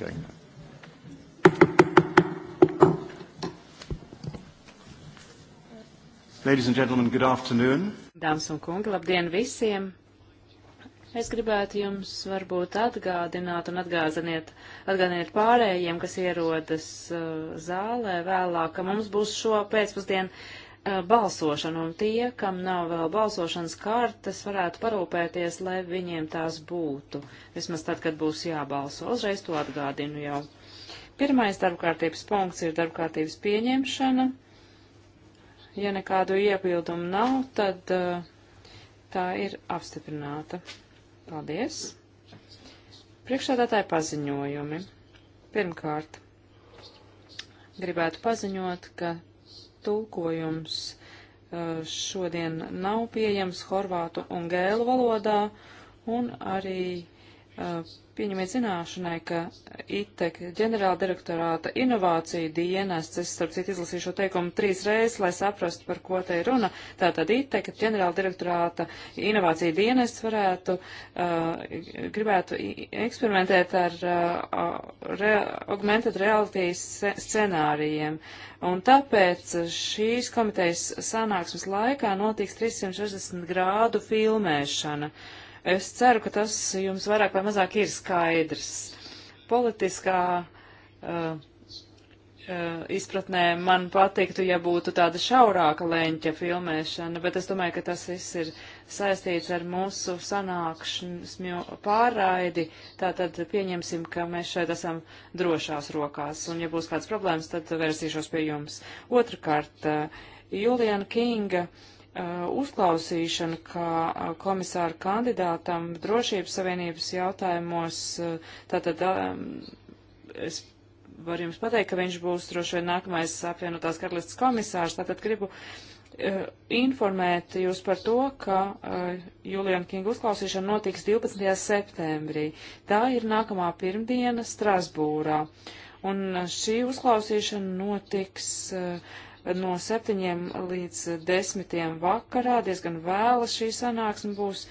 going now. Ladies and gentlemen, good afternoon. Dāmas un kungi, labdien visiem! Es gribētu jums varbūt atgādināt un atgādiniet, atgādiniet pārējiem, kas ierodas uh, zālē vēlāk, ka mums būs šo pēcpusdienu Uh, balsošanu, un tie, kam nav vēl balsošanas kartes, varētu parūpēties, lai viņiem tās būtu, vismaz tad, kad būs jābalso. Uzreiz to atgādinu jau. Pirmais darbkārtības punkts ir darbkārtības pieņemšana. Ja nekādu iebildumu nav, tad uh, tā ir apstiprināta. Paldies! Priekšsādātāji paziņojumi. Pirmkārt, gribētu paziņot, ka tulkojums uh, šodien nav pieejams horvātu un gēlu valodā, un arī pieņemiet zināšanai, ka ITEK ģenerāla direktorāta inovāciju dienests, es starp citu izlasīju šo teikumu trīs reizes, lai saprastu, par ko te ir runa, tātad ITEK ģenerāla direktorāta inovāciju dienests varētu, uh, gribētu eksperimentēt ar uh, re, augmented reality scenārijiem. Un tāpēc šīs komitejas sanāksmes laikā notiks 360 grādu filmēšana. Uh, Es ceru, ka tas jums vairāk vai mazāk ir skaidrs. Politiskā uh, uh, izpratnē man patiktu, ja būtu tāda šaurāka leņķa filmēšana, bet es domāju, ka tas viss ir saistīts ar mūsu sanākšņu pārraidi. Tātad pieņemsim, ka mēs šeit esam drošās rokās, un ja būs kāds problēmas, tad vērsīšos pie jums. Otrakārt, uh, Juliana Kinga. Uh, Uh, uzklausīšanu kā uh, komisāru kandidātam drošības savienības jautājumos. Uh, tātad um, es varu jums pateikt, ka viņš būs droši vien nākamais apvienotās karalistas komisārs. Tātad gribu informēt jūs par to, ka uh, Julian Kinga uzklausīšana notiks 12. septembrī. Tā ir nākamā pirmdiena Strasbūrā. Un šī uzklausīšana notiks uh, no septiņiem līdz desmitiem vakarā, diezgan vēla šī sanāksme būs,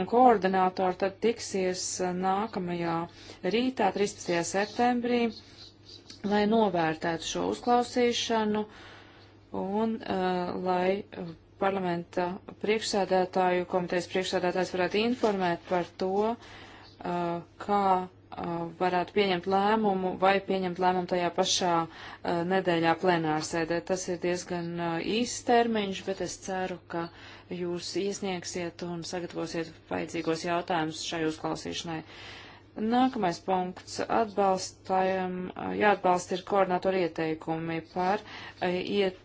un koordinātori tad tiksies uh, nākamajā rītā, 13. septembrī, lai novērtētu šo uzklausīšanu un uh, lai parlamenta priekšsēdētāju, komitejas priekšsēdētājs varētu informēt par to, uh, kā varētu pieņemt lēmumu vai pieņemt lēmumu tajā pašā uh, nedēļā plenārsēdē. Tas ir diezgan uh, īsts termiņš, bet es ceru, ka jūs iesniegsiet un sagatavosiet vajadzīgos jautājumus šai uzklausīšanai. Nākamais punkts - atbalstajam, jāatbalsta ir koordinātori ieteikumi par iet,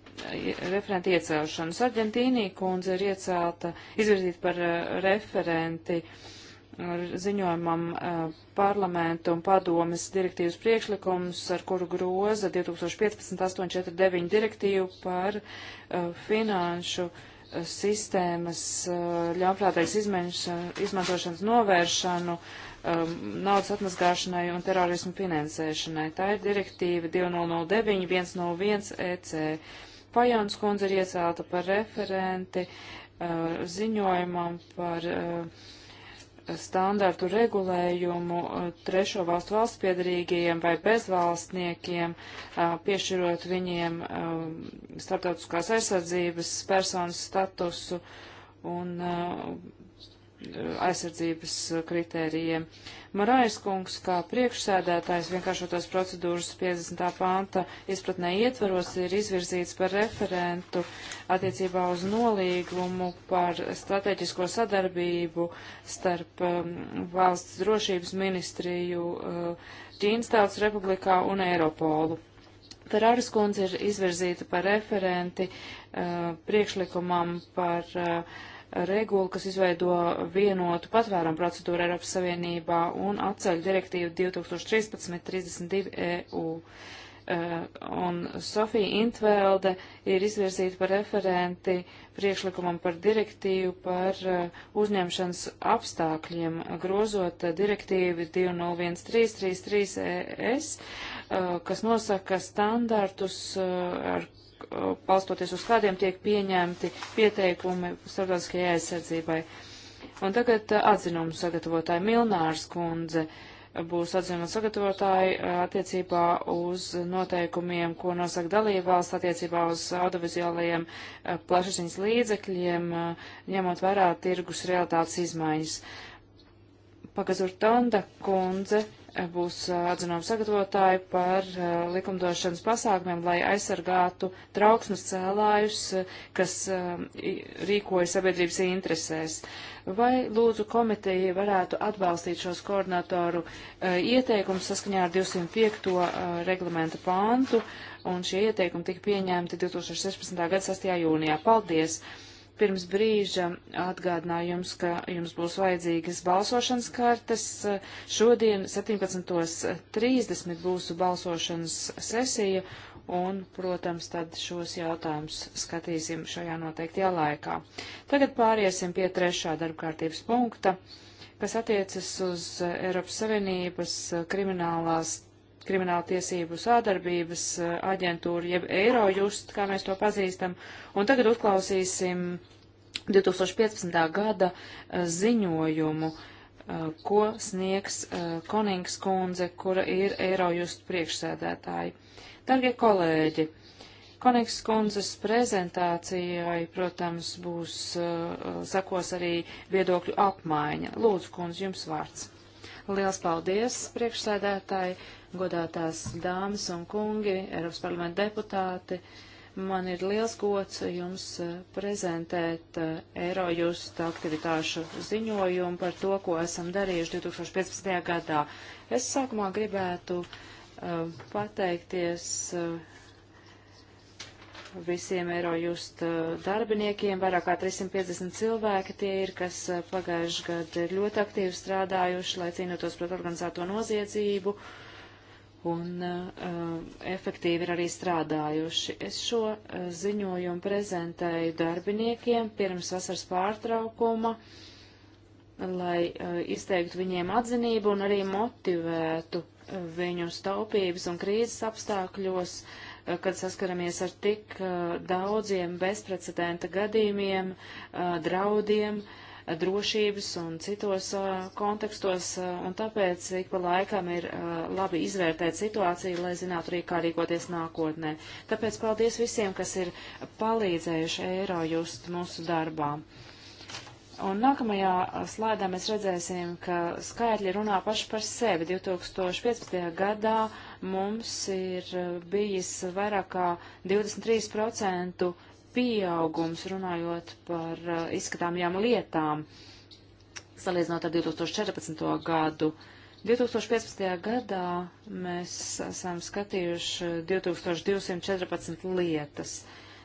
referenti iecelšanu. Sargentīnī kundze ir iecelta, izvirzīta par referenti uh, ziņojumam eh, parlamentu un padomes direktīvas priekšlikums, ar kuru groza 2015-849 direktīvu par eh, finanšu eh, sistēmas ļaunprātīgas izmantošanas novēršanu naudas atmazgāšanai un terorismu finansēšanai. Tā ir direktīva 2009-101 EC. Pajons kundze ir iecelta par referenti ziņojumam par uh, standartu regulējumu eh, trešo valstu valsts piedarīgajiem vai bezvalstniekiem, eh, piešķirot viņiem eh, starptautiskās aizsardzības personas statusu un aizsardzības kritērijiem. Marais kungs, kā priekšsēdētājs vienkāršotos procedūras 50. panta izpratnē ietvaros, ir izvirzīts par referentu attiecībā uz nolīgumu par strateģisko sadarbību starp um, valsts drošības ministriju uh, Ķīnas tautas republikā un Eiropolu. Ferāras kundze ir izvirzīta par referenti uh, priekšlikumam par uh, regulu, kas izveido vienotu patvērumu procedūru Eiropas Savienībā un atceļ direktīvu 2013-32 EU. Uh, un Sofija Intvelde ir izvirzīta par referenti priekšlikumam par direktīvu par uh, uzņemšanas apstākļiem, grozot uh, direktīvu 201333 ES, eh, kas nosaka standartus, ar palstoties uz kādiem tiek pieņemti pieteikumi starptautiskajai aizsardzībai. Un tagad uh, atzinumu sagatavotāja Milnārs kundze būs atzinuma sagatavotāja uh, attiecībā uz noteikumiem, ko nosaka dalībvalsts attiecībā uz audiovizuālajiem uh, plašasiņas līdzekļiem, ņemot vērā tirgus realitātes izmaiņas. Pagazur Tonda kundze Eh, būs eh, atzinuma sagatavotāji par eh, likumdošanas pasākumiem, lai aizsargātu trauksmes cēlājus, kas rīkoja sabiedrības interesēs. Vai lūdzu komiteja varētu atbalstīt šos koordinatoru ieteikumus saskaņā ar 205. reglamenta pāntu, un šie ieteikumi tika pieņemti 2016. gada 6. jūnijā. Paldies! pirms brīža atgādināju jums, ka jums būs vajadzīgas balsošanas kartes. Šodien 17.30 būs balsošanas sesija un, protams, tad šos jautājumus skatīsim šajā noteiktajā laikā. Tagad pāriesim pie trešā darbkārtības punkta, kas attiecas uz Eiropas Savienības kriminālās krimināla tiesību sādarbības eh, aģentūru, jeb Eirojust, kā mēs to pazīstam. Un tagad uzklausīsim 2015. gada eh, ziņojumu, eh, ko sniegs Konings kundze, kura ir Eirojust priekšsēdētāji. Dargie kolēģi, Konings kundzes prezentācijai, protams, būs sakos arī viedokļu apmaiņa. Lūdzu, kundze, jums vārds. Liels paldies, priekšsēdētāji godātās dāmas un kungi, Eiropas parlamenta deputāti. Man ir liels gods jums eh, prezentēt eh, Eirojust aktivitāšu ziņojumu par to, ko esam darījuši 2015. gadā. Es sākumā gribētu uh, pateikties uh, visiem Eirojust darbiniekiem, vairāk kā 350 cilvēki tie ir, kas pagājuši gadu ir ļoti aktīvi strādājuši, lai cīnotos pret organizēto noziedzību un uh, efektīvi ir arī strādājuši. Es šo uh, ziņojumu prezentēju darbiniekiem pirms vasaras pārtraukuma, lai uh, izteiktu viņiem atzinību un arī motivētu uh, viņu staupības un krīzes apstākļos, uh, kad saskaramies ar tik uh, daudziem bezprecedenta gadījumiem, uh, draudiem, uh, drošības un citos uh, kontekstos, uh, un tāpēc ik pa laikam ir uh, labi izvērtēt situāciju, lai zinātu arī, kā rīkoties nākotnē. Tāpēc paldies visiem, kas ir palīdzējuši eiro just mūsu darbā. Un nākamajā slaidā mēs redzēsim, ka skaitļi runā paši par sevi. 2015. gadā mums ir bijis vairāk kā 23% pieaugums runājot par uh, izskatāmajām lietām, salīdzinot ar 2014. gadu. 2015. gadā mēs esam skatījuši 2214 lietas.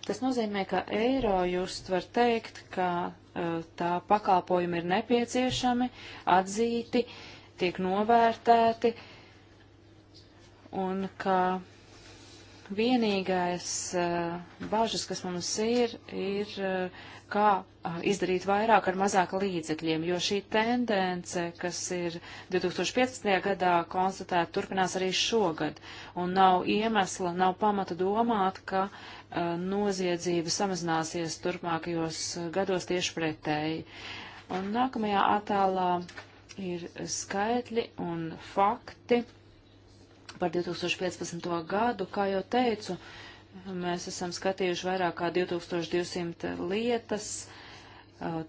Tas nozīmē, ka eiro jūs var teikt, ka uh, tā pakalpojumi ir nepieciešami, atzīti, tiek novērtēti un ka Vienīgais eh, bažas, kas mums ir, ir eh, kā eh, izdarīt vairāk ar mazāk līdzekļiem, jo šī tendence, kas ir 2015. gadā konstatēta, turpinās arī šogad. Un nav iemesla, nav pamata domāt, ka noziedzība samazināsies turpmākajos gados tieši pretēji. Un nākamajā attēlā ir skaitļi un fakti par 2015. gadu, kā jau teicu, mēs esam skatījuši vairāk kā 2200 lietas.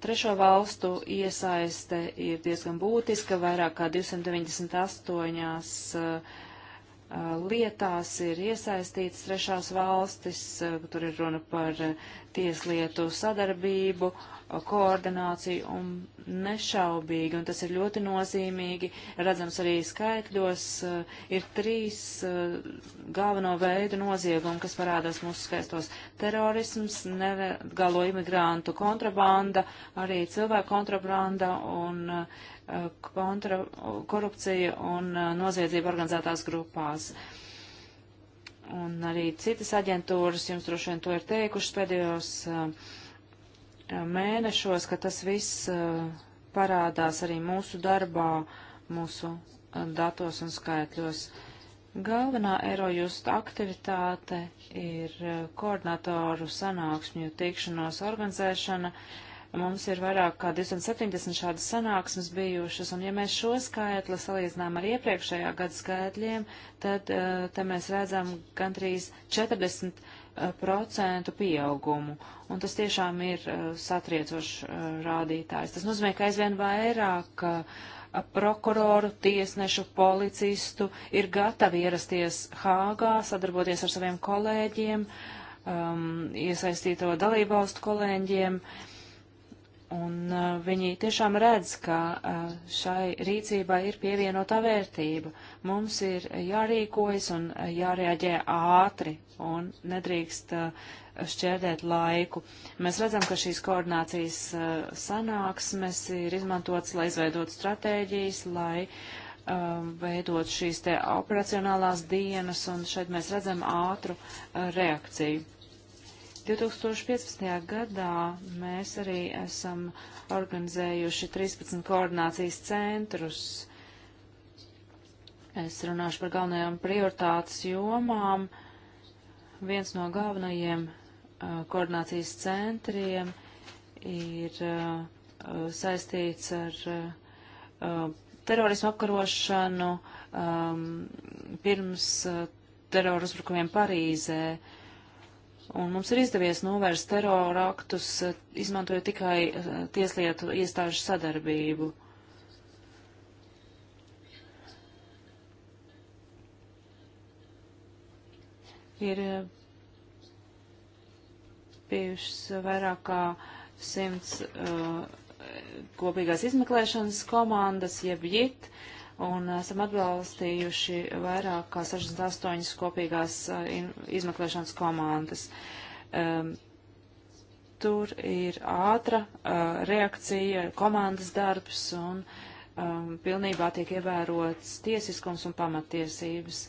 Trešo valstu iesaiste ir diezgan būtiska, vairāk kā 298 lietās ir iesaistīts trešās valstis, tur ir runa par tieslietu sadarbību, uh, koordināciju un nešaubīgi, un tas ir ļoti nozīmīgi, redzams arī skaitļos, eh, ir trīs eh, galveno veidu noziegumi, kas parādās mūsu skaistos - terorisms, nelegālo imigrantu kontrabanda, arī cilvēku kontrabanda un eh, kontra, korupcija un noziedzība organizētās grupās un arī citas aģentūras jums droši vien to ir teikušas pēdējos uh, Eh, mēnešos, ka tas viss eh, parādās arī mūsu darbā, mūsu eh, datos un skaitļos. Galvenā Eirojusta aktivitāte ir koordinatoru sanāksmju tikšanos organizēšana, uh, Mums ir vairāk kā 270 šādas sanāksmes bijušas, un ja mēs šo skaitli salīdzinām ar iepriekšējā gada skaitļiem, tad eh, te mēs redzam gandrīz 40 eh, procentu pieaugumu, un tas tiešām ir eh, satriecošs rādītājs. Tas nozīmē, ka aizvien vairāk prokuroru, tiesnešu, policistu ir gatavi ierasties Hāgā, sadarboties ar saviem kolēģiem, um, iesaistīto dalībvalstu kolēģiem. Uh, Un uh, viņi tiešām redz, ka uh, šai rīcībai ir pievienotā vērtība. Mums ir jārīkojas un jārēģē ātri un nedrīkst uh, šķērdēt laiku. Mēs redzam, ka šīs koordinācijas uh, sanāksmes ir izmantotas, lai izveidot stratēģijas, lai uh, veidot šīs te operacionālās dienas, un šeit mēs redzam ātru uh, reakciju. 2015. gadā mēs arī esam organizējuši 13 koordinācijas centrus. Es runāšu par galvenajām prioritātes jomām. Viens no galvenajiem uh, koordinācijas centriem ir uh, uh saistīts ar uh, uh, terorismu apkarošanu um, pirms uh, terora uzbrukumiem Parīzē. Uh, Un mums ir izdevies novērst terora aktus, eh, izmantojot tikai eh, tieslietu iestāžu sadarbību. Ir eh, bijušas vairāk kā simts uh, kopīgās izmeklēšanas komandas, jeb JIT, uh, un esam atbalstījuši vairāk kā 68 kopīgās eh, izmeklēšanas komandas. Um, tur ir ātra uh, reakcija, komandas darbs un um, pilnībā tiek ievērots tiesiskums un pamatiesības.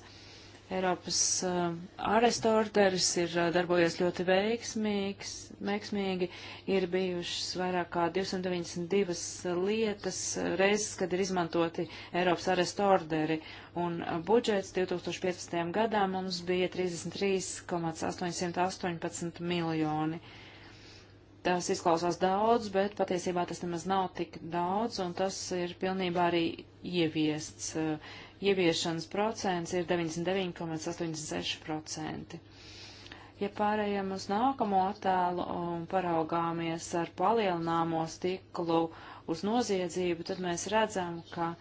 Eiropas uh, eh, arestu orderis ir uh, darbojies ļoti veiksmīgs, veiksmīgi, ir bijušas vairāk kā 292 eh, lietas reizes, kad ir izmantoti Eiropas arestu orderi, un uh, budžets 2015. gadā mums bija 33,818 miljoni. Tas izklausās daudz, bet patiesībā tas nemaz nav tik daudz, un tas ir pilnībā arī ieviests. Uh, ieviešanas procents ir 99,86%. Ja pārējām uz nākamo attēlu un paraugāmies ar palielināmo stiklu uz noziedzību, tad mēs redzam, ka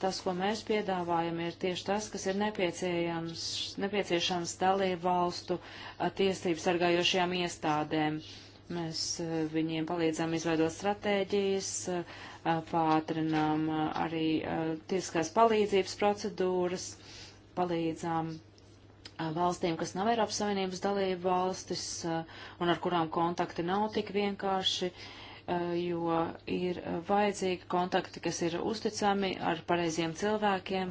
tas, ko mēs piedāvājam, ir tieši tas, kas ir nepieciešams, nepieciešams dalību valstu tiesību sargājošajām iestādēm. Mēs viņiem palīdzam izveidot stratēģijas, pātrinām eh, arī eh, tiesiskās palīdzības procedūras, palīdzām eh, valstīm, kas nav Eiropas Savienības dalība valstis un ar kurām kontakti nav tik vienkārši jo ir vajadzīgi kontakti, kas ir uzticami ar pareiziem cilvēkiem,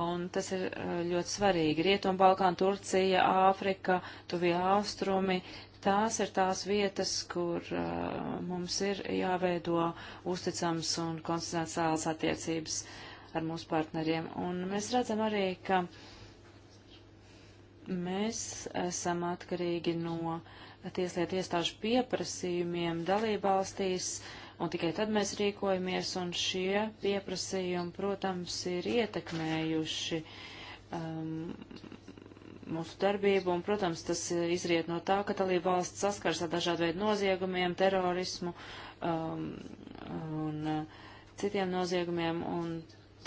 un tas ir ļoti svarīgi. Rietumbalkāna, Turcija, Āfrika, Tuvie Austrumi, Tās ir tās vietas, kur uh, mums ir jāveido uzticams un konstitucionāls attiecības ar mūsu partneriem. Un mēs redzam arī, ka mēs esam atkarīgi no tieslietu iestāžu pieprasījumiem dalībvalstīs, un tikai tad mēs rīkojamies, un šie pieprasījumi, protams, ir ietekmējuši um, mūsu darbību, un, protams, tas eh, izriet no tā, ka dalība valsts saskars ar dažādu veidu noziegumiem, terorismu um, un uh, citiem noziegumiem, un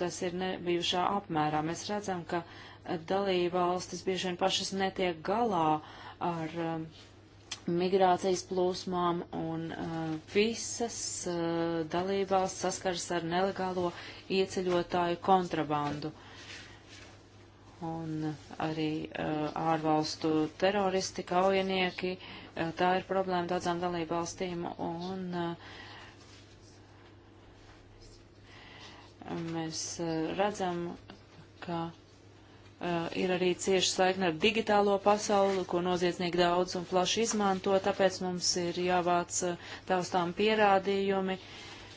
tas ir nebijušā apmērā. Mēs redzam, ka eh, dalība valstis bieži vien pašas netiek galā ar um, migrācijas plūsmām, un uh, visas uh, dalībvalsts saskaras ar nelegālo ieceļotāju kontrabandu. Uh, un arī uh, ārvalstu teroristi, kaujinieki. Uh, tā ir problēma daudzām dalību valstīm, un uh, mēs uh, redzam, ka uh, ir arī cieši saikne ar digitālo pasauli, ko noziedznieki daudz un plaši izmanto, tāpēc mums ir jāvāc uh, taustām pierādījumi. Uh,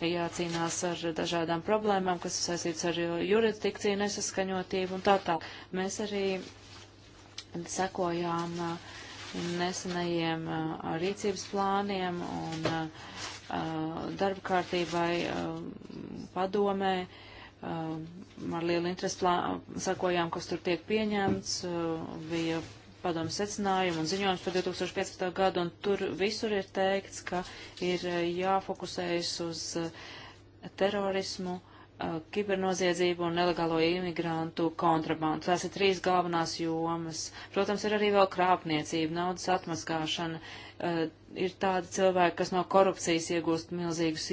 jācīnās ar dažādām problēmām, kas saistīts ar jurisdikciju nesaskaņotību un tā tā. Mēs arī sekojām uh, nesenajiem uh, rīcības plāniem un uh, darba kārtībai padomē. Ar lielu interesi sekojām, kas tur tiek pieņemts. Bija padomu secinājumu un ziņojumus par 2015. gadu, un tur visur ir teikts, ka ir eh, jāfokusējas uz eh, terorismu, eh, kibernoziedzību un nelegālo imigrantu kontrabandu. Tās ir trīs galvenās jomas. Protams, ir arī vēl krāpniecība, naudas atmaskāšana, ir tādi cilvēki, kas no korupcijas iegūst milzīgus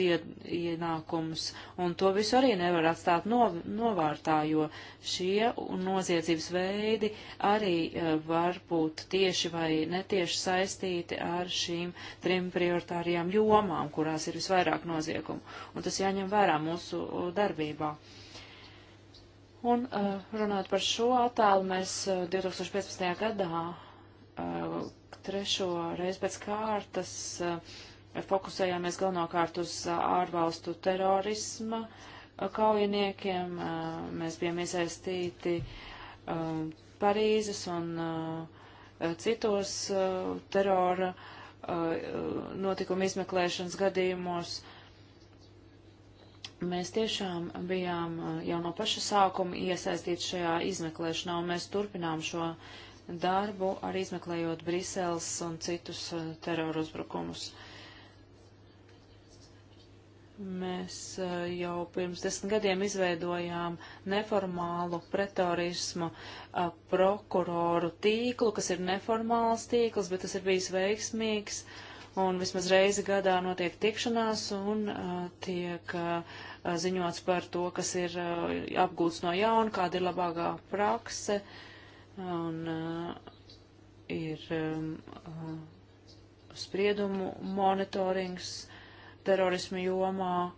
ienākumus, un to visu arī nevar atstāt no, novārtā, jo šie noziedzības veidi arī eh, var būt tieši vai netieši saistīti ar šīm trim prioritārijām jomām, kurās ir visvairāk noziegumu, un tas jāņem vērā mūsu eh, darbībā. Un eh, runāt par šo attēlu mēs 2015. gadā trešo reizi pēc kārtas eh, fokusējāmies galvenokārt uz eh, ārvalstu terorisma eh, kaujiniekiem. Mēs bijām iesaistīti Parīzes un citos terora notikumu izmeklēšanas gadījumos. Mēs tiešām bijām jau no paša sākuma iesaistīti šajā izmeklēšanā, un mēs turpinām šo darbu, arī izmeklējot Briseles un citus eh, teroru uzbrukumus. Mēs eh, jau pirms desmit gadiem izveidojām neformālu pretorismu eh, prokuroru tīklu, kas ir neformāls tīkls, bet tas ir bijis veiksmīgs un vismaz reizi gadā notiek tikšanās un uh, tiek uh, ziņots par to, kas ir uh, apgūts no jauna, kāda ir labākā prakse. Uh, un uh, ir um, uh, spriedumu monitorings terorismu jomā,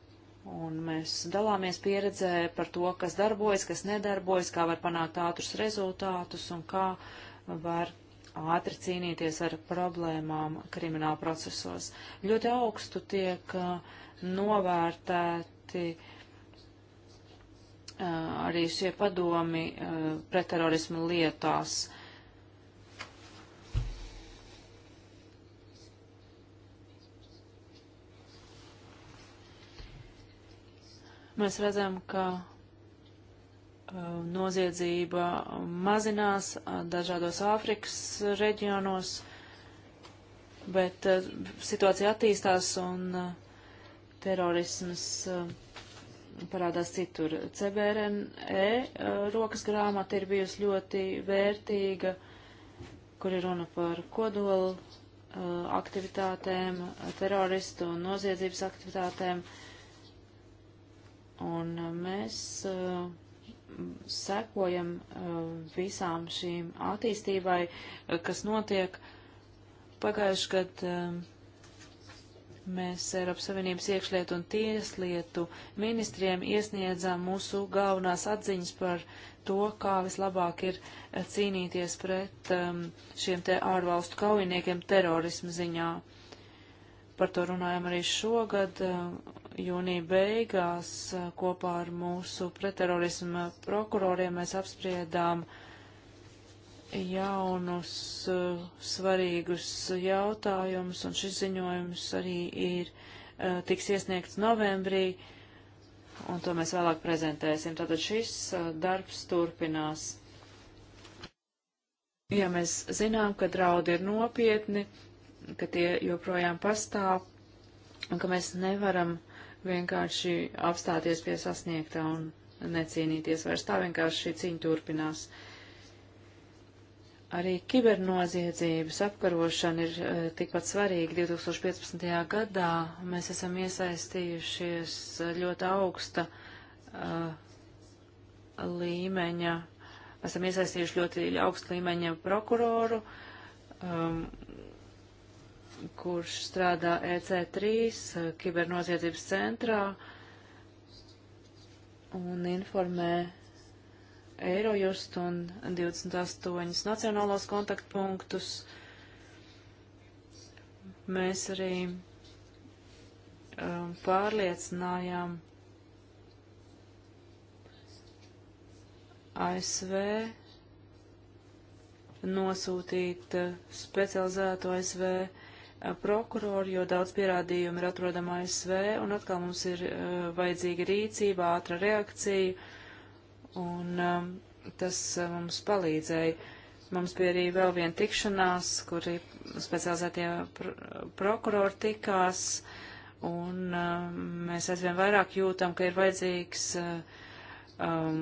un mēs dalāmies pieredzē par to, kas darbojas, kas nedarbojas, kā var panākt ātrus rezultātus un kā var ātri cīnīties ar problēmām krimināla procesos. Ļoti augstu tiek uh, novērtēti uh, Eh, arī šie padomi eh, pretterorismu lietās. Mēs redzam, ka eh, noziedzība mazinās dažādos Āfrikas reģionos, bet situācija attīstās un terorisms parādās citur. CBRNE rokas grāmata ir bijusi ļoti vērtīga, kur ir runa par kodolu aktivitātēm, teroristu un noziedzības aktivitātēm. Un mēs sekojam visām šīm attīstībai, kas notiek pagājuši gadu Mēs Eiropas Savienības iekšlietu un tieslietu ministriem iesniedzām mūsu galvenās atziņas par to, kā vislabāk ir eh, cīnīties pret um, šiem te ārvalstu kaujiniekiem terorismu ziņā. Par to runājam arī šogad, eh, jūnija beigās, eh, kopā ar mūsu pretterorismu prokuroriem mēs apspriedām uh, jaunus eh, svarīgus jautājumus, un šis ziņojums arī ir eh, tiks iesniegts novembrī, un to mēs vēlāk prezentēsim. Tātad šis eh, darbs turpinās. Ja mēs zinām, ka draudi ir nopietni, ka tie joprojām pastāv, un ka mēs nevaram vienkārši apstāties pie sasniegtā un necīnīties vairs. Tā vienkārši šī cīņa turpinās. Uh, Arī kibernoziedzības apkarošana ir uh, tikpat svarīga. 2015. gadā mēs esam iesaistījušies eh, ļoti augsta uh, līmeņa, esam iesaistījuši ļoti augsta līmeņa prokuroru, um, kurš strādā EC3 kibernoziedzības centrā un informē Eirojust un 28 nacionālos kontaktpunktus. Mēs arī um, pārliecinājām ASV nosūtīt uh, specializētu ASV uh, prokuroru, jo daudz pierādījumu ir atrodama ASV, un atkal mums ir uh, vajadzīga rīcība, ātra reakcija, un um, tas uh, mums palīdzēja. Mums bija arī vēl viena tikšanās, kur specializētie pr prokurori tikās, un um, mēs aizvien vairāk jūtam, ka ir vajadzīgs uh, um,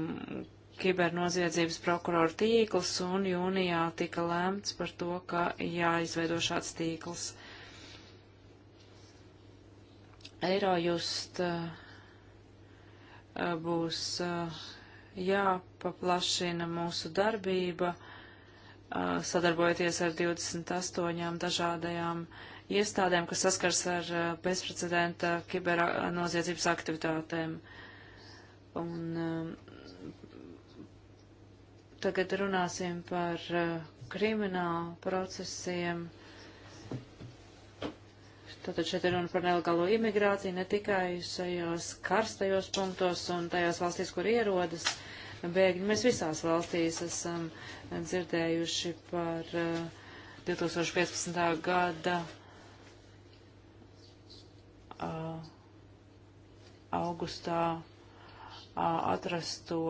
kibernoziedzības prokuroru tīkls, un jūnijā tika lēmts par to, ka jāizveido šāds tīkls. Eirojust uh, uh būs. Uh, jāpaplašina mūsu darbība, sadarbojoties ar 28 dažādajām iestādēm, kas saskars ar bezprecedenta kibernoziedzības aktivitātēm. Un tagad runāsim par kriminālu procesiem Tātad šeit ir runa par nelegālo imigrāciju ne tikai šajos karstajos punktos un tajās valstīs, kur ierodas bēgļi. Mēs visās valstīs esam dzirdējuši par 2015. Eh, gada eh, augustā eh, atrasto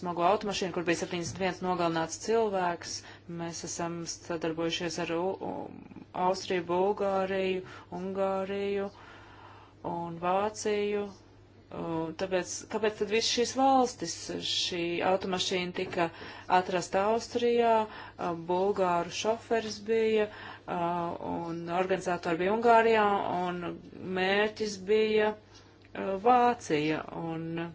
smago automašīnu, kur bija 71 nogalināts cilvēks. Mēs esam sadarbojušies ar Austriju, Bulgāriju, Ungāriju un Vāciju. Tāpēc, kāpēc tad viss šīs valstis, šī automašīna tika atrasta Austrijā, bulgāru šoferis bija un organizatori bija Ungārijā un mērķis bija Vācija. Un,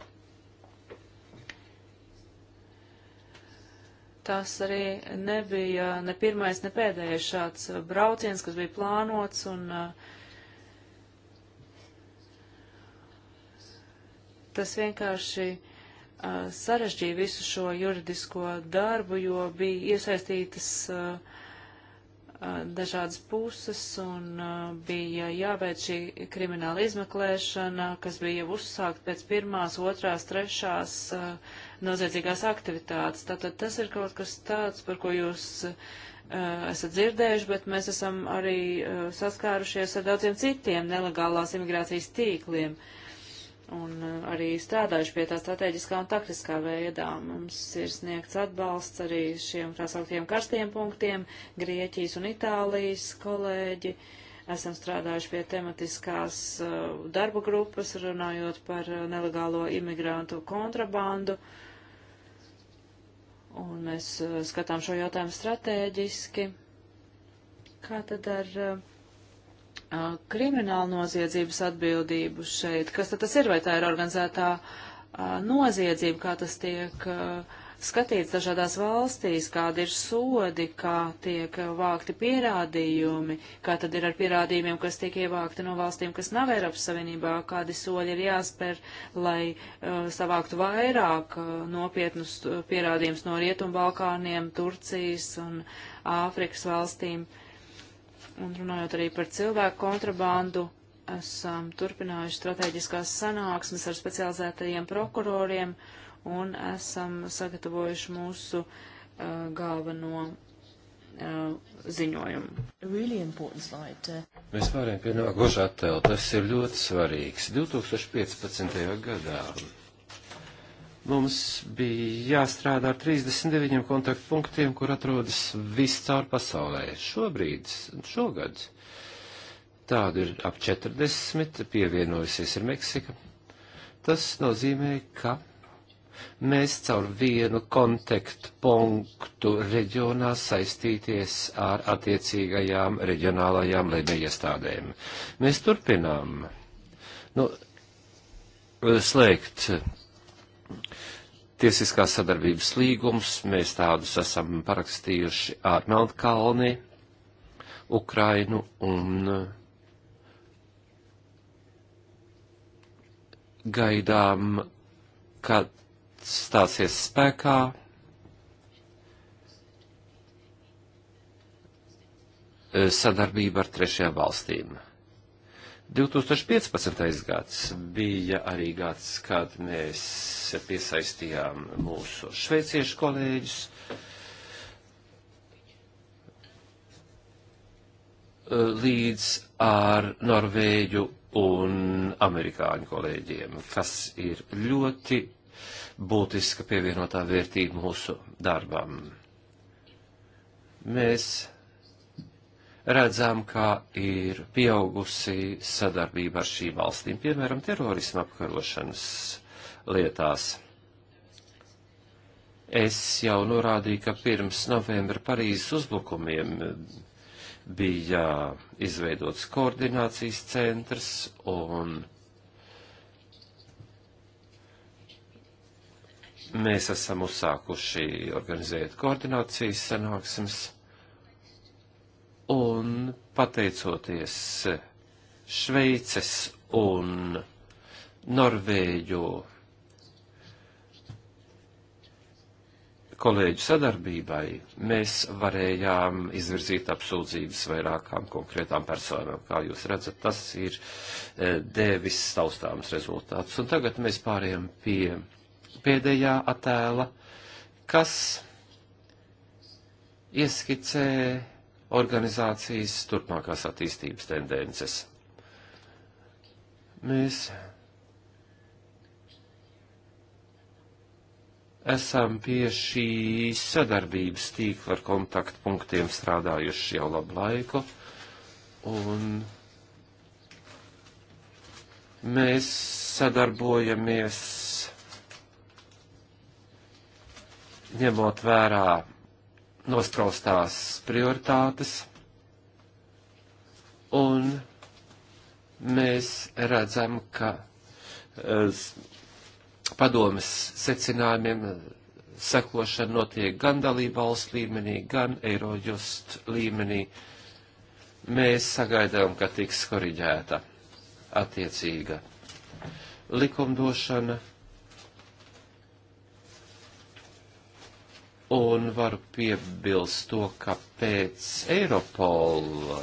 Tas arī nebija ne pirmais, ne pēdējais šāds brauciens, kas bija plānots, un uh, tas vienkārši uh, sarežģīja visu šo juridisko darbu, jo bija iesaistītas uh, dažādas puses un bija jābeidz šī krimināla izmeklēšana, kas bija jau uzsākt pēc pirmās, otrās, trešās noziedzīgās aktivitātes. Tātad tas ir kaut kas tāds, par ko jūs esat dzirdējuši, bet mēs esam arī saskārušies ar daudziem citiem nelegālās imigrācijas tīkliem. Uh, un eh, arī strādājuši pie tā strateģiskā un taktiskā veidā. Mums ir sniegts atbalsts arī šiem tā sauktiem karstiem punktiem, Grieķijas un Itālijas kolēģi. Esam strādājuši pie tematiskās uh, darba grupas, runājot par eh, nelegālo imigrantu kontrabandu. Un mēs uh, skatām šo jautājumu strateģiski. Kā tad ar uh, krimināla noziedzības atbildību šeit. Kas tad tas ir? Vai tā ir organizētā noziedzība, kā tas tiek skatīts dažādās valstīs, kādi ir sodi, kā tiek vākti pierādījumi, kā tad ir ar pierādījumiem, kas tiek ievākti no valstīm, kas nav Eiropas Savienībā, kādi soļi ir jāspēr, lai uh, savāktu vairāk uh, nopietnus pierādījumus no Rietumbalkāniem, Turcijas un Āfrikas valstīm. Uh, Un runājot arī par cilvēku kontrabandu, esam turpinājuši strateģiskās sanāksmes ar specializētajiem prokuroriem un esam sagatavojuši mūsu uh, galveno uh, ziņojumu. Really uh. Mēs pārējām pie nākošā attēla. Tas ir ļoti svarīgs. 2015. gadā Mums bija jāstrādā ar 39 kontaktpunktiem, kur atrodas viscaur pasaulē. Šobrīd, šogad, tādu ir ap 40, pievienojusies ir Meksika. Tas nozīmē, ka mēs caur vienu kontaktu punktu reģionā saistīties ar attiecīgajām reģionālajām lēmējiestādēm. Mēs turpinām nu, slēgt tiesiskās sadarbības līgums, mēs tādus esam parakstījuši ar Melnkalni, Ukrainu un eh, gaidām, kad stāsies spēkā. Eh, sadarbība ar trešajām valstīm. 2015. gads bija arī gads, kad mēs piesaistījām mūsu šveiciešu kolēģus. līdz ar Norvēģu un amerikāņu kolēģiem, kas ir ļoti būtiska pievienotā vērtība mūsu darbam. Mēs redzam, kā ir pieaugusi sadarbība ar šīm valstīm, piemēram, terorisma apkarošanas lietās. Es jau norādīju, ka pirms novembra Parīzes uzbrukumiem bija izveidots koordinācijas centrs un mēs esam uzsākuši organizēt koordinācijas sanāksmes Un pateicoties Šveices un Norvēģu kolēģu sadarbībai mēs varējām izvirzīt apsūdzības vairākām konkrētām personām. Kā jūs redzat, tas ir e, devis taustāms rezultāts. Un tagad mēs pārējām pie pēdējā attēla, kas ieskicē organizācijas turpmākās attīstības tendences. Mēs esam pie šīs sadarbības tīkla ar kontaktpunktiem strādājuši jau labu laiku, un mēs sadarbojamies ņemot vērā nostraustās prioritātes, un mēs redzam, ka eh, padomas secinājumiem eh, sekošana notiek gan dalībvalsts līmenī, gan Eirojust līmenī. Mēs sagaidām, ka tiks koriģēta attiecīga likumdošana Un varu piebilst to, ka pēc Eiropola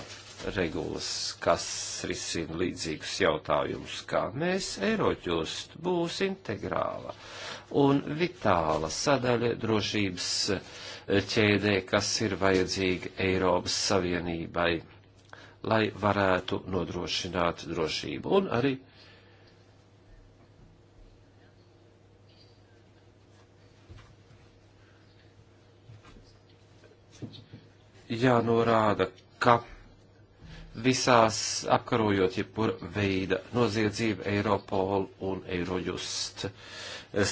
regulas, kas risina līdzīgus jautājumus, kā mēs, Eiroķust būs integrāla un vitāla sadaļa drošības ķēdē, kas ir vajadzīga Eiropas Savienībai, lai varētu nodrošināt drošību un arī jānorāda, ka visās apkarojot jebkur veida noziedzību Eiropol un Eirojust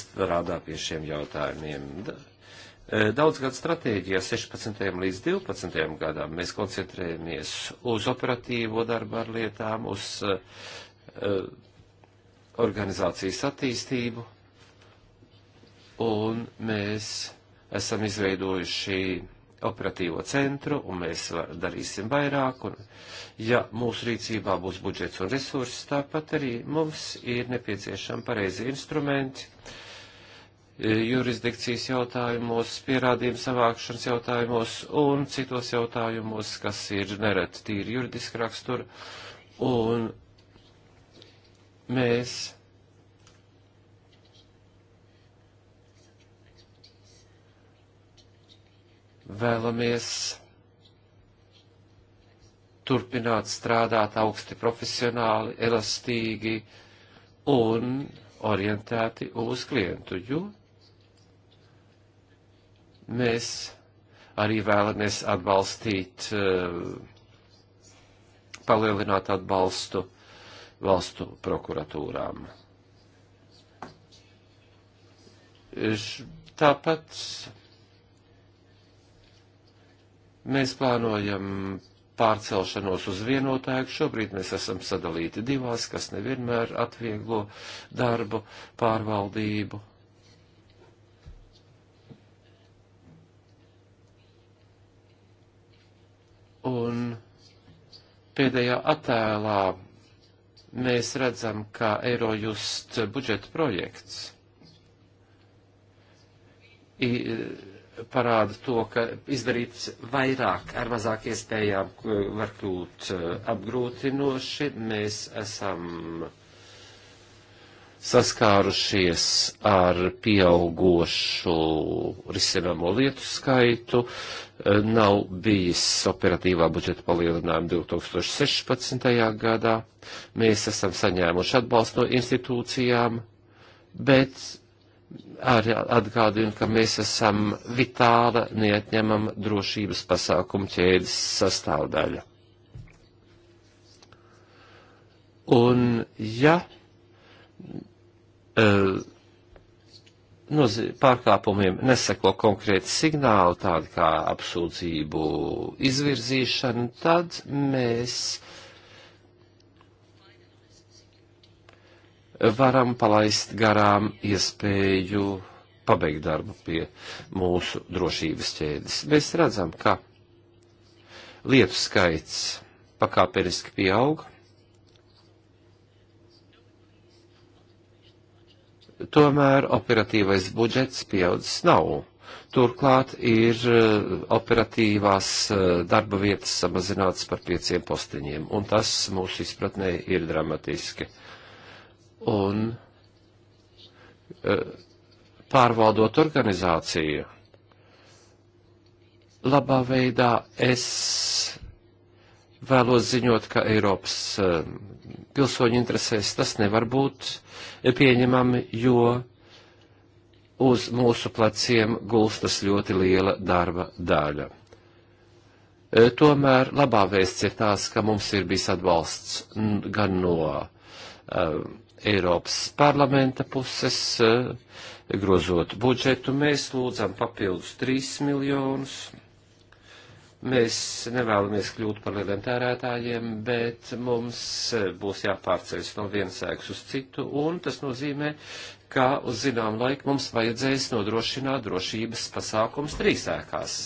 strādā pie šiem jautājumiem. E, Daudzgad stratēģijā 16. līdz 12. gadam mēs koncentrējamies uz operatīvo darbu ar lietām, uz uh, organizācijas attīstību, un mēs esam izveidojuši šī operatīvo centru, un mēs var, darīsim vairāk, un ja mūsu rīcībā būs budžets un resursi, tāpat arī mums ir nepieciešami pareizi instrumenti e, jurisdikcijas jautājumos, pierādījuma savākšanas jautājumos un citos jautājumos, kas ir nereti tīri juridiski rakstura, un mēs vēlamies turpināt strādāt augsti profesionāli, elastīgi un orientēti uz klientu, jo mēs arī vēlamies atbalstīt, eh, palielināt atbalstu valstu prokuratūrām. Tāpat Mēs plānojam pārcelšanos uz vienotāju. Šobrīd mēs esam sadalīti divās, kas nevienmēr atvieglo darbu pārvaldību. Un pēdējā attēlā mēs redzam, ka Eirojust budžeta projekts I parāda to, ka izdarīt vairāk ar mazāk iespējām var kļūt eh, apgrūtinoši. Mēs esam saskārušies ar pieaugošu risinamo lietu skaitu, eh, nav bijis operatīvā budžeta palielinājuma 2016. gadā, mēs esam saņēmuši atbalstu no institūcijām, bet arī atgādinu, ka mēs esam vitāla, neatņemama drošības pasākumu ķēdes sastāvdaļa. Un, ja e, no pārkāpumiem neseko konkrēti signāli, tādi kā apsūdzību izvirzīšana, tad mēs varam palaist garām iespēju pabeigt darbu pie mūsu drošības ķēdes. Mēs redzam, ka lietu skaits pakāpeniski pieauga. Tomēr operatīvais budžets pieaudzis nav. Turklāt ir eh, operatīvās eh, darba vietas samazinātas par pieciem postiņiem, un tas mūsu izpratnē ir dramatiski un eh, pārvaldot organizāciju. Labā veidā es vēlos ziņot, ka Eiropas eh, pilsoņu interesēs tas nevar būt pieņemami, jo uz mūsu pleciem gulstas ļoti liela darba daļa. Eh, tomēr labā vēsts ir tās, ka mums ir bijis atbalsts gan no um, Eiropas parlamenta puses, eh, grozot budžetu, mēs lūdzam papildus 3 miljonus. Mēs nevēlamies kļūt par lieliem tērētājiem, bet mums eh, būs jāpārceļas no vienas ēkas uz citu, un tas nozīmē, ka uz zinām laiku mums vajadzēs nodrošināt drošības pasākums trīs ēkās.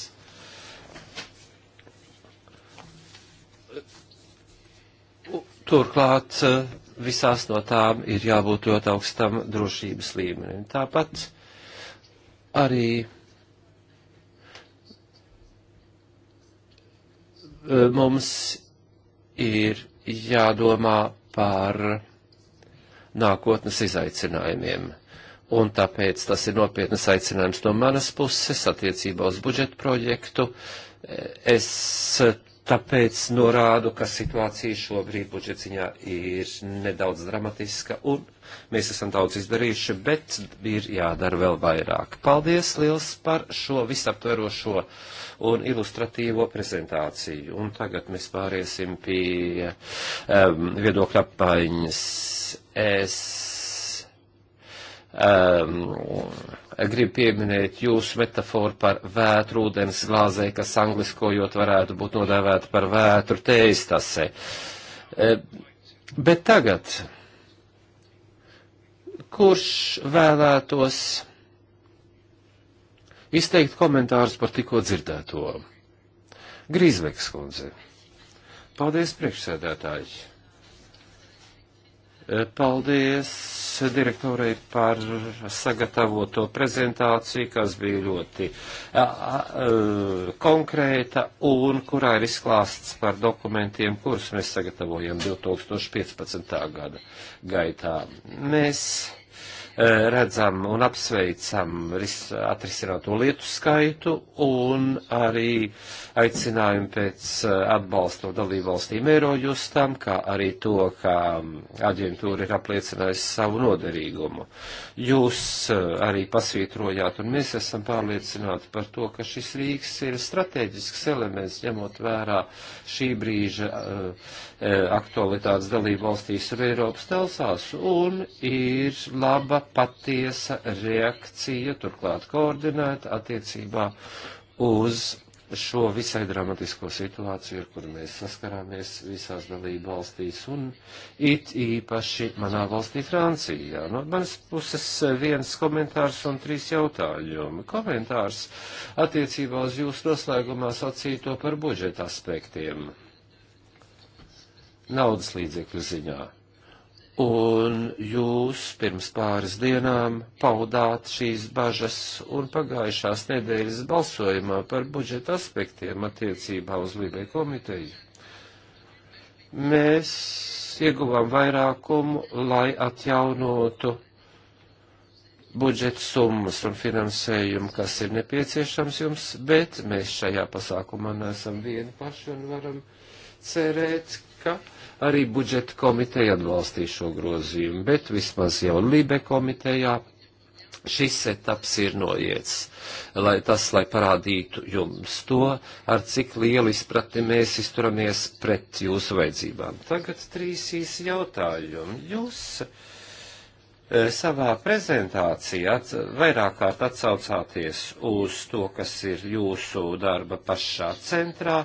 Turklāt eh, visās no tām ir jābūt ļoti augstam drošības līmenim. Tāpat arī e, mums ir jādomā par nākotnes izaicinājumiem. Un tāpēc tas ir nopietnas aicinājums no manas puses attiecībā uz budžetu projektu. Es Tāpēc norādu, ka situācija šobrīd budžetiņā ir nedaudz dramatiska un mēs esam daudz izdarījuši, bet ir jādara vēl vairāk. Paldies liels par šo visaptverošo un ilustratīvo prezentāciju. Un tagad mēs pāriesim pie um, viedokļa apmaiņas. Es um, gribu pieminēt jūsu metaforu par vētru ūdens glāzē, kas angliskojot varētu būt nodēvēta par vētru teistase. E, bet tagad, kurš vēlētos izteikt komentārus par tikko dzirdēto? Grīzveks kundze. Paldies, priekšsēdētāji. E, paldies direktorai par sagatavoto prezentāciju, kas bija ļoti a, a, e, konkrēta un kurā ir izklāsts par dokumentiem, kurus mēs sagatavojam 2015. gada gaitā. Mēs Eh, redzam un apsveicam atrisināto lietu skaitu un arī aicinājumu pēc eh, atbalsta dalībvalstīm Eirojustam, kā arī to, ka mm, aģentūra ir apliecinājusi savu noderīgumu. Jūs eh, arī pasvītrojāt, un mēs esam pārliecināti par to, ka šis rīks ir strateģisks elements, ņemot vērā šī brīža aktualitātes dalībvalstīs un Eiropas telsās, un ir laba patiesa reakcija, turklāt koordinēta attiecībā uz šo visai dramatisko situāciju, ar kuru mēs saskarāmies visās dalību valstīs un it īpaši manā valstī Francijā. No manas puses viens komentārs un trīs jautājumi. Komentārs attiecībā uz jūsu noslēgumā sacīto par budžeta aspektiem. Naudas līdzekļu ziņā. Un jūs pirms pāris dienām paudāt šīs bažas un pagājušās nedēļas balsojumā par budžeta aspektiem attiecībā uz Lībiju komiteju. Mēs ieguvām vairākumu, lai atjaunotu budžeta summas un finansējumu, kas ir nepieciešams jums, bet mēs šajā pasākumā neesam vieni paši un varam cerēt, ka arī budžeta komiteja atbalstīs šo grozījumu, bet vismaz jau Libe komitejā šis etaps ir noiets, lai tas, lai parādītu jums to, ar cik lielu izpratni mēs izturamies pret jūsu vajadzībām. Tagad trīs īsi jautājumi. Jūs. Uh, E, savā prezentācijā vairāk kārt atsaucāties uz to, kas ir jūsu darba pašā centrā,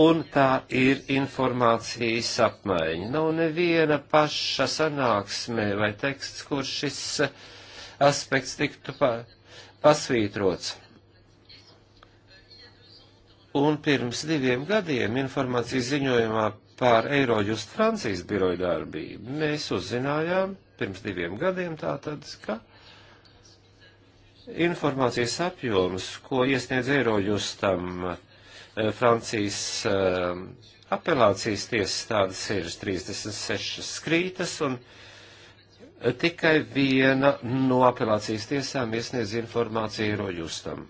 un tā ir informācijas apmaiņa. Nav neviena paša sanāksme vai teksts, kur šis aspekts tiktu pa, pasvītrots. Un pirms diviem gadiem informācijas ziņojumā par Eirojust Francijas biroju darbību mēs uzzinājām, pirms diviem gadiem, tātad, ka informācijas apjoms, ko iesniedz Eirojustam eh, Francijas eh, apelācijas tiesas, tādas ir 36 skrītas, un eh, tikai viena no apelācijas tiesām iesniedz informāciju Eirojustam.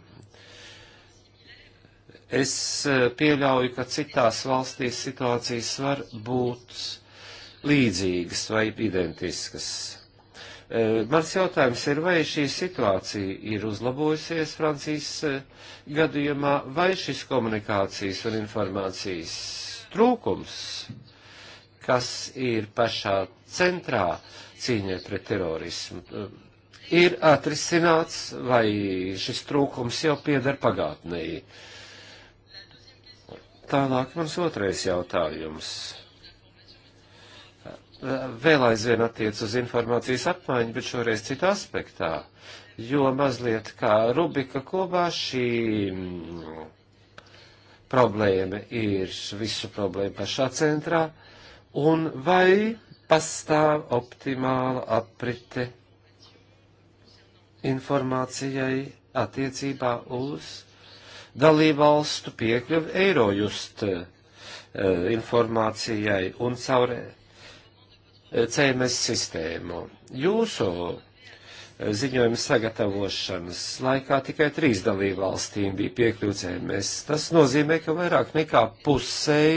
Es pieļauju, ka citās valstīs situācijas var būt līdzīgas vai identiskas. E, mans jautājums ir, vai šī situācija ir uzlabojusies Francijas e, gadījumā, vai šis komunikācijas un informācijas trūkums, kas ir pašā centrā cīņai pret terorismu, e, ir atrisināts, vai šis trūkums jau pieder pagātnē. Tālāk mans otrais jautājums vēl aizvien attiec uz informācijas apmaiņu, bet šoreiz citā aspektā, jo mazliet kā Rubika klubā šī mm, problēma ir visu problēmu pašā centrā, un vai pastāv optimāla aprite informācijai attiecībā uz dalībvalstu piekļuvi Eirojust eh, informācijai un caurē CMS sistēmu. Jūsu ziņojuma sagatavošanas laikā tikai trīs dalībvalstīm bija piekļūts MS. Tas nozīmē, ka vairāk nekā pusēji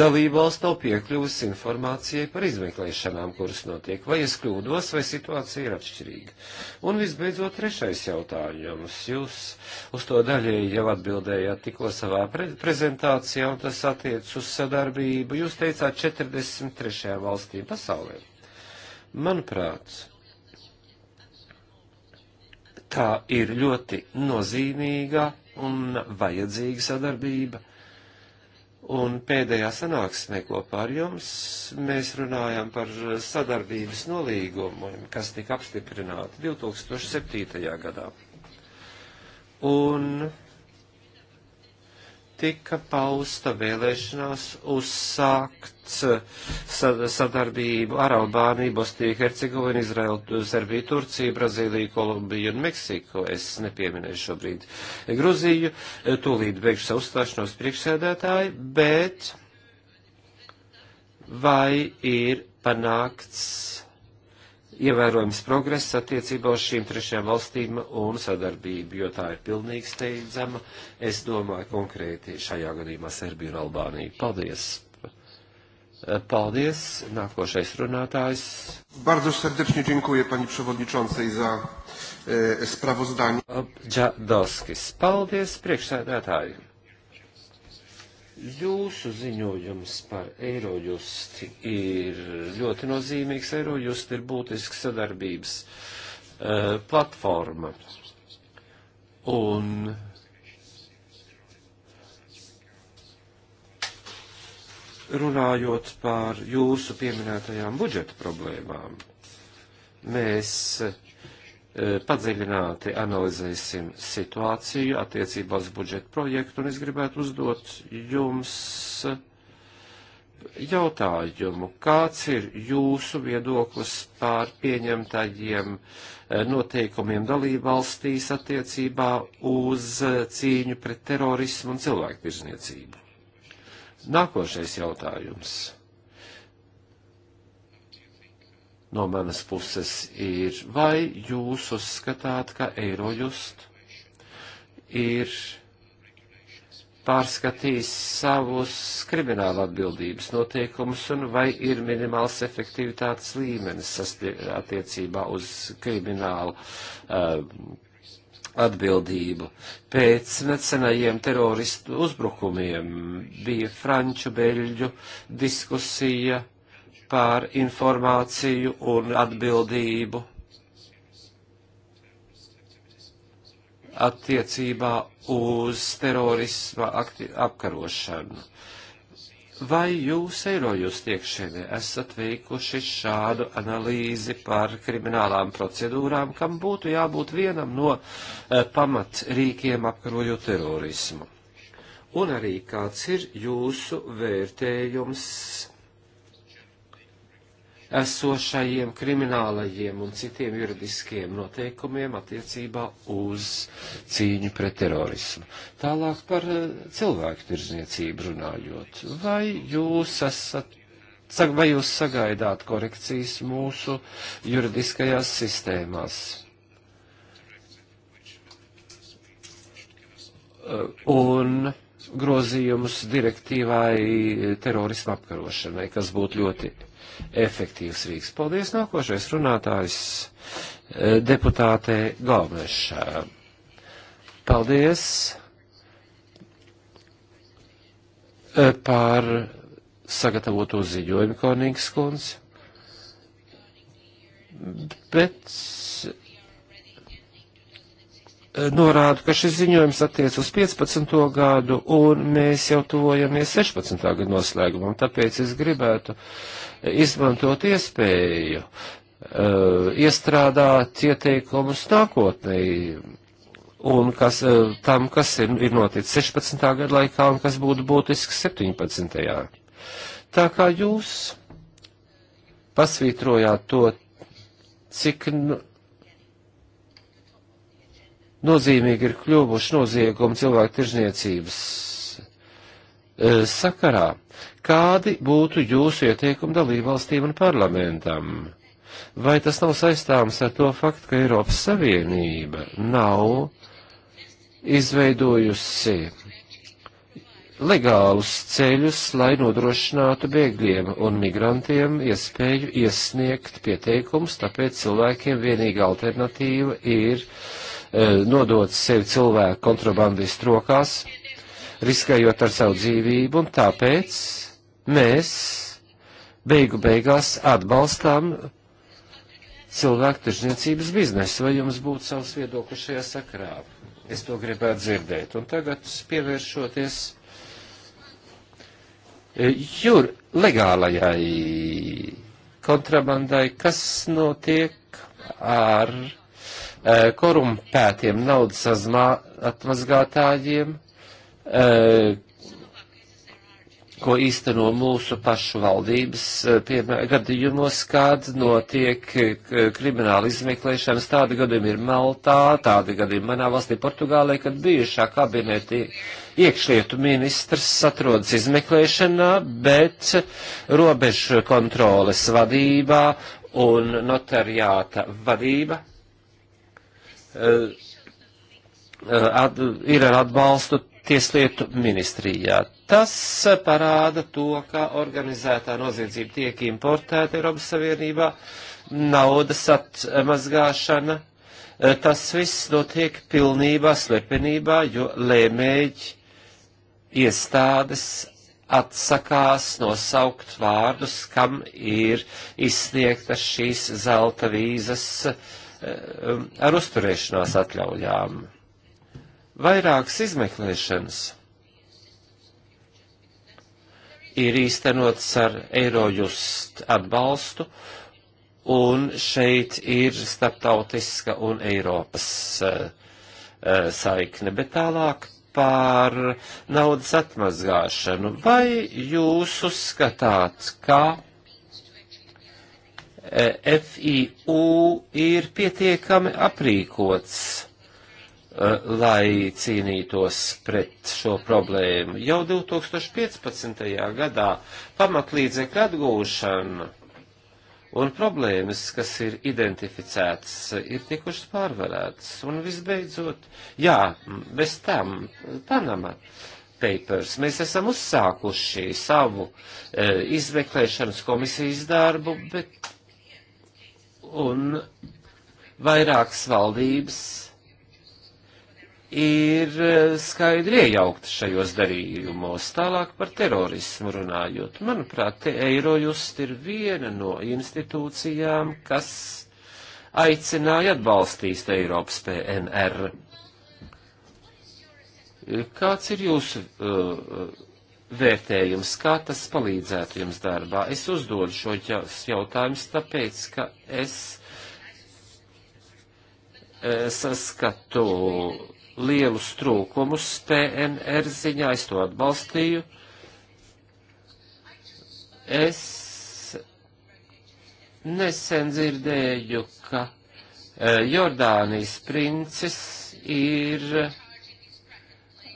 dalībvalsts nav piekļuvis informācijai par izmeklēšanām, kuras notiek. Vai es kļūdos, vai situācija ir atšķirīga? Un visbeidzot, trešais jautājums. Jūs uz to daļēji jau atbildējāt tikko savā pre prezentācijā, un tas attiec uz sadarbību. Jūs teicāt 43. valstīm pasaulē. Manuprāt, kā ir ļoti nozīmīga un vajadzīga sadarbība. Un pēdējā sanāksmē kopā ar jums mēs runājām par sadarbības nolīgumu, kas tika apstiprināta 2007. gadā. Un tika pausta vēlēšanās uzsākt eh, sadarbību ar Albāniju, Bosniju, Hercegovinu, Izraelu, Serbiju, Turciju, Brazīliju, Kolumbiju un Meksiku. Es nepieminēju šobrīd Gruziju, eh, tūlīt beigšu savu stāšanos priekšsēdētāji, bet vai ir panākts ievērojams progress attiecībā uz šīm trešajām valstīm un sadarbību, jo tā ir pilnīgi steidzama. Es domāju konkrēti šajā gadījumā Serbiju un Albāniju. Paldies! Paldies! Nākošais runātājs. Bardzo serdecznie dziękuję pani przewodniczącej za e, sprawozdanie. Džadoskis. Paldies, priekšsēdētāji! Jūsu ziņojums par Eirojusti ir ļoti nozīmīgs. Eirojusti ir būtiska sadarbības uh, platforma. Un runājot par jūsu pieminētajām budžeta problēmām, mēs uh, Eh, padziļināti analizēsim situāciju attiecībā uz budžetu projektu, un es gribētu uzdot jums jautājumu, kāds ir jūsu viedoklis pār pieņemtajiem eh, noteikumiem dalībvalstīs attiecībā uz eh, cīņu pret terorismu un cilvēktirzniecību? Nākošais jautājums. no manas puses ir, vai jūs uzskatāt, ka Eirojust ir pārskatījis savus krimināla atbildības noteikumus un vai ir minimāls efektivitātes līmenis attiecībā uz kriminālu uh, atbildību. Pēc necenajiem teroristu uzbrukumiem bija franču beļģu diskusija par informāciju un atbildību attiecībā uz terorisma apkarošanu. Vai jūs eirojust iekšienē esat veikuši šādu analīzi par kriminālām procedūrām, kam būtu jābūt vienam no uh, pamatrīkiem apkarojot terorismu? Un arī kāds ir jūsu vērtējums esošajiem kriminālajiem un citiem juridiskiem noteikumiem attiecībā uz cīņu pret terorismu. Tālāk par eh, cilvēku tirzniecību runājot. Vai jūs esat, vai jūs sagaidāt korekcijas mūsu juridiskajās sistēmās? Eh, un grozījumus direktīvai eh, terorismu apkarošanai, kas būtu ļoti efektīvs rīks. Paldies, nākošais runātājs e, deputātē Galmeša. Paldies e, par sagatavoto ziņojumu, Konīgs kundze. Bet Eh, norādu, ka šis ziņojums attiec uz 15. gadu, un mēs jau tuvojamies 16. gadu noslēgumam, tāpēc es gribētu eh, izmantot iespēju uh, iestrādāt ieteikumus nākotnē, un kas, uh, tam, kas ir, ir noticis 16. gadu laikā, un kas būtu būtisks 17. Tā kā jūs pasvītrojāt to, cik. Nu, nozīmīgi ir kļuvuši noziegumi cilvēku tirzniecības e, sakarā. Kādi būtu jūsu ieteikumi dalībvalstīm un parlamentam? Vai tas nav saistāms ar to faktu, ka Eiropas Savienība nav izveidojusi legālus ceļus, lai nodrošinātu bēgļiem un migrantiem iespēju iesniegt pieteikumus, tāpēc cilvēkiem vienīga alternatīva ir uh, E, nodot sevi cilvēku kontrabandistu rokās, riskējot ar savu dzīvību, un tāpēc mēs beigu beigās atbalstām cilvēku tirzniecības biznesu. Vai jums būtu savs viedoklis šajā sakrā? Es to gribētu dzirdēt. Un tagad pievēršoties e, jūr legālajai kontrabandai, kas notiek ar Eh, korumpētiem naudas atmazgātājiem, eh, ko īsteno mūsu pašu valdības eh, piemēr, gadījumos, kad notiek krimināla izmeklēšanas. Tādi gadījumi ir Maltā, tādi gadījumi manā valstī Portugālē, kad bijušā kabineti iekšlietu ministrs atrodas izmeklēšanā, bet robežu kontroles vadībā un notariāta vadība Eh, eh, at, ir ar atbalstu Tieslietu ministrijā. Tas eh, parāda to, ka organizētā noziedzība tiek importēta Eiropas Savienībā, naudas atmazgāšana. Tas viss notiek pilnībā slepenībā, jo lēmēji iestādes atsakās nosaukt vārdus, kam ir izsniegtas šīs zelta vīzas uh, ar uzturēšanās atļaujām. Vairākas izmeklēšanas ir īstenots ar Eirojust atbalstu, un šeit ir starptautiska un Eiropas uh, saikne, bet tālāk par naudas atmazgāšanu. Vai jūs uzskatāt, ka E, FIU ir pietiekami aprīkots, e, lai cīnītos pret šo problēmu. Jau 2015. gadā pamatlīdzekļu atgūšana un problēmas, kas ir identificētas, ir tikušas pārvarētas. Un visbeidzot, jā, bez tam Panama papers. Mēs esam uzsākuši savu e, izmeklēšanas komisijas darbu, bet un vairākas valdības ir e, skaidri iejaukta šajos darījumos. Tālāk par terorismu runājot. Manuprāt, te Eirojust ir viena no institūcijām, kas aicināja atbalstīt Eiropas PNR. E, kāds ir jūsu uh, vērtējums, kā tas palīdzētu jums darbā. Es uzdodu šo jautājumus tāpēc, ka es e, saskatu lielus trūkumus PNR ziņā, es to atbalstīju. Es nesen dzirdēju, ka e, Jordānijas princis ir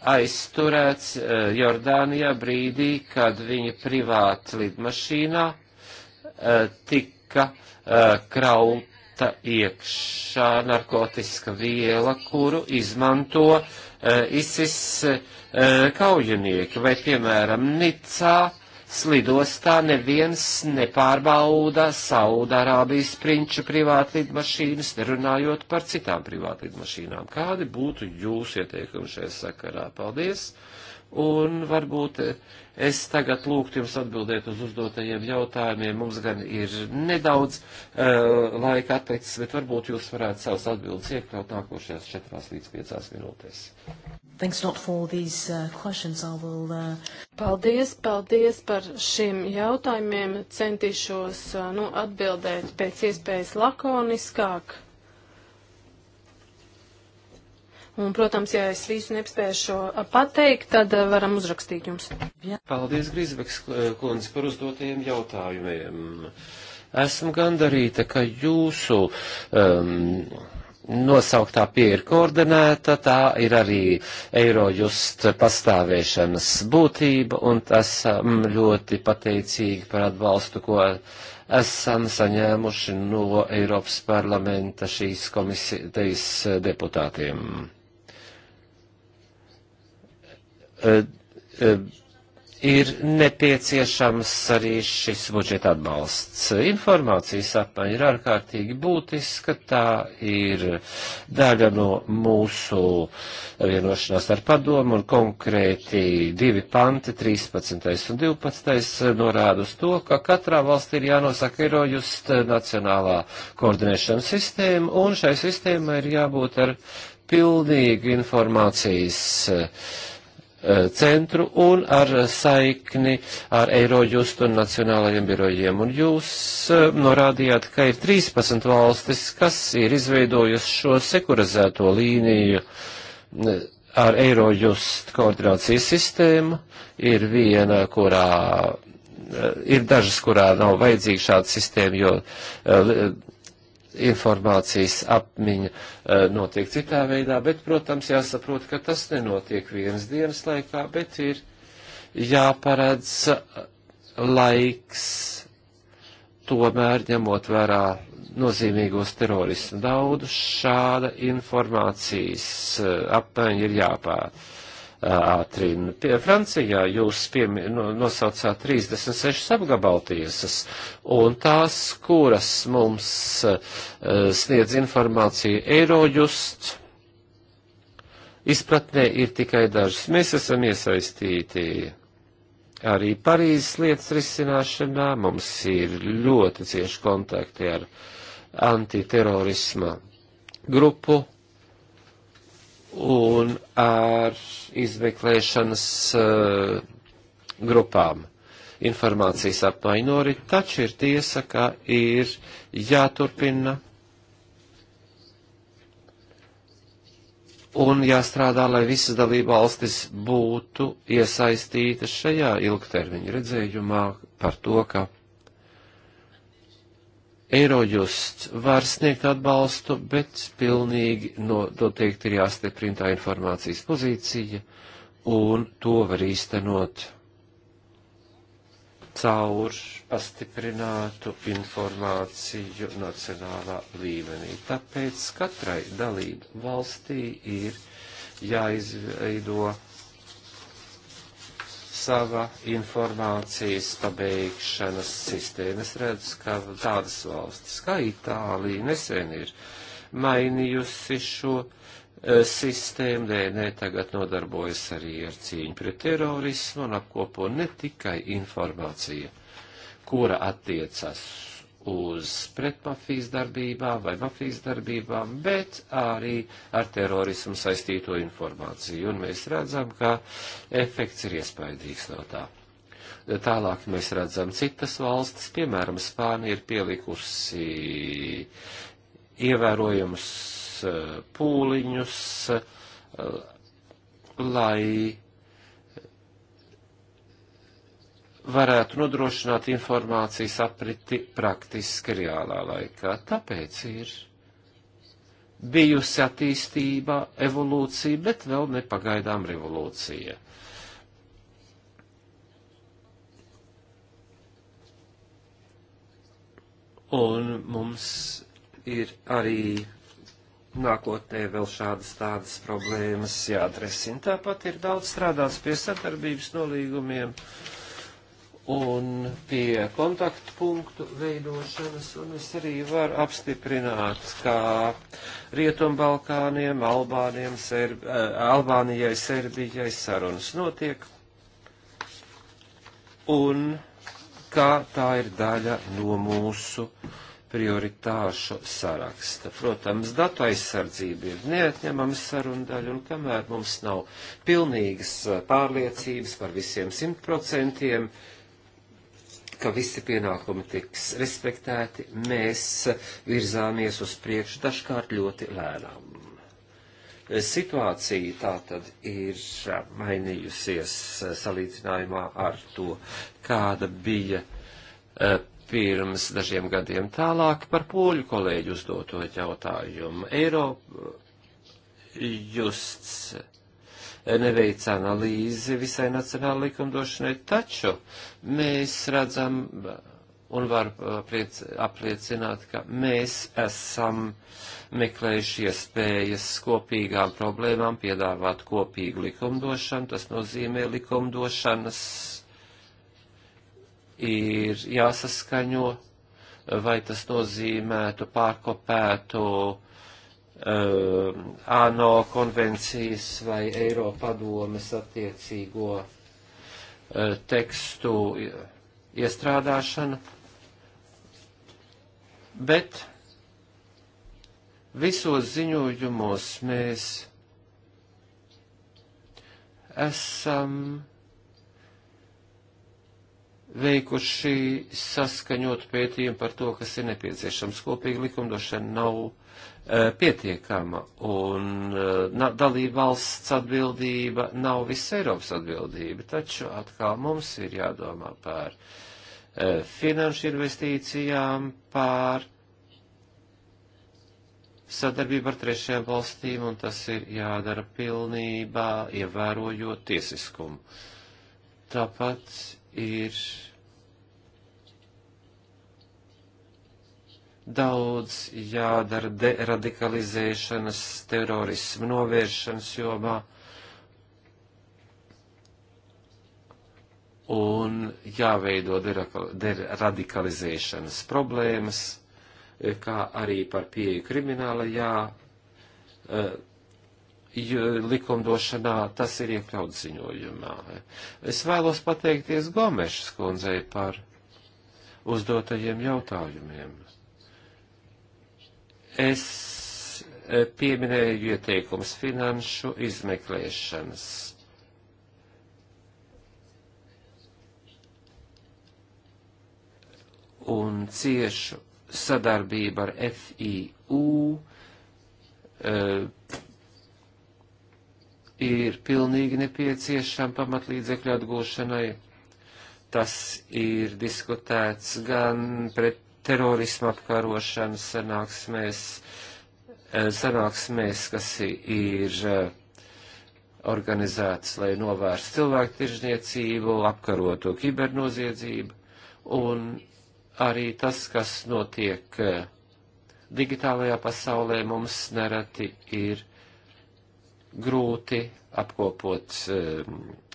aizturēts eh, Jordānijā brīdī, kad viņa privāta lidmašīnā eh, tika eh, krauta iekšā narkotiska viela, kuru izmanto ISIS kaujinieki, vai piemēram Nicā slidostā neviens nepārbauda Saudārābijas prinču privātlidmašīnas, nerunājot par citām privātlidmašīnām. Kādi būtu jūsu ieteikumi šajā sakarā? Paldies! Un varbūt es tagad lūgtu jums atbildēt uz uzdotajiem jautājumiem. Mums gan ir nedaudz uh, laika atlicis, bet varbūt jūs varētu savas atbildes iekļaut nākošajās četrās līdz piecās minūtēs. Thanks a lot for all these uh, questions. I will. Uh... Paldies, paldies par šiem jautājumiem. Centīšos uh, nu, atbildēt pēc iespējas lakoniskāk. Un, protams, ja es visu nespēšu uh, pateikt, tad uh, varam uzrakstīt jums. Jā. Paldies, Grīsbeks uh, kundze, par uzdotajiem jautājumiem. Esmu gandarīta, ka jūsu. Um, nosauktā pieeja ir koordinēta, tā ir arī Eirojust pastāvēšanas būtība, un esam ļoti pateicīgi par atbalstu, ko esam saņēmuši no Eiropas parlamenta šīs komisijas deputātiem. Uh, uh, ir nepieciešams arī šis budžeta atbalsts. Informācijas apmaiņa ir ārkārtīgi būtiska, tā ir daļa no mūsu vienošanās ar padomu un konkrēti divi panti, 13. un 12. norāda uz to, ka katrā valstī ir jānosaka Eirojust nacionālā koordinēšanas sistēma un šai sistēmai ir jābūt ar pilnīgu informācijas Eh, centru un ar saikni ar Eirojustu un nacionālajiem birojiem. Un jūs eh, norādījāt, ka ir 13 valstis, kas ir izveidojusi šo sekurizēto līniju eh, ar Eirojust koordinācijas sistēmu. Ir viena, kurā ir dažas, kurā nav vajadzīga šāda sistēma, jo informācijas apmiņa eh, notiek citā veidā, bet, protams, jāsaprot, ka tas nenotiek vienas dienas laikā, bet ir jāparedz laiks, tomēr ņemot vērā nozīmīgos terorismu daudz, šāda informācijas eh, apmaiņa ir jāpār ātrina. Pie Francijā jūs piemi, no, nosaucāt 36 apgabaltiesas, un tās, kuras mums eh, sniedz informāciju Eirojust, izpratnē ir tikai dažas. Mēs esam iesaistīti arī Parīzes lietas risināšanā, mums ir ļoti cieši kontakti ar antiterorisma grupu un ar izmeklēšanas uh, grupām informācijas apmainori, taču ir tiesa, ka ir jāturpina un jāstrādā, lai visas dalība valstis būtu iesaistītas šajā ilgtermiņa redzējumā par to, ka Eirojust var sniegt atbalstu, bet pilnīgi noteikti ir jāstiprina tā informācijas pozīcija, un to var īstenot caur pastiprinātu informāciju nacionālā līmenī. Tāpēc katrai dalību valstī ir jāizveido sava informācijas pabeigšanas sistēma. Es redzu, ka tādas valstis kā Itālija nesen ir mainījusi šo e, sistēmu, DNE tagad nodarbojas arī ar cīņu pret terorismu un apkopo ne tikai informāciju, kura attiecas uz pretmafijas darbībām vai mafijas darbībām, bet arī ar terorismu saistīto informāciju. Un mēs redzam, ka efekts ir iespaidīgs no tā. Tālāk mēs redzam citas valstis, piemēram, Spānija ir pielikusi ievērojumus eh, pūliņus, eh, lai varētu nodrošināt informācijas apriti praktiski reālā laikā. Tāpēc ir bijusi attīstība, evolūcija, bet vēl nepagaidām revolūcija. Un mums ir arī nākotnē vēl šādas tādas problēmas jāatresina. Tāpat ir daudz strādāts pie sadarbības nolīgumiem. Uh, un pie kontaktpunktu veidošanas, un es arī varu apstiprināt, ka Rietumbalkāniem, Albāniem, Serb, eh, Albānijai, Serbijai sarunas notiek, un kā tā ir daļa no mūsu prioritāšu saraksta. Protams, datu aizsardzība ir neatņemama saruna daļa, un kamēr mums nav pilnīgas eh, pārliecības par visiem simt procentiem, ka visi pienākumi tiks respektēti, mēs virzāmies uz priekšu dažkārt ļoti lēnām. Situācija tā tad ir mainījusies salīdzinājumā ar to, kāda bija eh, pirms dažiem gadiem tālāk par poļu kolēģu uzdoto jautājumu. Eiro justs neveic analīzi visai nacionāla likumdošanai, taču mēs redzam un var apliec, apliecināt, ka mēs esam meklējuši iespējas kopīgām problēmām piedāvāt kopīgu likumdošanu. Tas nozīmē likumdošanas ir jāsaskaņo, vai tas nozīmētu pārkopētu uh, uh, ANO konvencijas vai Eiropadomes attiecīgo uh, tekstu iestrādāšana, bet visos ziņojumos mēs esam veikuši saskaņot pētījumu par to, kas ir nepieciešams. Kopīgi likumdošana nav Eh, pietiekama, un eh, dalība valsts atbildība nav visa Eiropas atbildība, taču atkal mums ir jādomā par eh, finanšu investīcijām, par sadarbību ar trešajām valstīm, un tas ir jādara pilnībā, ievērojot tiesiskumu. Tāpat ir Daudz jādara deradikalizēšanas, terorismu novēršanas jomā. un jāveido deradikalizēšanas problēmas, eh, kā arī par pieeju kriminālajā eh, likumdošanā, tas ir iekļauts ziņojumā. Es vēlos pateikties Gomešas kundzei par uzdotajiem jautājumiem. Es eh, pieminēju ieteikums finanšu izmeklēšanas. Un ciešu sadarbību ar FIU eh, ir pilnīgi nepieciešama pamatlīdzekļu atgūšanai. Tas ir diskutēts gan pret terorisma apkarošanas sanāksmēs, eh, sanāksmēs, kas ir eh, organizētas, lai novērstu cilvēku tirzniecību, apkarotu kibernoziedzību, un arī tas, kas notiek eh, digitālajā pasaulē, mums nereti ir grūti apkopot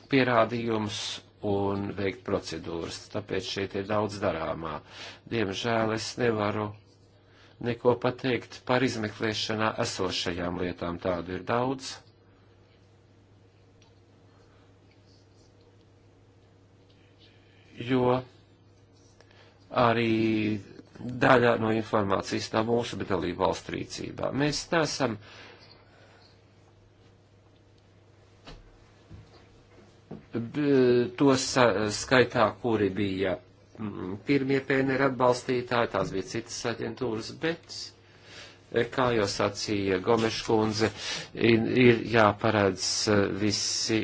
pierādījumus un veikt procedūras. Tāpēc šeit ir daudz darāmā. Diemžēl es nevaru neko pateikt par izmeklēšanā esošajām lietām. Tādu ir daudz. Jo arī daļa no informācijas nav mūsu, bet dalība valsts rīcībā. Mēs neesam uh, to skaitā, kuri bija mm, pirmie PNR atbalstītāji, tās bija citas aģentūras, bet, e, kā jau sacīja Gomeškundze, ir jāparedz e, visi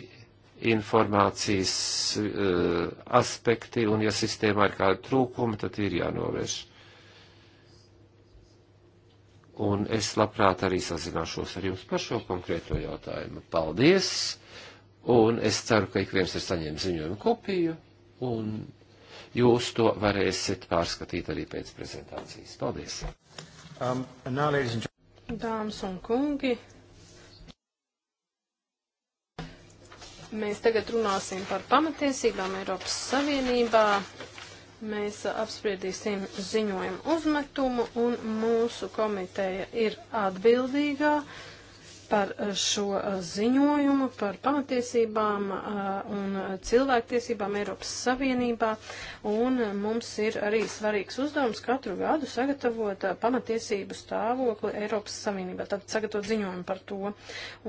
informācijas uh, aspekti, un ja sistēmā ir kāda trūkuma, tad ir jānovērš. Un es labprāt arī sazināšos ar jums par šo konkrēto jautājumu. Paldies! un es ceru, ka ik viens ir saņēmis ziņojumu kopiju, un jūs to varēsiet pārskatīt arī pēc prezentācijas. Paldies! Um, now, and... Dāmas un kungi, mēs tagad runāsim par pamatiesībām Eiropas Savienībā. Mēs apspriedīsim ziņojumu uzmetumu, un mūsu komiteja ir atbildīgā. Uh, par eh, šo eh, ziņojumu par pamatiesībām eh, un cilvēktiesībām Eiropas Savienībā. Un mums ir arī svarīgs uzdevums katru gadu sagatavot pamatiesību stāvokli Eiropas Savienībā, tad sagatavot ziņojumu par to.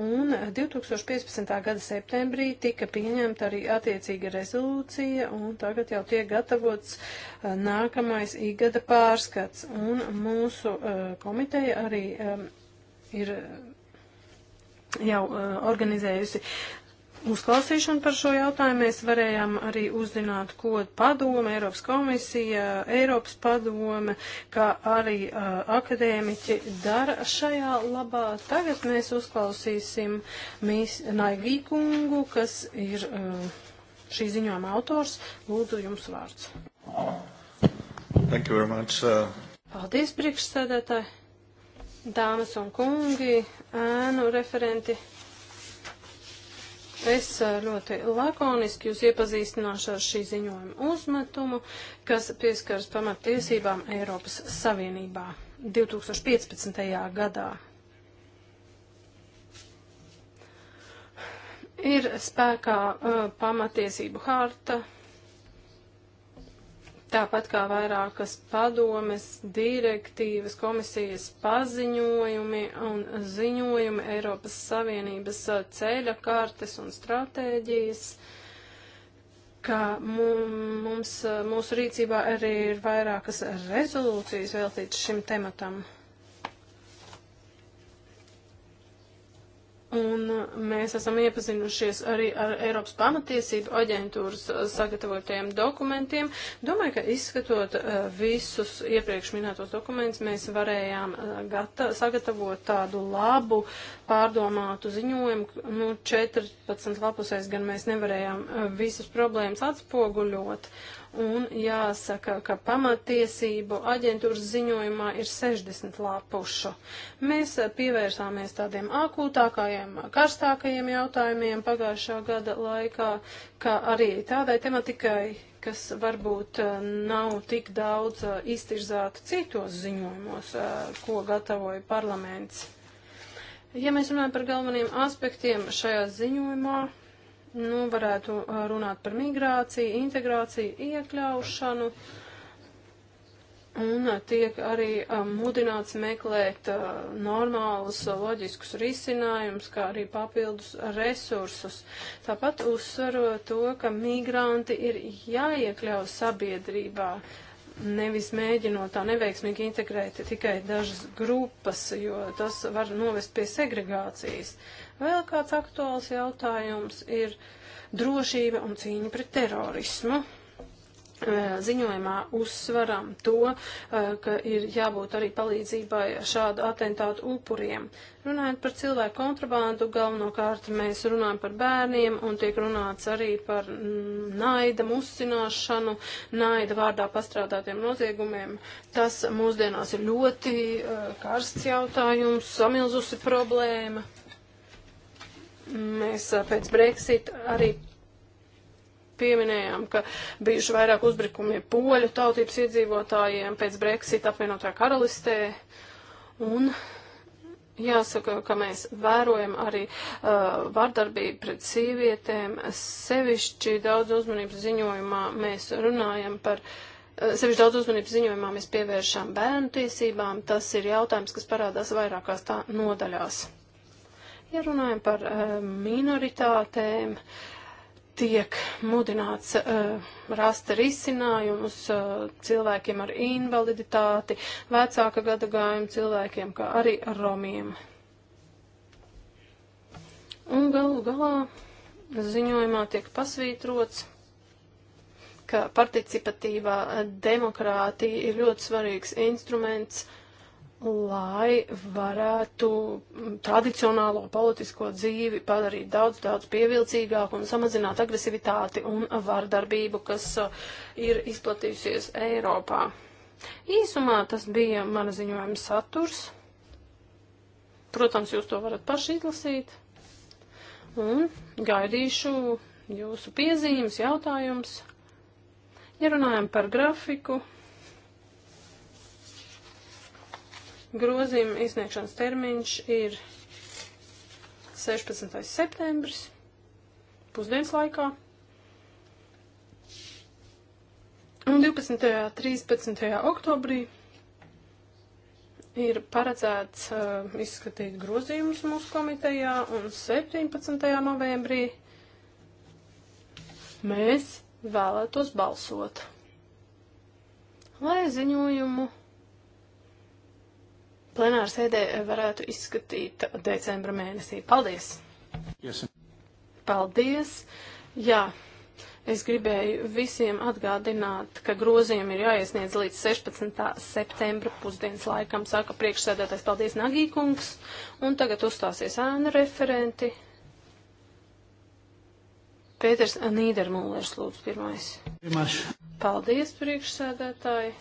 Un 2015. gada septembrī tika pieņemta arī attiecīga rezolūcija, un tagad jau tiek gatavots nākamais īgada pārskats. Un mūsu komiteja arī ir jau uh, organizējusi uzklausīšanu par šo jautājumu. Mēs varējām arī uzzināt, ko padome, Eiropas komisija, Eiropas padome, kā arī uh, akadēmiķi dara šajā labā. Tagad mēs uzklausīsim Mīs Naigī kungu, kas ir uh, šī ziņojuma autors. Lūdzu, jums vārds. Thank you very much. Uh... Paldies, priekšsēdētāji dāmas un kungi, ēnu referenti. Es ļoti lakoniski jūs iepazīstināšu ar šī ziņojuma uzmetumu, kas pieskars pamattiesībām Eiropas Savienībā 2015. gadā. Ir spēkā uh, pamatiesību harta, Tāpat kā vairākas padomes, direktīvas, komisijas paziņojumi un ziņojumi Eiropas Savienības ceļa kartes un stratēģijas, ka mums, mūsu rīcībā arī ir vairākas rezolūcijas veltītas šim tematam. Un mēs esam iepazinušies arī ar Eiropas pamatiesību aģentūras eh, sagatavotajiem dokumentiem. Domāju, ka izskatot eh, visus iepriekš minētos dokumentus, mēs varējām eh, gata, sagatavot tādu labu pārdomātu ziņojumu. Nu, 14 lapusēs gan mēs nevarējām visas problēmas atspoguļot. Uh, un jāsaka, ka pamatiesību aģentūras ziņojumā ir 60 lapušu. Mēs eh, pievērsāmies tādiem akūtākajiem, karstākajiem jautājumiem pagājušā gada laikā, kā arī tādai tematikai, kas varbūt eh, nav tik daudz eh, iztirzāta citos ziņojumos, ko gatavoja parlaments. Ja mēs runājam par galvenajiem aspektiem šajā ziņojumā, Nu, varētu uh, runāt par migrāciju, integrāciju, iekļaušanu. Un uh, tiek arī um, mudināts meklēt uh, normālus, uh, loģiskus risinājumus, kā arī papildus resursus. Tāpat uzsvaro to, ka migranti ir jāiekļau sabiedrībā, nevis mēģinot tā neveiksmīgi integrēt tikai dažas grupas, jo tas var novest pie segregācijas. Uh, Vēl kāds aktuāls jautājums ir drošība un cīņa pret terorismu ziņojumā uzsveram to, ka ir jābūt arī palīdzībai šādu atentātu upuriem. Runājot par cilvēku kontrabandu, galvenokārt mēs runājam par bērniem un tiek runāts arī par naida muscināšanu, naida vārdā pastrādātiem noziegumiem. Tas mūsdienās ir ļoti karsts jautājums, samilzusi problēma. Mēs pēc Brexit arī pieminējām, ka bijuši vairāk uzbrukumi poļu tautības iedzīvotājiem pēc Brexit apvienotā karalistē. Un jāsaka, ka mēs vērojam arī uh, vardarbību pret sievietēm. Sevišķi daudz uzmanības ziņojumā mēs runājam par. Uh, sevišķi daudz uzmanības ziņojumā mēs pievēršam bērnu tiesībām. Tas ir jautājums, kas parādās vairākās tā nodaļās. Ja runājam par eh, minoritātēm, tiek mudināts uh, rast risinājumus uh, cilvēkiem ar invaliditāti, vecāka gadagājumu cilvēkiem, kā arī ar romiem. Un galu galā ziņojumā tiek pasvītrots, ka participatīvā demokrātija ir ļoti svarīgs instruments uh, lai varētu tradicionālo politisko dzīvi padarīt daudz, daudz pievilcīgāku un samazināt agresivitāti un vardarbību, kas uh, ir izplatījusies Eiropā. Īsumā tas bija mana ziņojuma saturs. Protams, jūs to varat paši izlasīt. Un gaidīšu jūsu piezīmes, jautājums. Ja runājam par grafiku, Grozījuma izniegšanas termiņš ir 16. septembris, pusdienas laikā. Un 12. un 13. oktobrī ir paredzēts uh, izskatīt grozījumus mūsu komitejā, un 17. novembrī mēs vēlētos balsot, lai ziņojumu plenāra sēdē varētu izskatīt decembra mēnesī. Paldies! Yes. Paldies! Jā, es gribēju visiem atgādināt, ka grozījumi ir jāiesniedz līdz 16. septembra pusdienas laikam, saka priekšsēdētājs. Paldies, Nagīkungs! Un tagad uzstāsies ēna referenti. Pēters Nīdermūlers lūdzu pirmais. Pirmais. Paldies, priekšsēdētāji!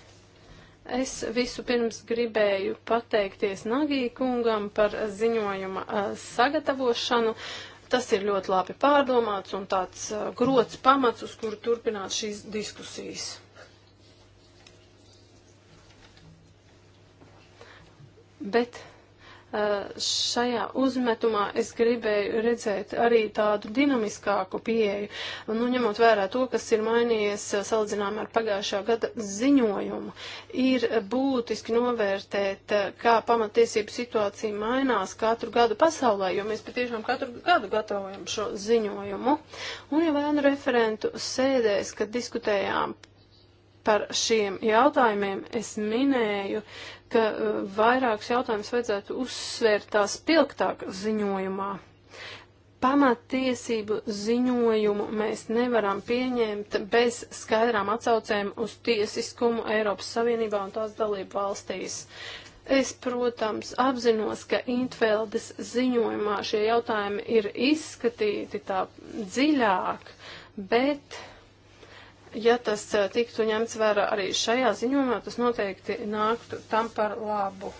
Es visu pirms gribēju pateikties Nagī kungam par ziņojuma sagatavošanu. Tas ir ļoti labi pārdomāts un tāds grots pamats, uz kuru turpināt šīs diskusijas. Bet Eh, šajā uzmetumā es gribēju redzēt arī tādu dinamiskāku pieeju, nu, ņemot vērā to, kas ir mainījies eh, salīdzinām ar pagājušā gada ziņojumu. Ir būtiski novērtēt, eh, kā pamatiesību situācija mainās katru gadu pasaulē, jo mēs patiešām katru gadu gatavojam šo ziņojumu. Un jau vēnu referentu sēdēs, kad diskutējām par šiem jautājumiem, es minēju, ka e, vairākus jautājumus vajadzētu uzsvērt tās pilgtāk ziņojumā. Pamattiesību ziņojumu mēs nevaram pieņemt bez skaidrām atsaucēm uz tiesiskumu Eiropas Savienībā un tās dalību valstīs. Es, protams, apzinos, ka Intveldes ziņojumā šie jautājumi ir izskatīti tā dziļāk, bet ja tas eh, tiktu ņemts vērā arī šajā ziņojumā, tas noteikti nāktu tam par labu.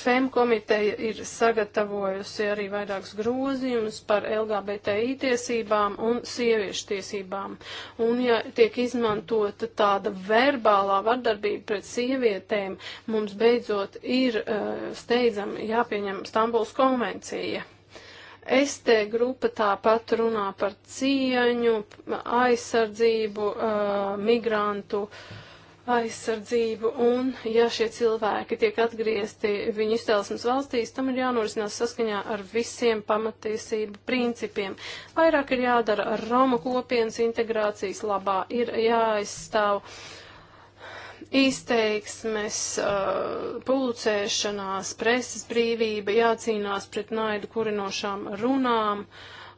FEM komiteja ir sagatavojusi arī vairākus grozījumus par LGBTI tiesībām un sieviešu tiesībām. Un ja tiek izmantota tāda verbālā vardarbība pret sievietēm, mums beidzot ir uh, steidzami jāpieņem Stambuls konvencija. ST grupa tāpat runā par cieņu, aizsardzību, uh, migrantu aizsardzību, un ja šie cilvēki tiek atgriezti viņu izcelsmes valstīs, tam ir jānorisinās saskaņā ar visiem pamatiesību principiem. Vairāk ir jādara Roma kopienas integrācijas labā, ir jāaizstāv uh, izteiksmes, uh, pulcēšanās, preses brīvība, jācīnās pret naidu kurinošām runām,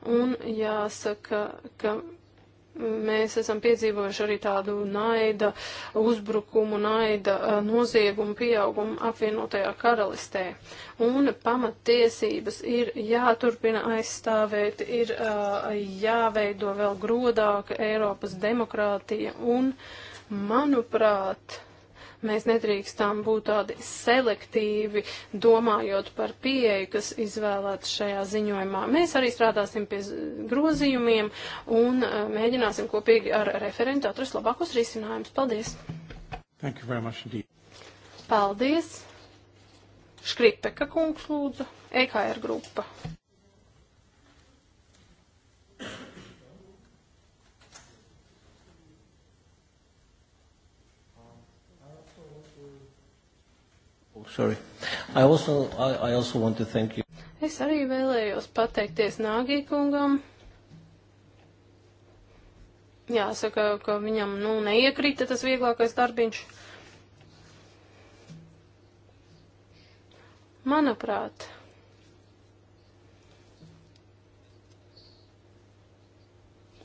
un jāsaka, ka mēs esam piedzīvojuši arī tādu naida uzbrukumu, naida uh, noziegumu pieaugumu apvienotajā karalistē. Un pamatiesības ir jāturpina aizstāvēt, ir uh, jāveido vēl grodāka Eiropas demokrātija un uh, Manuprāt, mēs nedrīkstam būt tādi selektīvi, domājot par pieeju, kas izvēlēta šajā ziņojumā. Mēs arī strādāsim pie grozījumiem un e, mēģināsim kopīgi ar referentu atrast labākos risinājumus. Paldies! Thank you very much indeed. Paldies! Škripeka kungs lūdzu, EKR er grupa. sorry. I also, I, I also want to thank you. Es arī vēlējos pateikties Nāgī kungam. Jāsaka, ka viņam, nu, neiekrita tas vieglākais darbiņš. Manuprāt,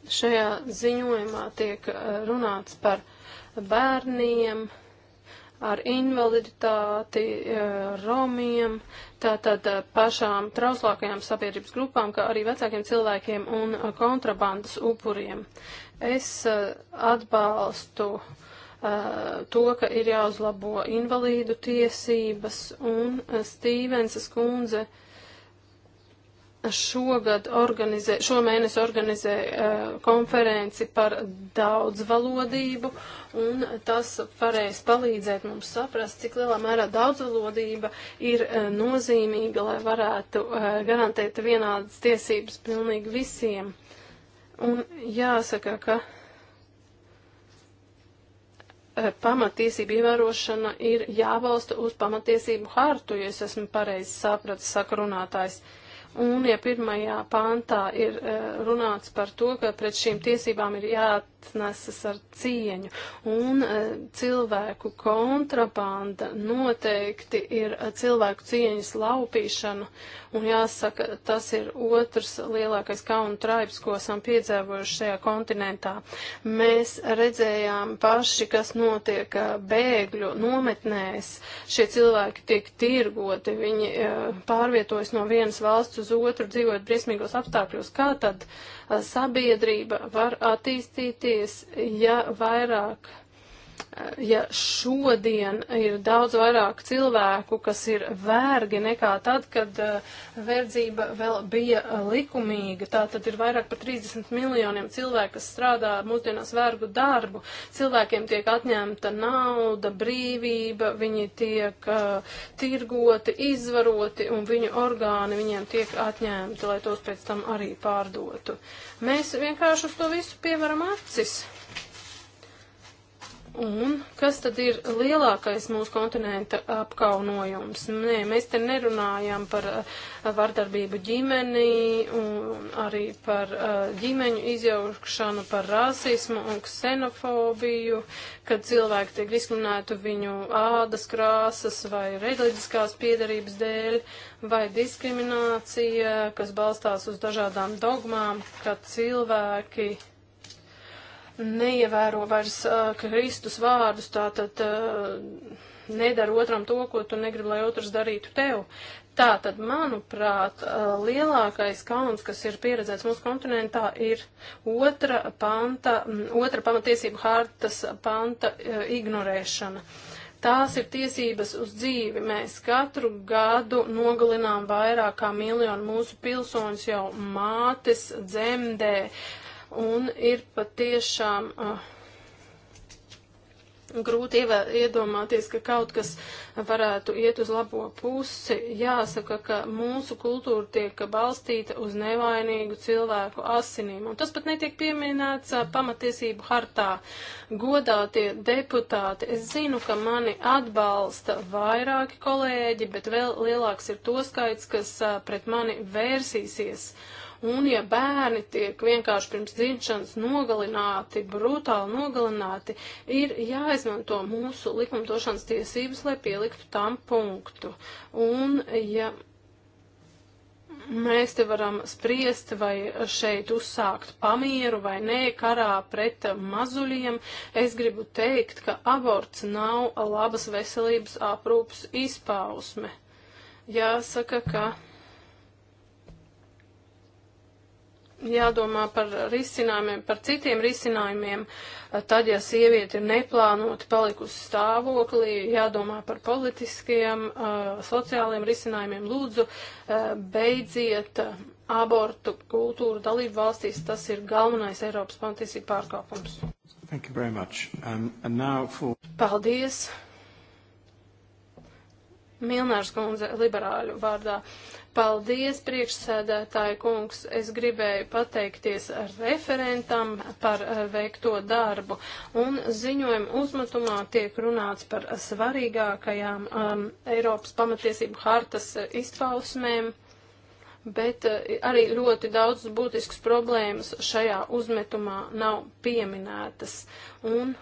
šajā ziņojumā tiek eh, runāts par bērniem, uh, ar invaliditāti, eh, romiem, tātad eh, pašām trauslākajām sabiedrības grupām, kā arī vecākiem cilvēkiem un eh, kontrabandas upuriem. Es atbalstu to, ka ir jāuzlabo invalīdu tiesības un Stīvensa skundze uh, šogad organizē, šomēnes organizē uh, konferenci par daudzvalodību, un tas varēs palīdzēt mums saprast, cik lielā mērā daudzvalodība ir uh, nozīmīga, lai varētu uh, garantēt vienādas tiesības pilnīgi visiem. Un jāsaka, ka uh, pamatiesību ievērošana ir jābalsta uz pamatiesību hartu, ja es esmu pareizi sapratis sakrunātājs. Uh, Un, ja pirmajā pāntā ir eh, runāts par to, ka pret šīm tiesībām ir jāatbalsta, nesas ar cieņu. Un e, cilvēku kontrabanda noteikti ir e, cilvēku cieņas laupīšana. Un jāsaka, tas ir otrs lielākais kaunu traips, ko esam piedzēvojuši šajā kontinentā. Mēs redzējām paši, kas notiek e, bēgļu nometnēs. Šie cilvēki tiek tirgoti, viņi pārvietojas no vienas valsts uz otru, dzīvojot briesmīgos apstākļos. Kā tad? Uh, sabiedrība var attīstīties, ja vairāk ja šodien ir daudz vairāk cilvēku, kas ir vērgi nekā tad, kad eh, verdzība vēl bija eh, likumīga, tā tad ir vairāk par 30 miljoniem cilvēku, kas strādā mūsdienās vērgu darbu. Cilvēkiem tiek atņemta nauda, brīvība, viņi tiek uh, tirgoti, izvaroti un viņu orgāni viņiem tiek atņemti, lai tos pēc tam arī pārdotu. Mēs vienkārši uz to visu pievaram acis. Un kas tad ir lielākais mūsu kontinenta apkaunojums? Nē, mēs te nerunājam par uh, vardarbību ģimenī un arī par uh, ģimeņu izjaukšanu, par rasismu un ksenofobiju, kad cilvēki tiek diskriminēti viņu ādas krāsas vai reliģiskās piedarības dēļ, vai diskriminācija, kas balstās uz dažādām dogmām, kad cilvēki neievēro vairs uh, Kristus vārdus, tātad uh, nedara otram to, ko tu negribi, lai otrs darītu tev. Tātad, manuprāt, uh, lielākais kauns, kas ir pieredzēts mūsu kontinentā, ir otra panta, otra pamatiesība hartas panta uh, ignorēšana. Tās ir tiesības uz dzīvi. Mēs katru gadu nogalinām vairāk kā miljonu mūsu pilsoņus jau mātes dzemdē. Uh, un ir patiešām. Uh, grūti iedomāties, ka kaut kas varētu iet uz labo pusi. Jāsaka, ka mūsu kultūra tiek balstīta uz nevainīgu cilvēku asinīm, un tas pat netiek pieminēts ah, pamatiesību hartā. Godātie deputāti, es zinu, ka mani atbalsta vairāki kolēģi, bet vēl lielāks ir to skaits, kas ah, pret mani vērsīsies. Uh, Un ja bērni tiek vienkārši pirms dzimšanas nogalināti, brutāli nogalināti, ir jāizmanto mūsu likumdošanas tiesības, lai pieliktu tam punktu. Un ja mēs te varam spriest, vai šeit uzsākt pamieru vai nē karā pret mazuļiem. Es gribu teikt, ka aborts nav labas veselības aprūpas izpausme. Jāsaka, ka jādomā par risinājumiem, par citiem risinājumiem. Tad, ja sieviete ir neplānoti palikusi stāvoklī, jādomā par politiskiem, eh, sociāliem risinājumiem. Lūdzu, eh, beidziet abortu kultūru dalību valstīs. Tas ir galvenais Eiropas pamatiesību pārkāpums. Thank you very much. Um, and now for... Paldies. Milnārs kundze liberāļu vārdā. Paldies, priekšsēdētāji kungs. Es gribēju pateikties referentam par eh, veikto darbu. Un ziņojuma uzmetumā tiek runāts par svarīgākajām um, Eiropas pamatiesību hartas eh, izpausmēm bet eh, arī ļoti daudz būtisks problēmas šajā uzmetumā nav pieminētas. Un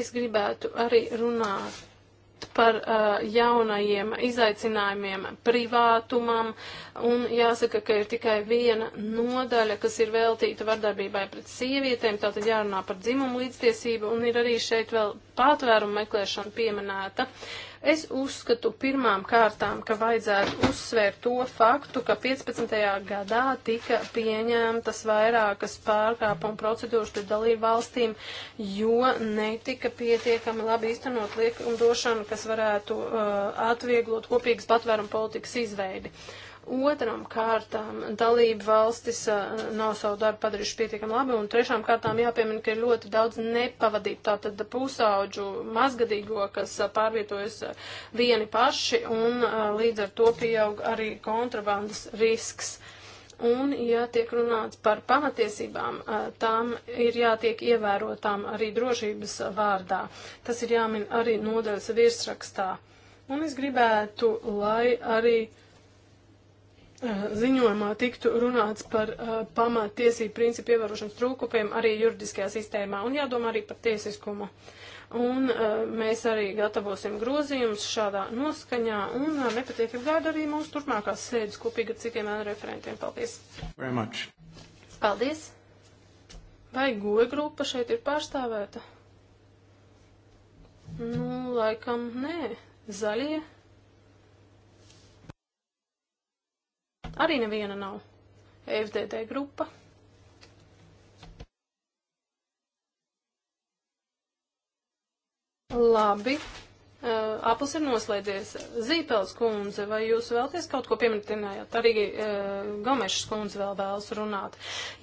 es gribētu arī runāt par uh, jaunajiem izaicinājumiem privātumam, un jāsaka, ka ir tikai viena nodaļa, kas ir veltīta vardarbībai pret sievietēm, tātad jārunā par dzimumu līdztiesību, un ir arī šeit vēl pātvērumu meklēšana pieminēta. Uh, Es uzskatu pirmām kārtām, ka vajadzētu uzsvērt to faktu, ka 15. gadā tika pieņemtas vairākas pārkāpuma procedūras pret dalību valstīm, jo netika pietiekami labi iztenot likumdošanu, kas varētu uh, atvieglot kopīgas patvērumu politikas izveidi. Uh, Otram kārtām dalību valstis nav savu darbu padarījuši pietiekami labi, un trešām kārtām jāpiemina, ka ir ļoti daudz nepavadību, tātad pusauģu mazgadīgo, kas pārvietojas vieni paši, un līdz ar to pieaug arī kontrabandas risks. Un, ja tiek runāts par pamatiesībām, tām ir jātiek ievērotām arī drošības vārdā. Tas ir jāmin arī nodaļas virsrakstā. Un es gribētu, lai arī ziņojumā tiktu runāts par uh, pamatiesību principu ievērošanas trūkumiem arī juridiskajā sistēmā un jādomā arī par tiesiskumu. Un uh, mēs arī gatavosim grozījumus šādā noskaņā un uh, nepatiekam gaidu arī mūsu turpmākās sēdes kopīgi ar citiem referentiem. Paldies! Very much. Paldies! Vai goja grupa šeit ir pārstāvēta? Nu, laikam nē. Zaļie. Arī neviena nav. FDD grupa. Labi. Aplis ir noslēdzies. Zīpels kundze, vai jūs vēlties kaut ko pieminēt? Arī uh, Gomešas kundze vēl vēlas runāt.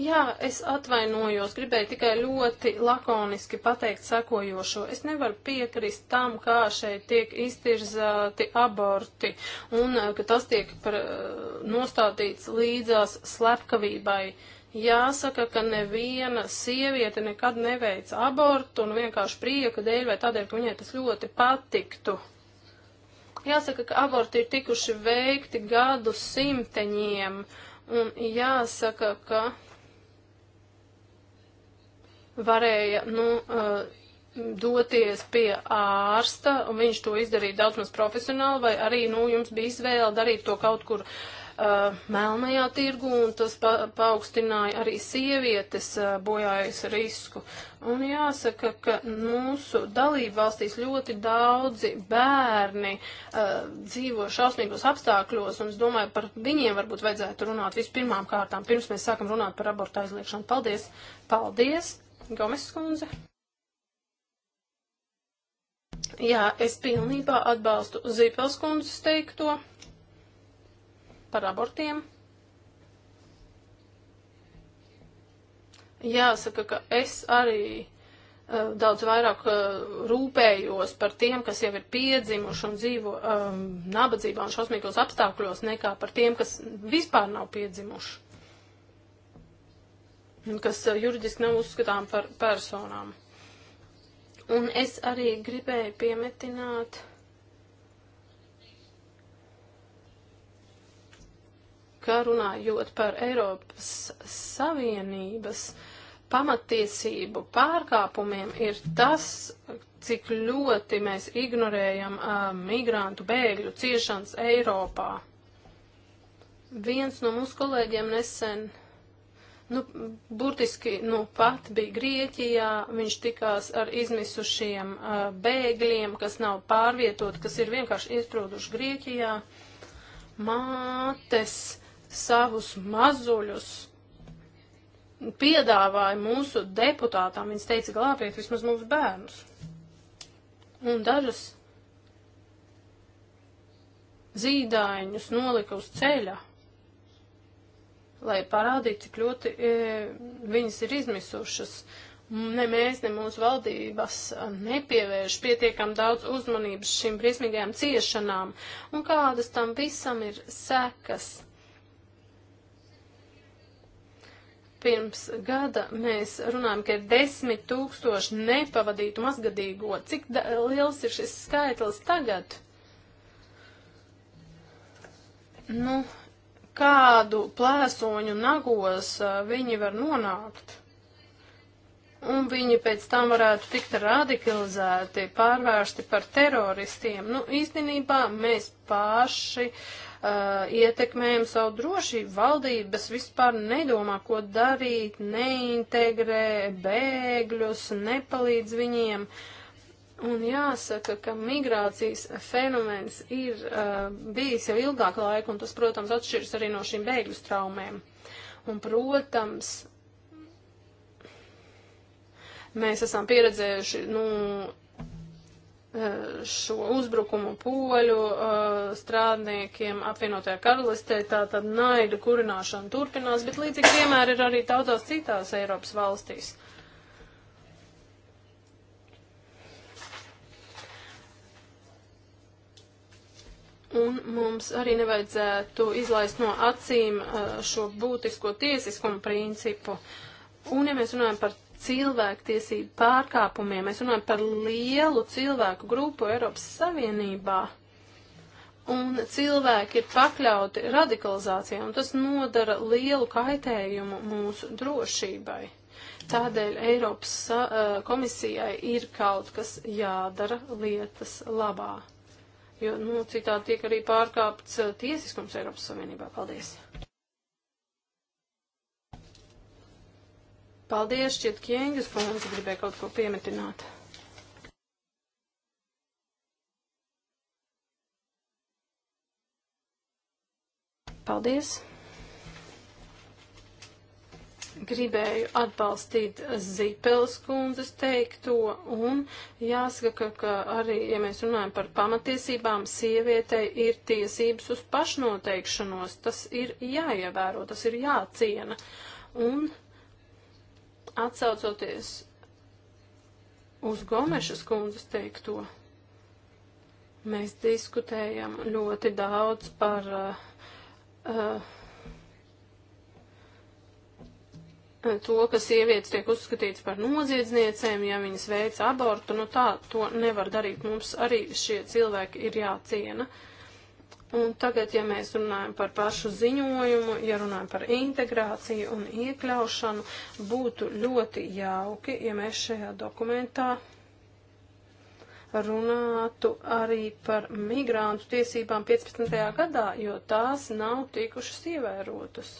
Jā, es atvainojos, gribēju tikai ļoti lakoniski pateikt sakojošo. Es nevaru piekrist tam, kā šeit tiek iztirzāti aborti un uh, ka tas tiek par, uh, nostādīts līdzās slepkavībai. Uh, Jāsaka, ka neviena sieviete nekad neveic abortu un vienkārši prieka dēļ vai tādēļ, ka viņai tas ļoti patiktu. Jāsaka, ka aborti ir tikuši veikti gadu simteņiem un jāsaka, ka varēja, nu, uh, doties pie ārsta, un viņš to izdarīja daudz maz profesionāli, vai arī, nu, jums bija izvēle darīt to kaut kur uh, uh, melnajā tirgu, un tas pa paaugstināja arī sievietes uh, bojājas risku. Un jāsaka, ka mūsu dalību valstīs ļoti daudzi bērni uh, dzīvo šausmīgos apstākļos, un es domāju, par viņiem varbūt vajadzētu runāt vispirmām kārtām, pirms mēs sākam runāt par abortu aizliekšanu. Paldies! Paldies, Gomes skundze! Jā, es pilnībā atbalstu Zīpelskundzes teikto par abortiem. Jāsaka, ka es arī uh, daudz vairāk uh, rūpējos par tiem, kas jau ir piedzimuši un dzīvo um, nabadzībā un šausmīgos apstākļos, nekā par tiem, kas vispār nav piedzimuši kas eh, juridiski nav uzskatām par personām. Un es arī gribēju piemetināt. ka runājot par Eiropas Savienības pamatiesību pārkāpumiem ir tas, cik ļoti mēs ignorējam uh, migrantu bēgļu ciešanas Eiropā. Viens no mūsu kolēģiem nesen, nu, burtiski, nu, pat bija Grieķijā, viņš tikās ar izmisušiem uh, bēgļiem, kas nav pārvietot, kas ir vienkārši iesprūduši Grieķijā. Mātes savus mazuļus piedāvāja mūsu deputātām. Viņas teica, glābiet vismaz mūsu bērnus. Un dažas zīdaiņus nolika uz ceļa, lai parādītu, cik ļoti e, viņas ir izmisušas. Ne mēs, ne mūsu valdības nepievērš pietiekam daudz uzmanības šīm briesmīgajām ciešanām, un kādas tam visam ir sekas. Pirms gada mēs runājam, ka ir desmit tūkstoši nepavadītu mazgadīgo. Cik liels ir šis skaitlis tagad? Nu, kādu plēsoņu nagos viņi var nonākt? un viņi pēc tam varētu tikt radikalizēti, pārvērsti par teroristiem. Nu, īstenībā mēs paši uh, ietekmējam savu drošību. Valdības vispār nedomā, ko darīt, neintegrē bēgļus, nepalīdz viņiem. Un jāsaka, ka migrācijas fenomens ir uh, bijis jau ilgāku laiku, un tas, protams, atšķiras arī no šīm bēgļu traumēm. Un, protams, mēs esam pieredzējuši, nu, Eh, šo uzbrukumu poļu eh, strādniekiem apvienotajā karalistē, tā tad naida kurināšana turpinās, bet līdzīgi piemēri ir arī daudzās citās Eiropas valstīs. Un mums arī nevajadzētu izlaist no acīm eh, šo būtisko tiesiskumu principu. Un, ja mēs runājam par cilvēktiesību pārkāpumiem. Mēs runājam par lielu cilvēku grupu Eiropas Savienībā. Un cilvēki ir pakļauti radikalizācijai, un tas nodara lielu kaitējumu mūsu drošībai. Tādēļ Eiropas komisijai ir kaut kas jādara lietas labā. Jo, nu, citādi tiek arī pārkāpts tiesiskums Eiropas Savienībā. Paldies! Paldies, šķiet, Kjēņģis, kundze gribēja kaut ko piemetināt. Paldies. Gribēju atbalstīt Zīpeles kundzes teikto un jāsaka, ka, ka arī, ja mēs runājam par pamatiesībām, sievietei ir tiesības uz pašnoteikšanos. Tas ir jāievēro, tas ir jāciena. Un Atsaucoties uz Gomešas kundzes teikto, mēs diskutējam ļoti daudz par uh, uh, to, ka sievietes tiek uzskatītas par noziedzniecēm, ja viņas veic abortu, nu tā, to nevar darīt. Mums arī šie cilvēki ir jāciena. Uh, Un tagad, ja mēs runājam par pašu ziņojumu, ja runājam par integrāciju un iekļaušanu, būtu ļoti jauki, ja mēs šajā dokumentā runātu arī par migrantu tiesībām 15. gadā, jo tās nav tikušas ievērotas.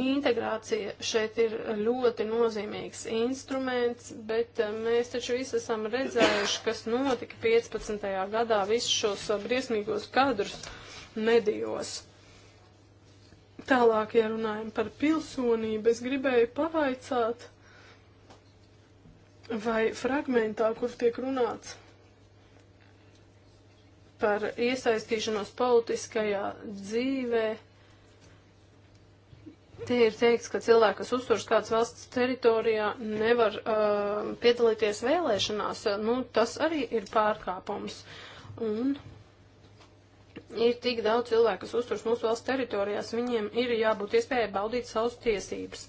Integrācija šeit ir ļoti nozīmīgs instruments, bet eh, mēs taču visi esam redzējuši, kas notika 15. gadā visus šos eh, briesmīgos kadrus medijos. Tālāk, ja runājam par pilsonību, es gribēju pavaicāt, vai fragmentā, kur tiek runāts par iesaistīšanos politiskajā dzīvē, Te ir teikts, ka cilvēki, kas uzturas kādas valsts teritorijā, nevar uh, piedalīties vēlēšanās. Nu, tas arī ir pārkāpums. Un ir tik daudz cilvēku, kas uzturas mūsu valsts teritorijās, viņiem ir jābūt iespējai baudīt savas tiesības.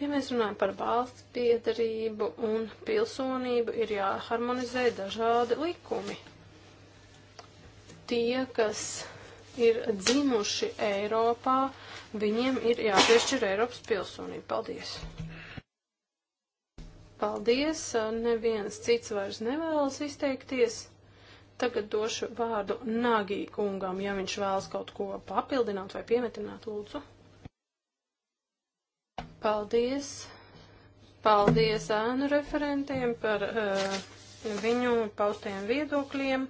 Ja mēs runājam par valsts piedarību un pilsonību, ir jāharmonizē dažādi likumi. Tie, kas ir dzimuši Eiropā, uh, viņiem ir jāpiešķir Eiropas pilsonība. Paldies! Paldies! Neviens cits vairs nevēlas izteikties. Tagad došu vārdu Nagī kungam, ja viņš vēlas kaut ko papildināt vai piemetināt, lūdzu. Paldies! Paldies ēnu referentiem par uh, viņu paustajiem viedokļiem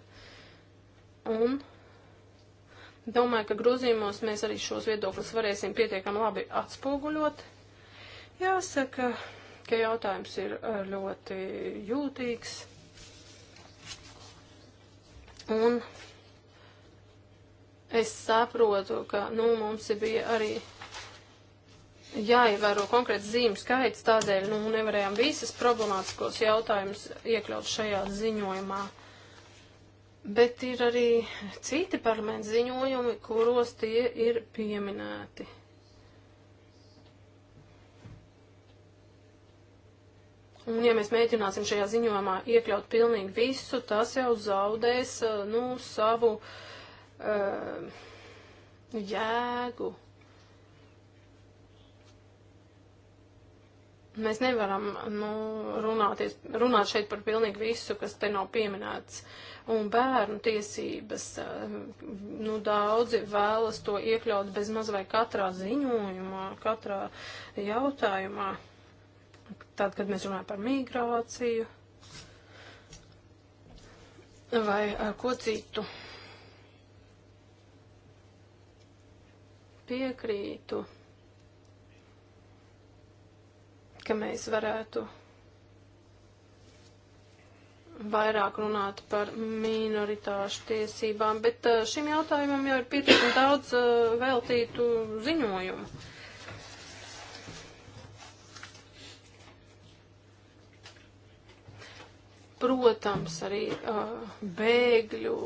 un Domāju, ka grozījumos mēs arī šos viedokļus varēsim pietiekami labi atspoguļot. Jāsaka, ka jautājums ir eh, ļoti jūtīgs. Un es saprotu, ka nu, mums bija arī jāievēro konkrēts zīmju skaits, tādēļ nu, nevarējām visas problemātiskos jautājumus iekļaut šajā ziņojumā. Bet ir arī citi parlamenta ziņojumi, kuros tie ir pieminēti. Un ja mēs mēģināsim šajā ziņojumā iekļaut pilnīgi visu, tas jau zaudēs, eh, nu, savu uh, jēgu. Mēs nevaram, nu, runāties, runāt šeit par pilnīgi visu, kas te nav pieminēts. Uh, un bērnu tiesības. Eh, nu, daudzi vēlas to iekļaut bez maz vai katrā ziņojumā, katrā jautājumā. Tad, kad mēs runājam par migrāciju vai ko citu. Piekrītu, ka mēs varētu vairāk runāt par minoritāšu tiesībām, bet uh, šim jautājumam jau ir pietiekami daudz uh, veltītu ziņojumu. Protams, arī uh, bēgļu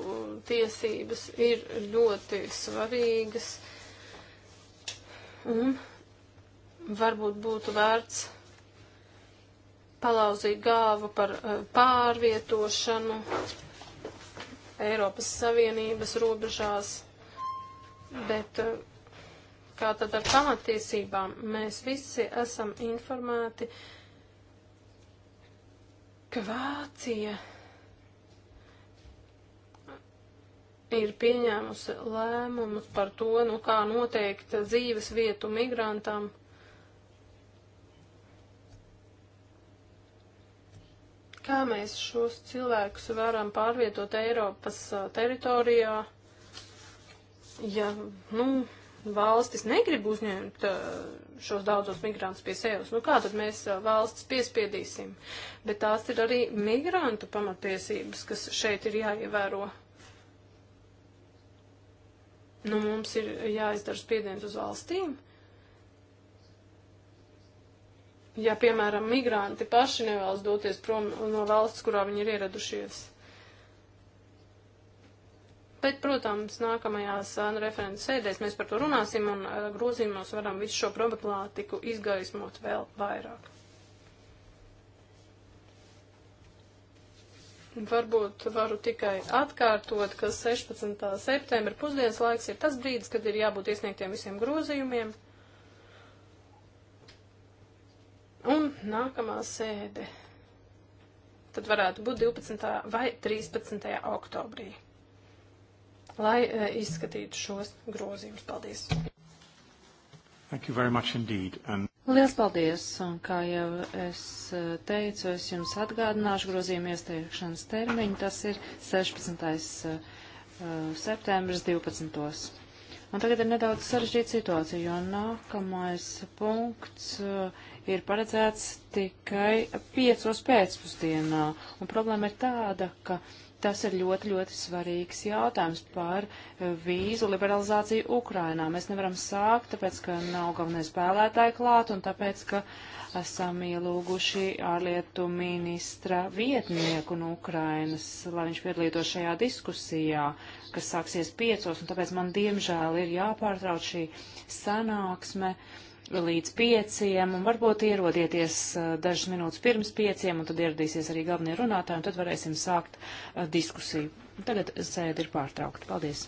tiesības ir ļoti svarīgas un varbūt būtu vērts palauzīja gāvu par eh, pārvietošanu Eiropas Savienības robežās, bet eh, kā tad ar pamatiesībām mēs visi esam informēti, ka Vācija ir pieņēmusi lēmumus par to, nu kā noteikt dzīves vietu migrantam kā mēs šos cilvēkus varam pārvietot Eiropas teritorijā, ja, nu, valstis negrib uzņemt šos daudzos migrantus pie sevis. Nu, kā tad mēs valstis piespiedīsim? Bet tās ir arī migrantu pamatiesības, kas šeit ir jāievēro. Nu, mums ir jāizdara spiediens uz valstīm, ja, piemēram, migranti paši nevēlas doties prom no valsts, kurā viņi ir ieradušies. Bet, protams, nākamajās nu, referents sēdēs mēs par to runāsim un grozījumos varam visu šo problemātiku izgaismot vēl vairāk. Varbūt varu tikai atkārtot, ka 16. septembra pusdienas laiks ir tas brīdis, kad ir jābūt iesniegtiem visiem grozījumiem. Un nākamā sēde tad varētu būt 12. vai 13. oktobrī, lai e, izskatītu šos grozījumus. Paldies! Thank you very much indeed. And... Lielas paldies! Un kā jau es e, teicu, es jums atgādināšu grozījumu iesteikšanas termiņu. Tas ir 16. E, e, septembris 12. Un tagad ir nedaudz sarežģīta situācija, jo nākamais punkts uh, ir paredzēts tikai piecos pēcpusdienā. Un problēma ir tāda, ka tas ir ļoti, ļoti svarīgs jautājums par vīzu liberalizāciju Ukrainā. Mēs nevaram sākt, tāpēc, ka nav galvenais spēlētāji klāt un tāpēc, ka esam ielūguši ārlietu ministra vietnieku no Ukrainas, lai viņš piedalītos šajā diskusijā, kas sāksies piecos, un tāpēc man diemžēl ir jāpārtrauc šī sanāksme. Uh, līdz pieciem, un varbūt ierodieties eh, dažas minūtes pirms pieciem, un tad ieradīsies arī galvenie runātāji, un tad varēsim sākt eh, diskusiju. Tagad sēde ir pārtraukta. Paldies!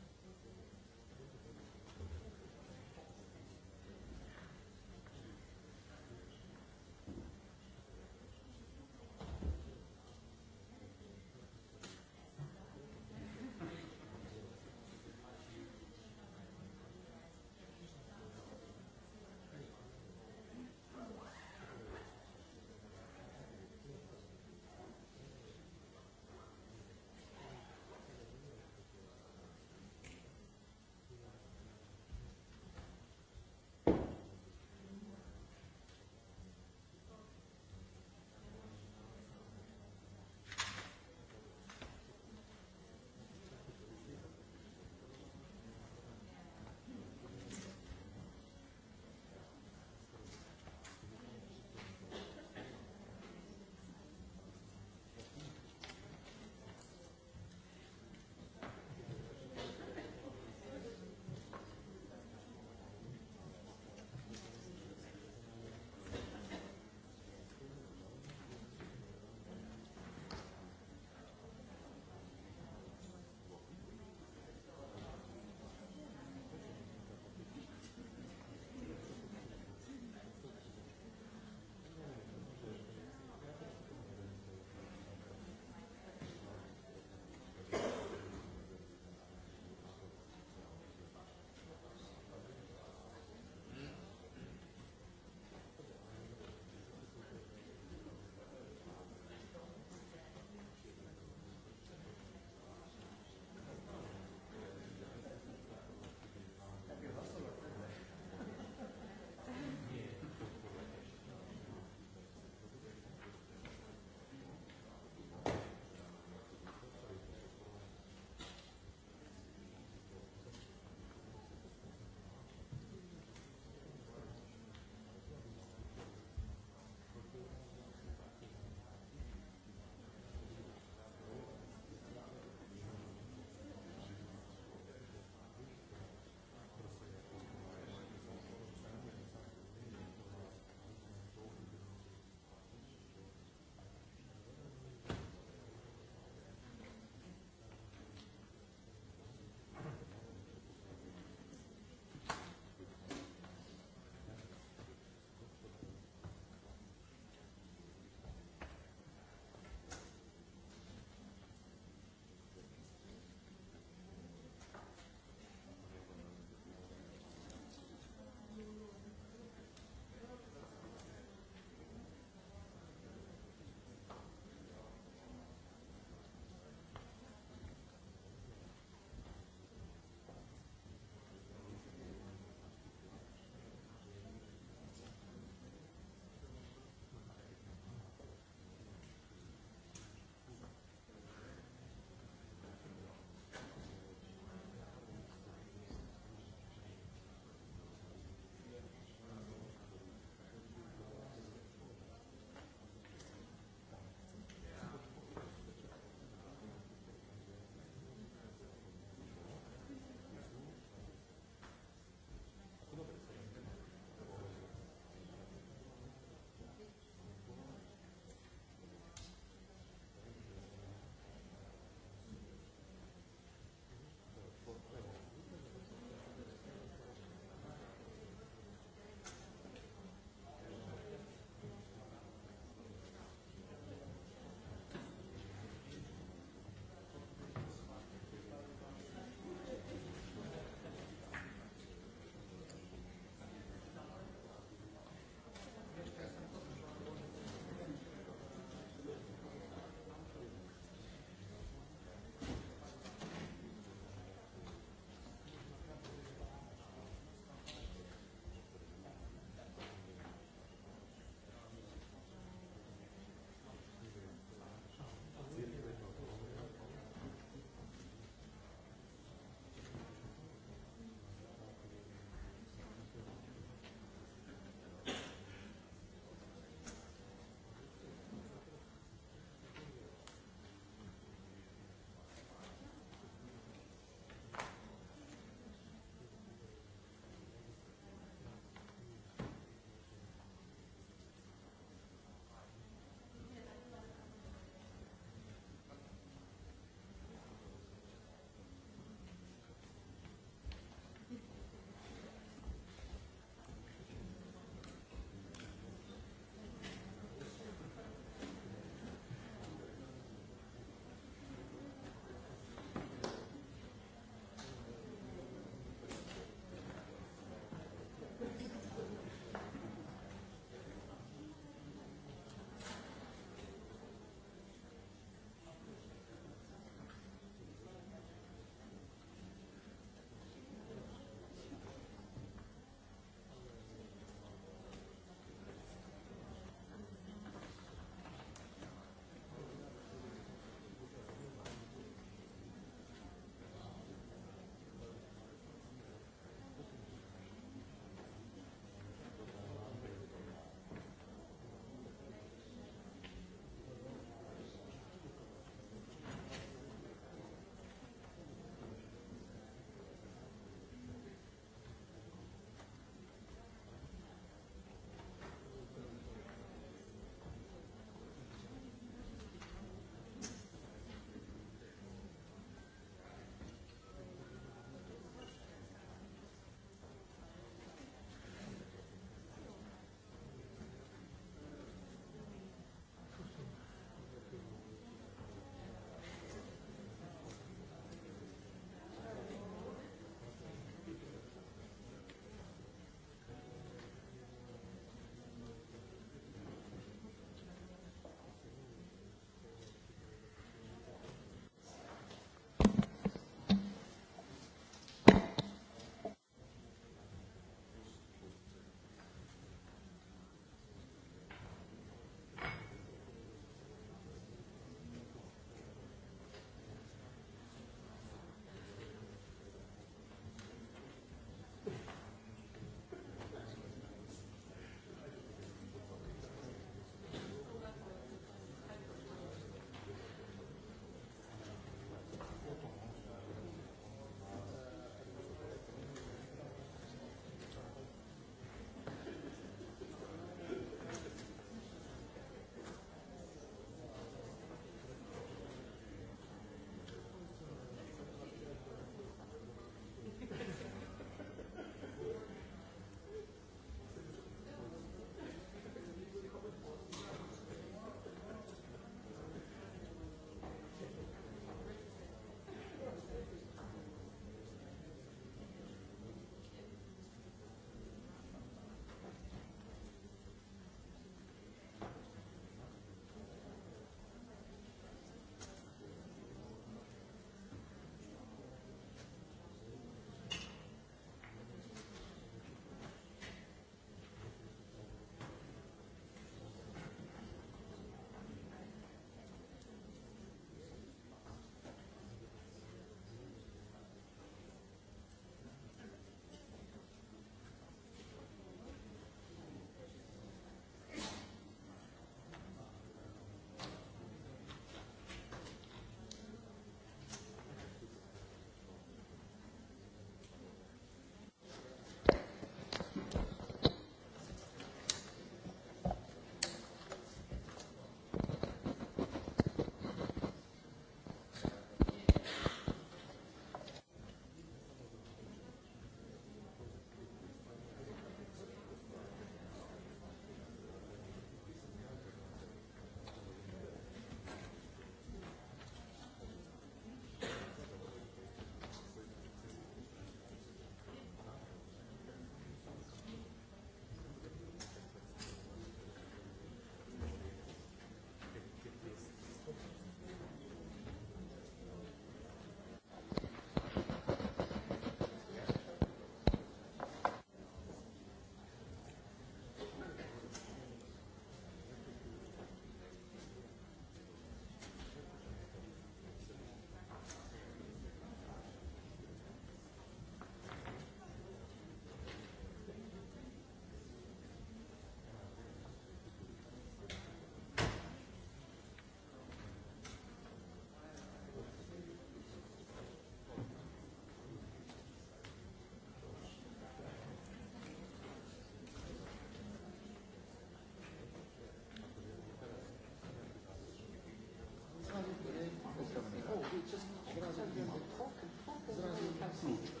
zrazu, zrazu, zrazu.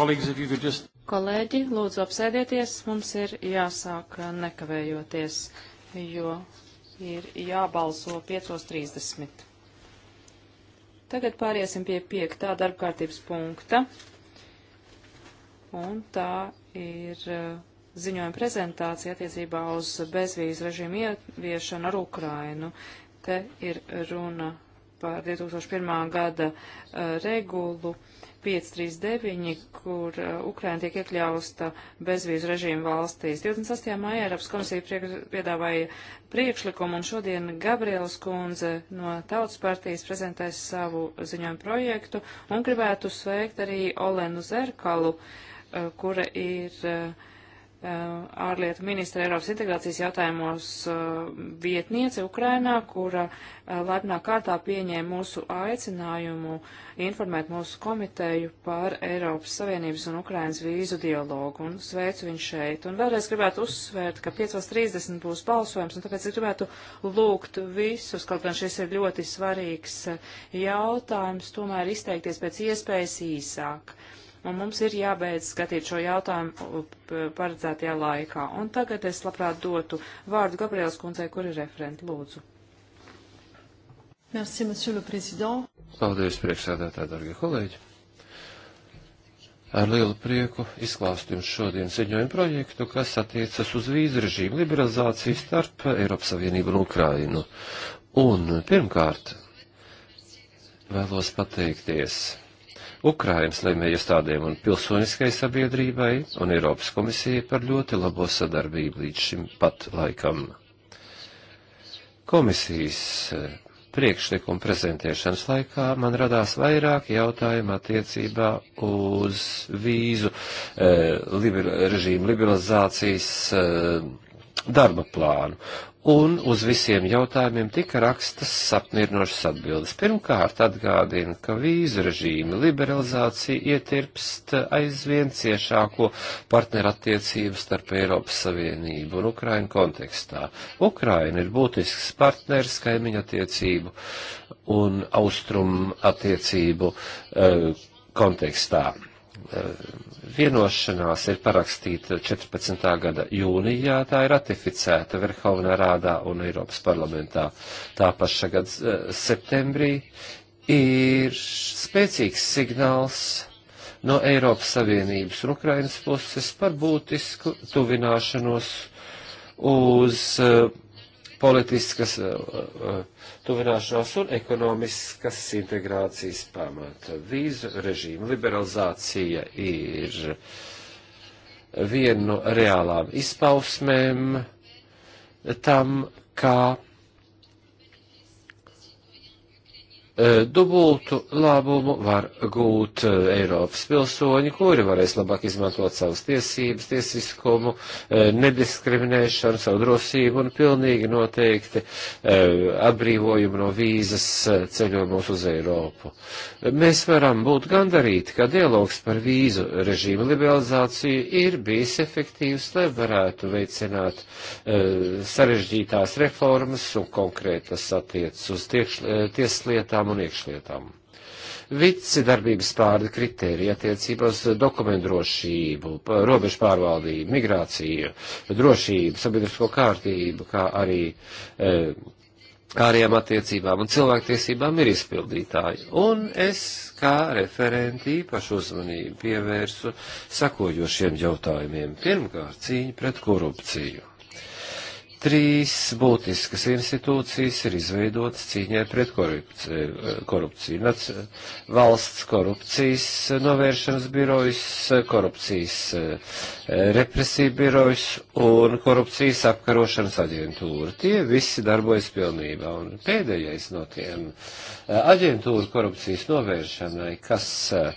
Just... Kolēģi, lūdzu apsēdieties, mums ir jāsāk uh, nekavējoties, jo ir jābalso 5.30. Tagad pāriesim pie piektā darbkārtības punkta, un tā ir uh, ziņojuma prezentācija attiecībā uz bezvīzu režīmu ieviešanu ar Ukrainu. Te ir runa par 2001. gada uh, regulu. Uh, 539, kur uh, Ukraina tiek iekļausta bezvīzu režīmu valstīs. 28. maijā Eiropas komisija priek piedāvāja priekšlikumu, un šodien Gabrielas kundze no Tautas partijas prezentēs savu ziņojumu projektu, un gribētu sveikt arī Olenu Zerkalu, uh, kura ir uh, Eh, ārlietu ministra Eiropas integrācijas jautājumos eh, vietniece Ukrainā, kura eh, lepnā kārtā pieņēma mūsu aicinājumu informēt mūsu komiteju par Eiropas Savienības un Ukrainas vīzu dialogu. Un sveicu viņu šeit. Un vēlreiz gribētu uzsvērt, ka 5.30 būs balsojums, un tāpēc es gribētu lūgt visus, kaut gan šis ir ļoti svarīgs jautājums, tomēr izteikties pēc iespējas īsāk un mums ir jābeidz skatīt šo jautājumu paredzētajā laikā. Un tagad es labprāt dotu vārdu Gabrielas kundzei, kur ir referenta lūdzu. Merci, monsieur le président. Paldies, priekšsēdētā, darbie kolēģi. Ar lielu prieku izklāstu jums šodien ziņojumu projektu, kas attiecas uz vīzu režīmu liberalizāciju starp Eiropas Savienību un Ukrainu. Un pirmkārt, vēlos pateikties Ukrainas lēmējiestādēm un pilsoniskai sabiedrībai un Eiropas komisijai par ļoti labo sadarbību līdz šim pat laikam. Komisijas eh, priekšlikuma prezentēšanas laikā man radās vairāk jautājumu attiecībā uz vīzu e, liber, režīmu liberalizācijas e, darba plānu un uz visiem jautājumiem tika rakstas sapnirnošas atbildes. Pirmkārt, atgādina, ka vīzu režīma liberalizācija ietirpst aizvien ciešāko partnerattiecību starp Eiropas Savienību un Ukrainu kontekstā. Ukraina ir būtisks partners kaimiņu attiecību un austrumu attiecību uh, kontekstā. Uh, vienošanās ir parakstīta 14. gada jūnijā, tā ir ratificēta Verhovna Rādā un Eiropas parlamentā. Tā paša gada eh, septembrī ir spēcīgs signāls no Eiropas Savienības un Ukrainas puses par būtisku tuvināšanos uz uh, politiskas eh, eh, tuvināšanās un ekonomiskas integrācijas pamata. Vīzu režīma liberalizācija ir viena no reālām izpausmēm tam, kā Eh, dubultu labumu var gūt eh, Eiropas pilsoņi, kuri varēs labāk izmantot savas tiesības, tiesiskumu, eh, nediskriminēšanu, savu drosību un pilnīgi noteikti atbrīvojumu no vīzas ceļojumos uz Eiropu. Mēs varam būt gandarīti, ka dialogs par vīzu režīmu liberalizāciju ir bijis efektīvs, lai varētu veicināt sarežģītās reformas un konkrētas attiecas uz tieslietām lietām un iekšlietām. Vici darbības pārdi kritērija attiecībās dokumentu drošību, robežu pārvaldību, migrāciju, drošību, sabiedrisko kārtību, kā arī e, ārējām attiecībām un cilvēktiesībām ir izpildītāji. Un es kā referenti īpašu uzmanību pievērsu sakojošiem jautājumiem. Pirmkārt, cīņa pret korupciju trīs būtiskas institūcijas ir izveidotas cīņai pret korupciju. korupciju. Nac, valsts korupcijas novēršanas birojas, korupcijas eh, represiju birojas un korupcijas apkarošanas aģentūra. Tie visi darbojas pilnībā. Un pēdējais no tiem eh, aģentūra korupcijas novēršanai, kas uh,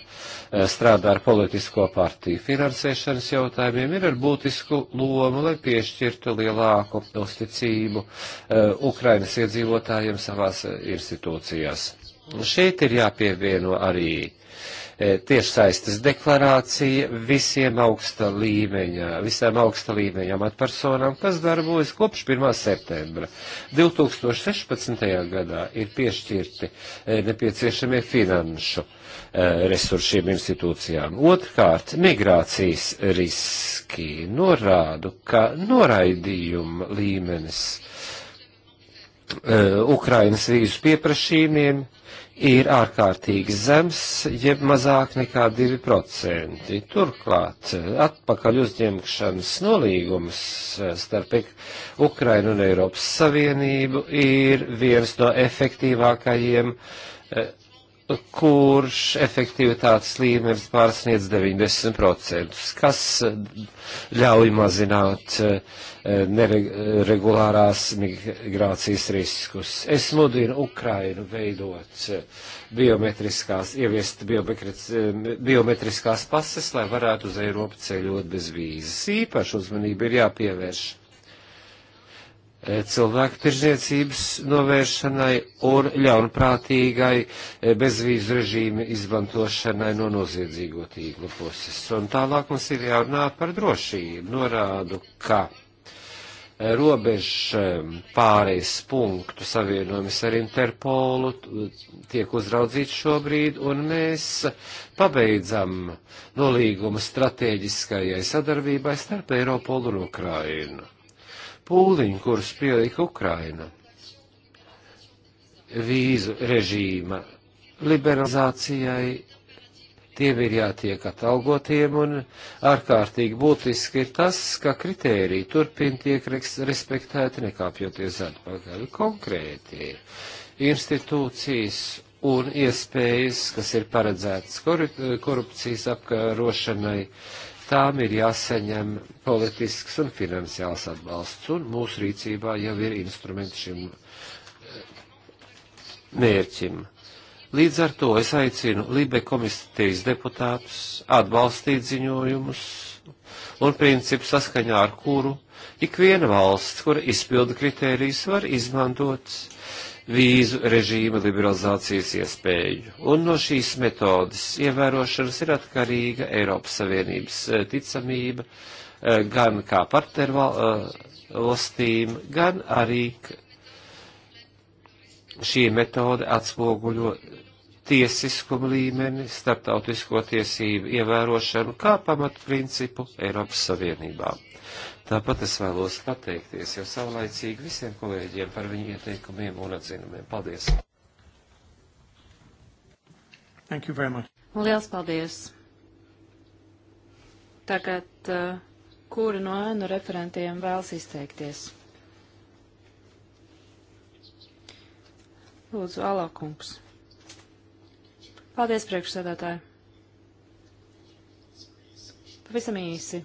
Eh, strādā ar politisko partiju finansēšanas jautājumiem, ir ar būtisku lomu, lai piešķirtu lielāku uzticību eh, Ukrainas iedzīvotājiem savās eh, institūcijās. Šeit ir jāpievieno arī tiešsaistes deklarācija visiem augsta līmeņa, visām augsta līmeņa amatpersonām, kas darbojas kopš 1. septembra. 2016. gadā ir piešķirti nepieciešamie finanšu Eh, resursu šīm institūcijām. Otrkārt, migrācijas riski norādu, ka noraidījuma līmenis eh, Ukrainas vīzu pieprasījumiem ir ārkārtīgi zems, jeb mazāk nekā 2%. Turklāt eh, atpakaļ uzņemšanas nolīgums starp Ukrainu un Eiropas Savienību ir viens no efektīvākajiem uh, kurš efektivitātes līmenis pārsniedz 90%, kas ļauj mazināt eh, neregulārās migrācijas riskus. Es mudinu Ukrainu veidot eh, biometriskās, ieviest eh, biometriskās pases, lai varētu uz Eiropu ceļot bez vīzes. Īpaši uzmanība ir jāpievērš Eh, cilvēku tirzniecības novēršanai un ļaunprātīgai eh, bezvīzu režīmu izmantošanai no noziedzīgo tīkla puses. Un tālāk mums ir jārunā par drošību. Norādu, ka eh, robežu mm, pārejas punktu savienojums ar Interpolu tiek uzraudzīts šobrīd, un mēs pabeidzam nolīgumu strateģiskajai sadarbībai starp Eiropolu un Ukrainu pūliņu, kurus pielika Ukraina. Vīzu režīma liberalizācijai tiem ir jātiek atalgotiem, un ārkārtīgi būtiski ir tas, ka kritēriji turpin tiek respektēti, nekāpjoties atpakaļ konkrēti. Institūcijas un iespējas, kas ir paredzētas korupcijas apkarošanai, tām ir jāsaņem politisks un finansiāls atbalsts, un mūsu rīcībā jau ir instrumenti šim eh, mērķim. Līdz ar to es aicinu Libe komitejas deputātus atbalstīt ziņojumus un principu saskaņā ar kuru ikviena valsts, kura izpilda kritērijas, var izmantot vīzu režīma liberalizācijas iespēju. Un no šīs metodas ievērošanas ir atkarīga Eiropas Savienības eh, ticamība eh, gan kā partnervalstīm, eh, gan arī šī metode atspoguļo tiesiskumu līmeni, starptautisko tiesību ievērošanu kā pamatprincipu Eiropas Savienībā. Tāpat es vēlos pateikties jau saulaicīgi visiem kolēģiem par viņu ieteikumiem un atzinumiem. Paldies! Thank you very much. Liels paldies! Tagad uh, kuri no ēnu referentiem vēlas izteikties? Lūdzu, Alakungs. Paldies, priekšsēdētāji. Pavisam īsi.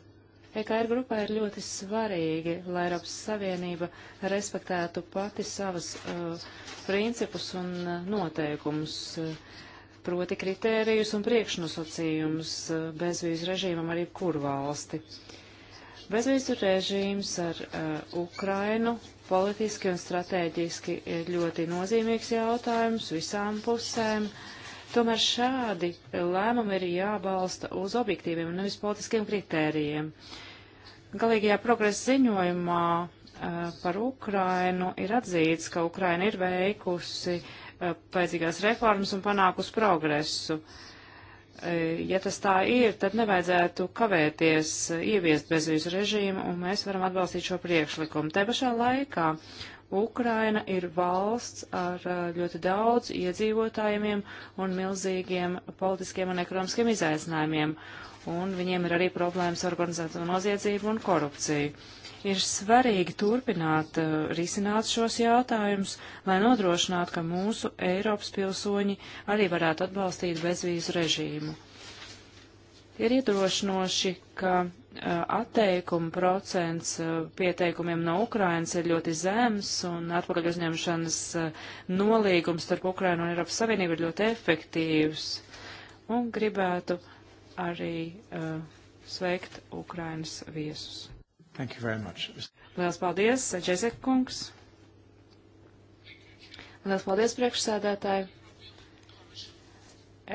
EKR grupai ir ļoti svarīgi, lai Eiropas Savienība respektētu pati savas uh, principus un uh, noteikumus, uh, proti kritērijus un priekšnosacījumus uh, bezvīzu režīmam arī kur valsti. Bezvīzu režīms ar uh, Ukrainu politiski un strateģiski ir ļoti nozīmīgs jautājums visām pusēm. Tomēr šādi lēmumi ir jābalsta uz objektīviem un nevis politiskiem kritērijiem. Uh, Galīgajā progresa ziņojumā eh, par Ukrainu ir atzīts, ka Ukraina ir veikusi eh, vajadzīgās reformas un panākusi progresu. Eh, ja tas tā ir, tad nevajadzētu kavēties ieviest bezvīzu režīmu, un mēs varam atbalstīt šo priekšlikumu. Te pašā laikā Ukraina ir valsts ar ļoti daudz iedzīvotājiem un milzīgiem politiskiem un ekonomiskiem izaicinājumiem un viņiem ir arī problēmas ar organizēto noziedzību un korupciju. Ir svarīgi turpināt uh, risināt šos jautājumus, lai nodrošinātu, ka mūsu Eiropas pilsoņi arī varētu atbalstīt bezvīzu režīmu. Ir iedrošinoši, ka uh, atteikuma procents uh, pieteikumiem no Ukrainas ir ļoti zems un atpakaļ uzņemšanas uh, nolīgums starp Ukrainu un Eiropas Savienību ir ļoti efektīvs. Un gribētu uh, arī uh, sveikt Ukrainas viesus. Thank you very much. Lielas paldies, Džezek kungs. Lielas paldies, priekšsēdētāji.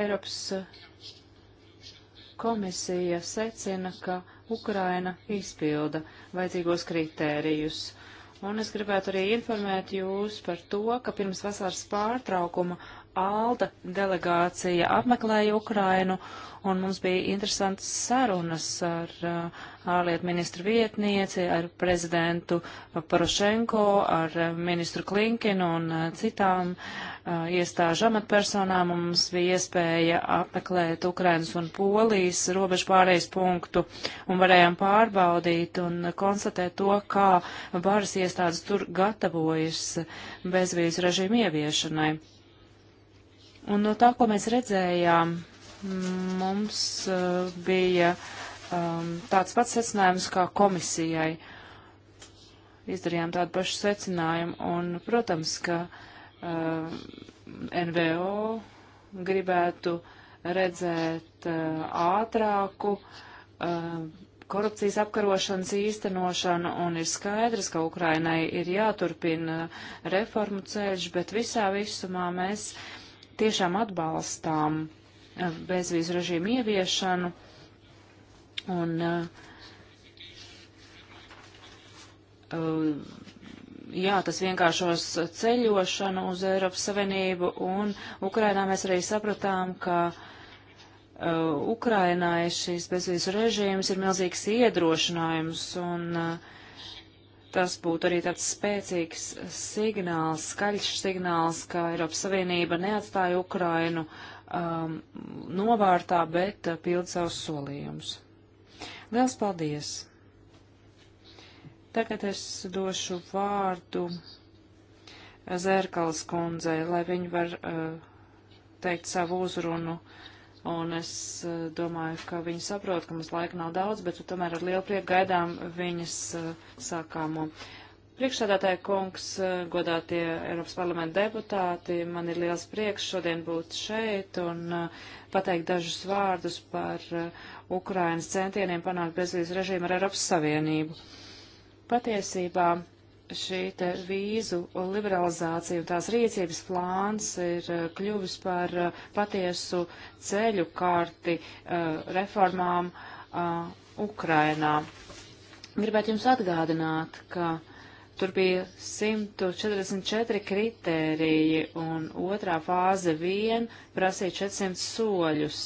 Eiropas eh, komisija secina, ka Ukraina izpilda vajadzīgos kritērijus. Un es gribētu arī informēt jūs par to, ka pirms vasaras pārtraukuma ALDA delegācija apmeklēja Ukrainu, un mums bija interesants sarunas ar uh, ārlietu ministru vietnieci, ar prezidentu Porošenko, ar uh, ministru Klinkinu un uh, citām a, iestāžu amatpersonām. Mums bija iespēja apmeklēt Ukrainas un Polijas robežu pārējais punktu, un varējām pārbaudīt un konstatēt to, kā varas iestādes tur gatavojas bezvīzu režīmu ieviešanai. Un no tā, ko mēs redzējām, mums uh, bija um, tāds pats secinājums kā komisijai. Izdarījām tādu pašu secinājumu, un, protams, ka uh, NVO gribētu redzēt uh, ātrāku uh, korupcijas apkarošanas īstenošanu, un ir skaidrs, ka Ukrainai ir jāturpina reformu ceļš, bet visā visumā mēs uh, tiešām atbalstām eh, bezvīzu režīmu ieviešanu un eh, eh, jā, tas vienkāršos ceļošanu uz Eiropas Savienību un Ukrainā mēs arī sapratām, ka Ukrainai šis bezvīzu režīms ir milzīgs iedrošinājums un uh, Tas būtu arī tāds spēcīgs signāls, skaļš signāls, ka Eiropas Savienība neatstāja Ukrainu um, novārtā, bet uh, pild savus solījumus. Liels paldies! Tagad es došu vārdu Zērkalas kundzei, lai viņi var uh, teikt savu uzrunu. Uh, un es eh, domāju, ka viņi saprot, ka mums laika nav daudz, bet nu, tomēr ar lielu prieku gaidām viņas eh, sākāmo. Priekšsādātāja kungs, eh, godātie Eiropas parlamenta deputāti, man ir liels prieks šodien būt šeit un pateikt dažus vārdus par Ukrainas centieniem panākt bezvīzes režīmu ar Eiropas Savienību. Patiesībā šī te vīzu liberalizācija un tās rīcības plāns ir eh, kļuvis par eh, patiesu ceļu karti uh, reformām uh, Ukrainā. Gribētu jums atgādināt, ka tur bija 144 kritēriji un otrā fāze vien prasīja 400 soļus.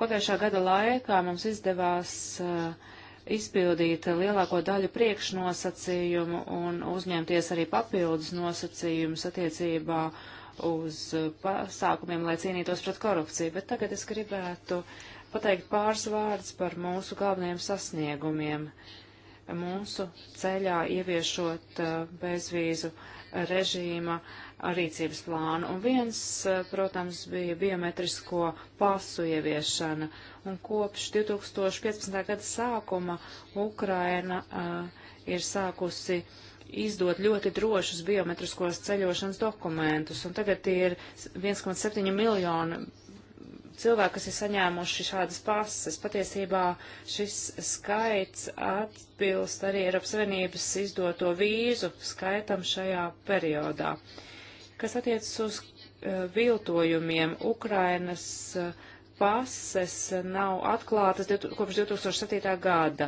Pagājušā gada laikā mums izdevās uh, izpildīt lielāko daļu priekšnosacījumu un uzņemties arī papildus nosacījumus attiecībā uz uh, pasākumiem, lai cīnītos pret korupciju. Bet tagad es gribētu pateikt pāris vārdus par mūsu galvenajiem sasniegumiem. Mūsu ceļā ieviešot uh, bezvīzu režīma rīcības plānu. Un viens, uh, protams, bija biometrisko pasu ieviešana un kopš 2015. gada sākuma Ukraina uh, ir sākusi izdot ļoti drošus biometriskos ceļošanas dokumentus, un tagad ir 1,7 miljonu cilvēku, kas ir saņēmuši šādas pases. Patiesībā šis skaits atbilst arī Eiropas Savienības izdoto vīzu skaitam šajā periodā. Kas attiecas uz uh, viltojumiem, Ukrainas uh, pases nav atklātas kopš 2007. gada.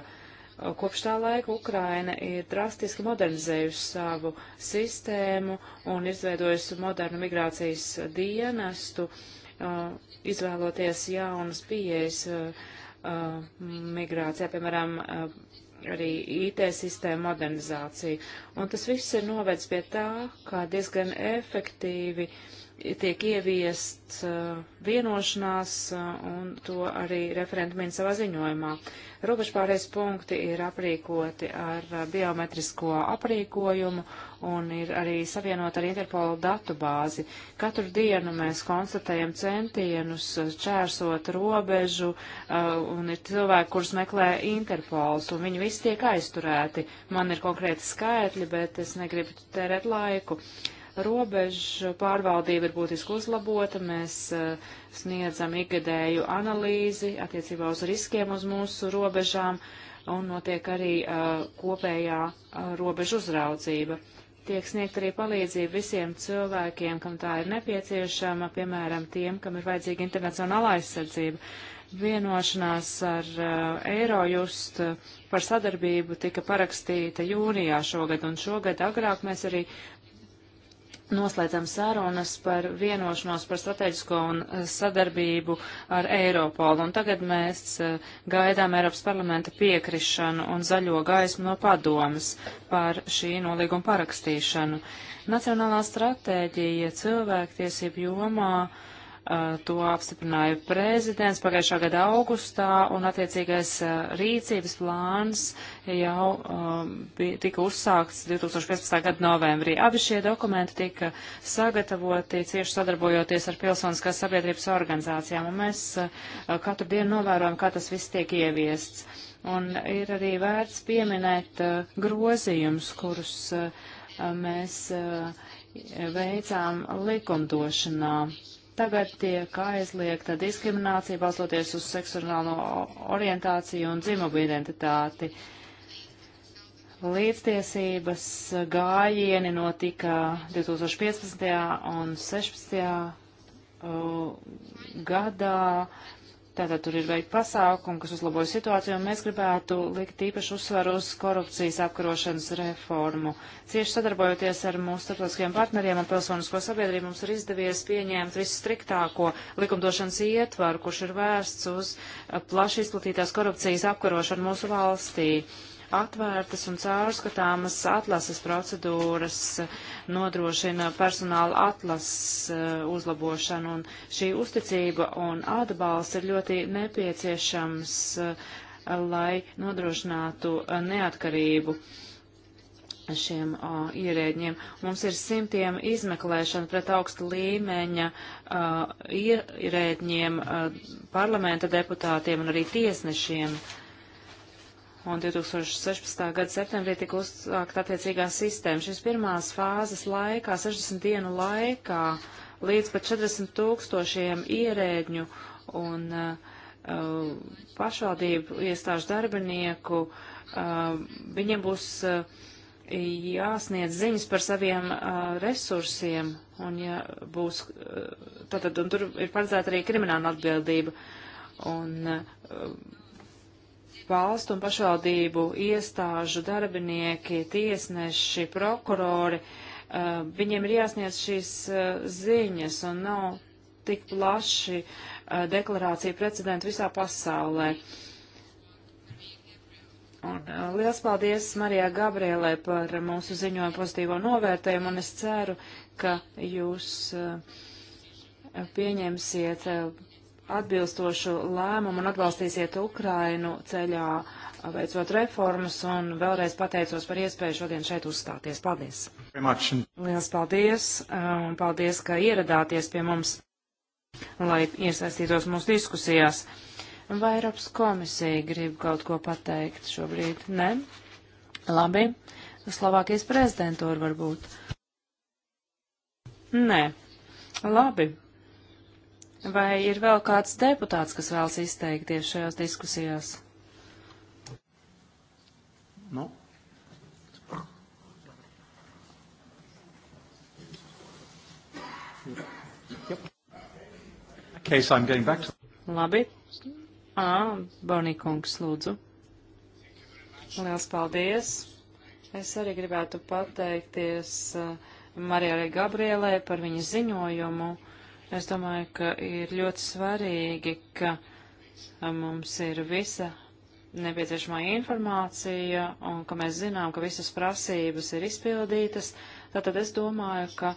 Kopš tā laika Ukraina ir drastiski modernizējusi savu sistēmu un izveidojusi modernu migrācijas dienestu, izvēloties jaunas pieejas migrācijā, piemēram, arī IT sistēmu modernizāciju. Un tas viss ir novedis pie tā, ka diezgan efektīvi uh, tiek ieviests uh, eh, vienošanās, uh, un to arī referenti min savā ziņojumā. Robežpārējais punkti ir aprīkoti ar uh, biometrisko aprīkojumu un ir arī savienot ar Interpolu datu bāzi. Katru dienu mēs konstatējam centienus čērsot robežu, un ir cilvēki, kurus meklē Interpols, un viņi visi tiek aizturēti. Man ir konkrēti skaitļi, bet es negribu tērēt laiku. Uh, Robežu pārvaldība ir būtiski uzlabota, mēs uh, sniedzam ikgadēju analīzi attiecībā uz riskiem uz mūsu robežām un notiek arī uh, kopējā uh, robežu uzraudzība. Tiek sniegt arī palīdzība visiem cilvēkiem, kam tā ir nepieciešama, piemēram, tiem, kam ir vajadzīga internacionāla aizsardzība. Vienošanās ar uh, Eirojust par sadarbību tika parakstīta jūnijā šogad, un šogad agrāk mēs arī noslēdzam sarunas par vienošanos par strateģisko un eh, sadarbību ar Eiropolu. Un tagad mēs eh, gaidām Eiropas parlamenta piekrišanu un zaļo gaismu no padomas par šī nolīguma parakstīšanu. Nacionālā stratēģija cilvēktiesību jomā uh, To apstiprināja prezidents pagājušā gada augustā, un attiecīgais rīcības plāns jau bija, tika uzsākts 2015. gada novembrī. Abi šie dokumenti tika sagatavoti cieši sadarbojoties ar pilsoniskās sabiedrības organizācijām, un mēs katru dienu novērojam, kā tas viss tiek ieviests. Un ir arī vērts pieminēt grozījumus, kurus mēs veicām likumdošanā Tagad tiek aizliegta diskriminācija balstoties uz seksuālo orientāciju un dzimumu identitāti. Līdztiesības gājieni notika 2015. un 16. Uh, gadā Tātad tur ir veikti pasākumi, kas uzlaboja situāciju, un mēs gribētu likt īpašu uzsvaru uz korupcijas apkarošanas reformu. Cieši sadarbojoties ar mūsu starptautiskajiem partneriem un pilsonisko sabiedrību, mums ir izdevies pieņemt visstriktāko likumdošanas ietvaru, kurš ir vērsts uz plaši izplatītās korupcijas apkarošanu mūsu valstī. Uh, Atvērtas un caurskatāmas atlases procedūras nodrošina personāla atlases eh, uzlabošanu, un šī uzticība un atbalsts ir ļoti nepieciešams, eh, lai nodrošinātu eh, neatkarību šiem o, ierēģiem. Mums ir simtiem izmeklēšana pret augsta līmeņa o, ierēģiem, o, parlamenta deputātiem un arī tiesnešiem. O, un 2016. gada septembrī tika uzsākt attiecīgā sistēma. Šīs pirmās fāzes laikā, 60 dienu laikā, līdz pat 40 tūkstošiem ierēģņu un uh, uh, pašvaldību iestāžu darbinieku, uh, viņiem būs uh, jāsniedz ziņas par saviem uh, resursiem, un ja būs, uh, tātad, un tur ir paredzēta arī krimināla atbildība. Un, valstu un pašvaldību iestāžu darbinieki, tiesneši, prokurori, uh, viņiem ir jāsniedz šīs uh, ziņas un nav tik plaši uh, deklarācija precedenta visā pasaulē. Un liels paldies Marijā Gabrielē par mūsu ziņojumu pozitīvo novērtējumu, un es ceru, ka jūs pieņemsiet atbilstošu lēmumu un atbalstīsiet Ukrainu ceļā, veicot reformas, un vēlreiz pateicos par iespēju šodien šeit uzstāties. Paldies! Liels paldies, uh, un paldies, ka ieradāties pie mums, lai iesaistītos mūsu diskusijās. Vai Eiropas komisija grib kaut ko pateikt šobrīd? Nē? Labi. Slovākijas prezidentūra varbūt. Nē. Labi. Vai ir vēl kāds deputāts, kas vēlas izteikties šajās diskusijās? No. Nu. Okay, so I'm going back to... Labi. Ā, Bonīkungs, lūdzu. Liels paldies. Es arī gribētu pateikties Marijai Gabrielai par viņas ziņojumu. Es domāju, ka ir ļoti svarīgi, ka mums ir visa nepieciešamā informācija un ka mēs zinām, ka visas prasības ir izpildītas. Tātad es domāju, ka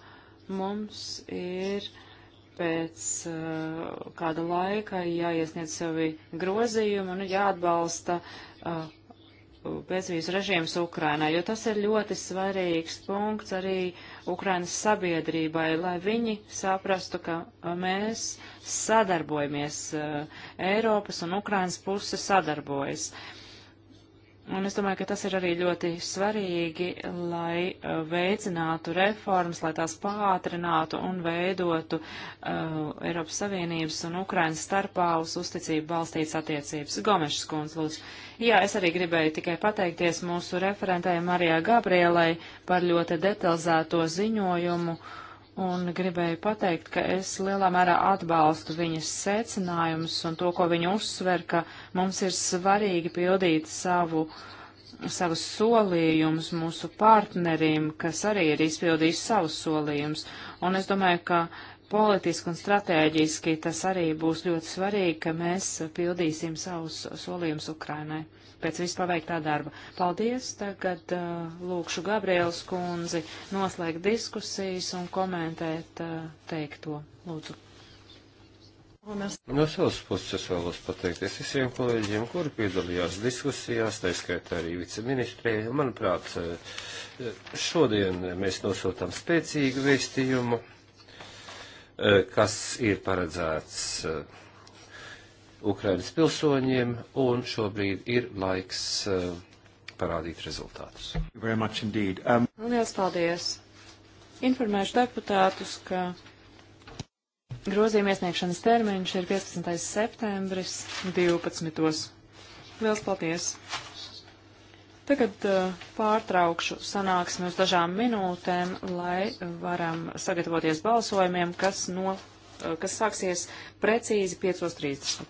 mums ir pēc uh, kāda laika jāiesniedz sevi grozījumi un jāatbalsta uh, bezvīzu režīms Ukrainā, jo tas ir ļoti svarīgs punkts arī Ukrainas sabiedrībai, lai viņi saprastu, ka mēs sadarbojamies, Eiropas un Ukrainas puse sadarbojas. Uh, Un es domāju, ka tas ir arī ļoti svarīgi, lai uh, veicinātu reformas, lai tās pātrinātu un veidotu uh, Eiropas Savienības un Ukrainas starpā uz uzticību balstītas attiecības. Gomešs kundz, lūdzu. Jā, es arī gribēju tikai pateikties mūsu referentēju Marijā Gabrielai par ļoti detalizēto ziņojumu. Uh, un gribēju pateikt, ka es lielā mērā atbalstu viņas secinājumus un to, ko viņa uzsver, ka mums ir svarīgi pildīt savu, savus solījumus mūsu partnerim, kas arī ir izpildījis savus solījumus. Un es domāju, ka politiski un strateģiski tas arī būs ļoti svarīgi, ka mēs pildīsim savus solījumus Ukrainai pēc vispaveiktā darba. Paldies, tagad uh, lūkšu Gabriels kundzi noslēgt diskusijas un komentēt uh, teikto. Lūdzu. No savas puses vēlos pateikties visiem kolēģiem, kuri piedalījās diskusijās, tā skaitā arī viceministrei. Manuprāt, uh, šodien mēs nosūtām spēcīgu vēstījumu, uh, kas ir paredzēts uh, Ukrainas pilsoņiem, un šobrīd ir laiks uh, parādīt rezultātus. Um... Lielas paldies! Informēšu deputātus, ka grozījuma iesniegšanas termiņš ir 15. septembris 12. Lielas paldies! Tagad uh, pārtraukšu sanāksmi uz dažām minūtēm, lai varam sagatavoties balsojumiem, kas no kas sāksies precīzi 5.30.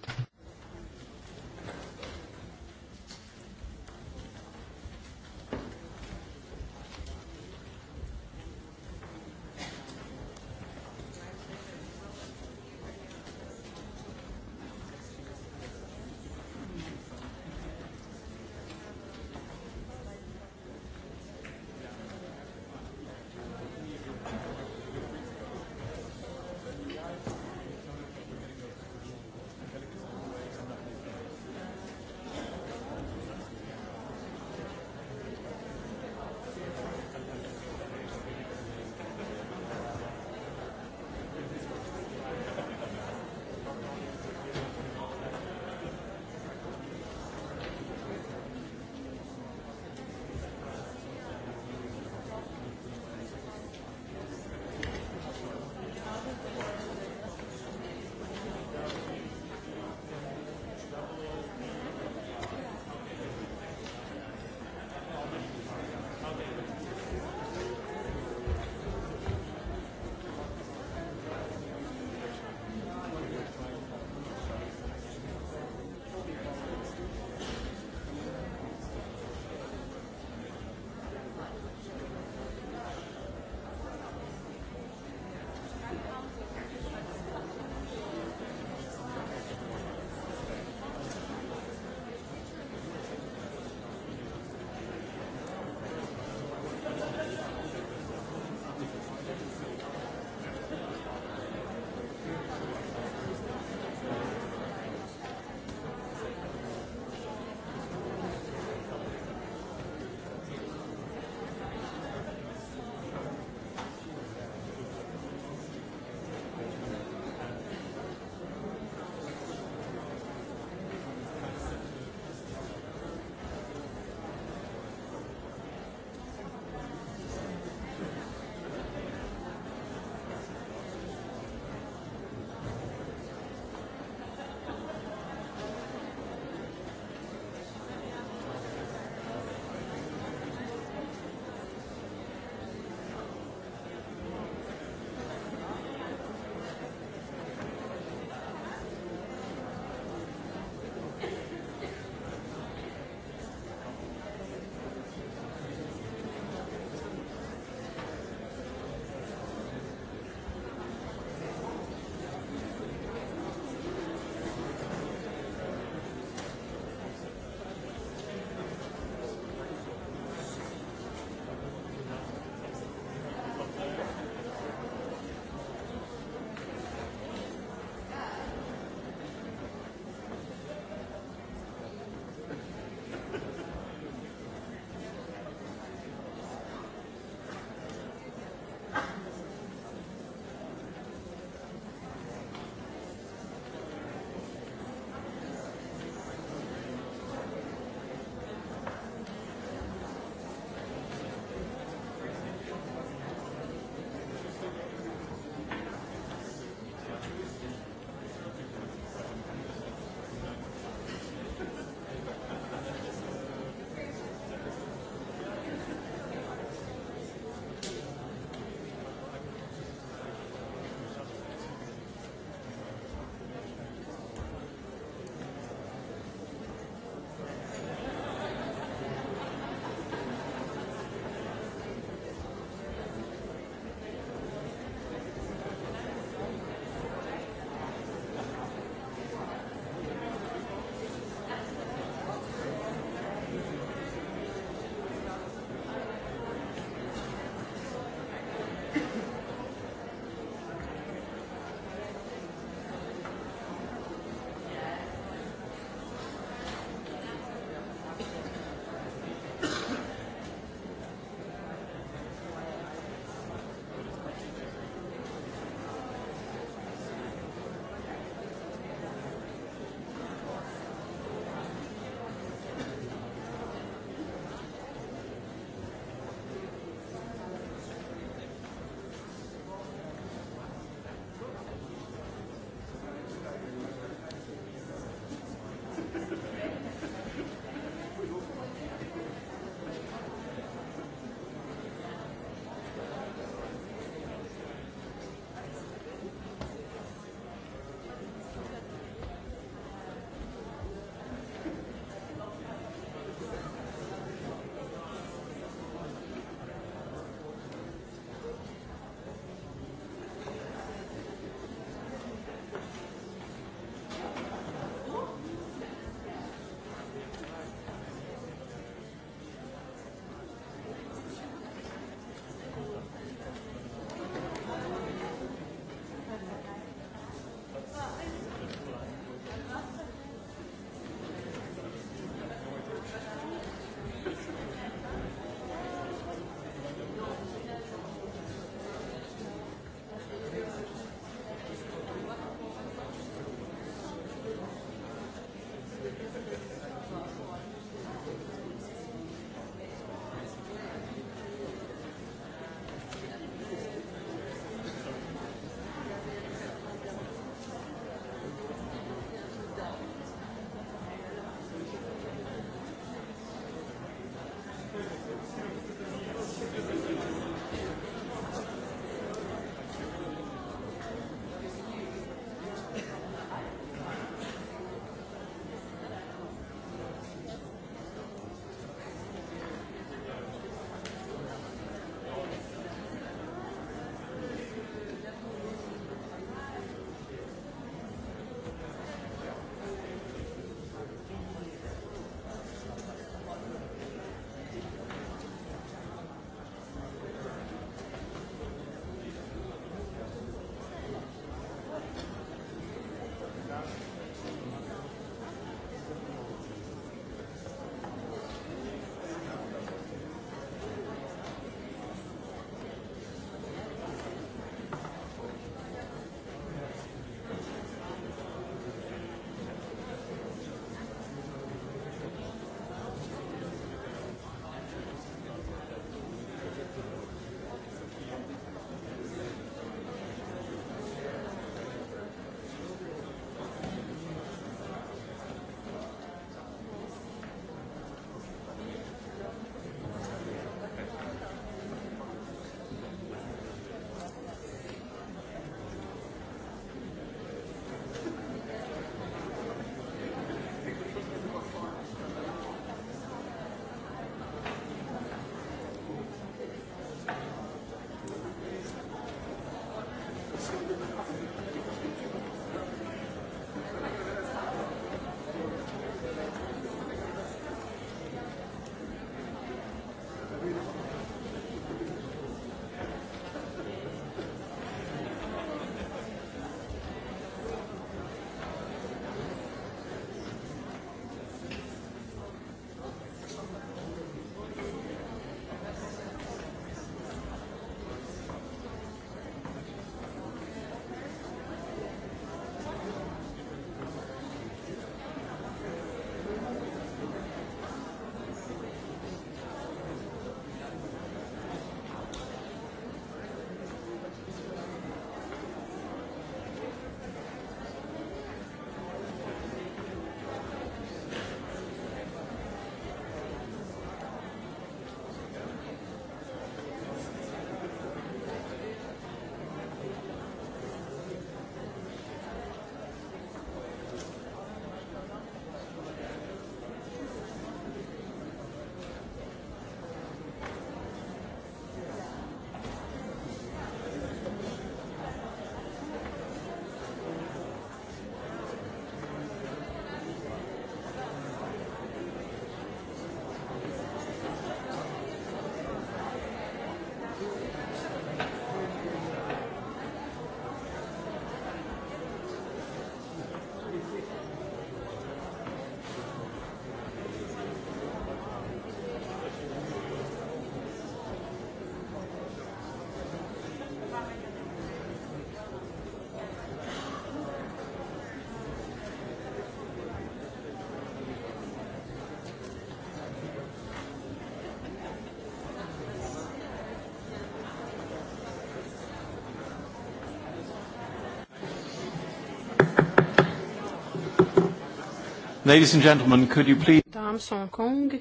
Ladies and gentlemen, could you please... Dāmas un kungi,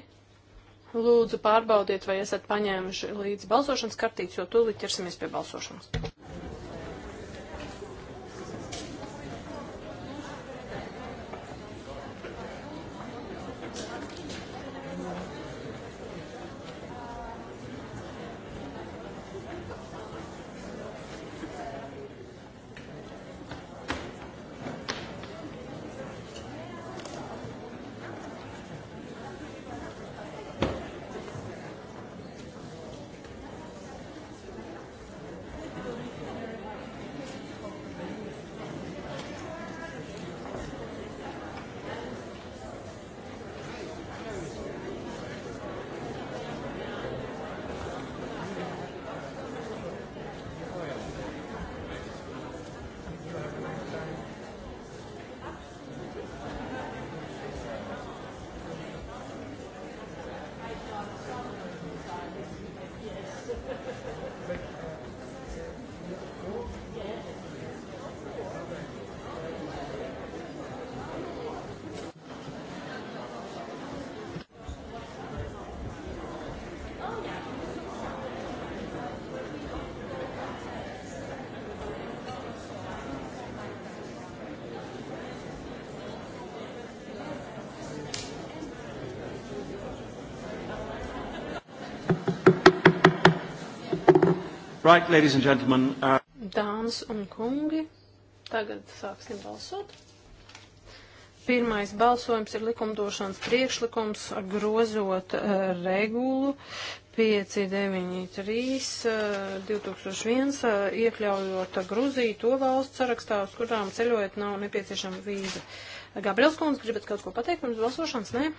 lūdzu pārbaudiet, vai esat paņēmuši līdz balsošanas kartītes, jo tūlīt ķersimies pie balsošanas. Right, ladies and gentlemen. Uh... Dāmas un kungi, tagad sāksim balsot. Pirmais balsojums ir likumdošanas priekšlikums grozot uh, regulu 593 uh, 2001, uh, iekļaujot Gruziju to valsts sarakstā, uz kurām ceļojot nav nepieciešama vīza. Gabriels Kunds, gribat kaut ko pateikt pirms balsošanas? Nē?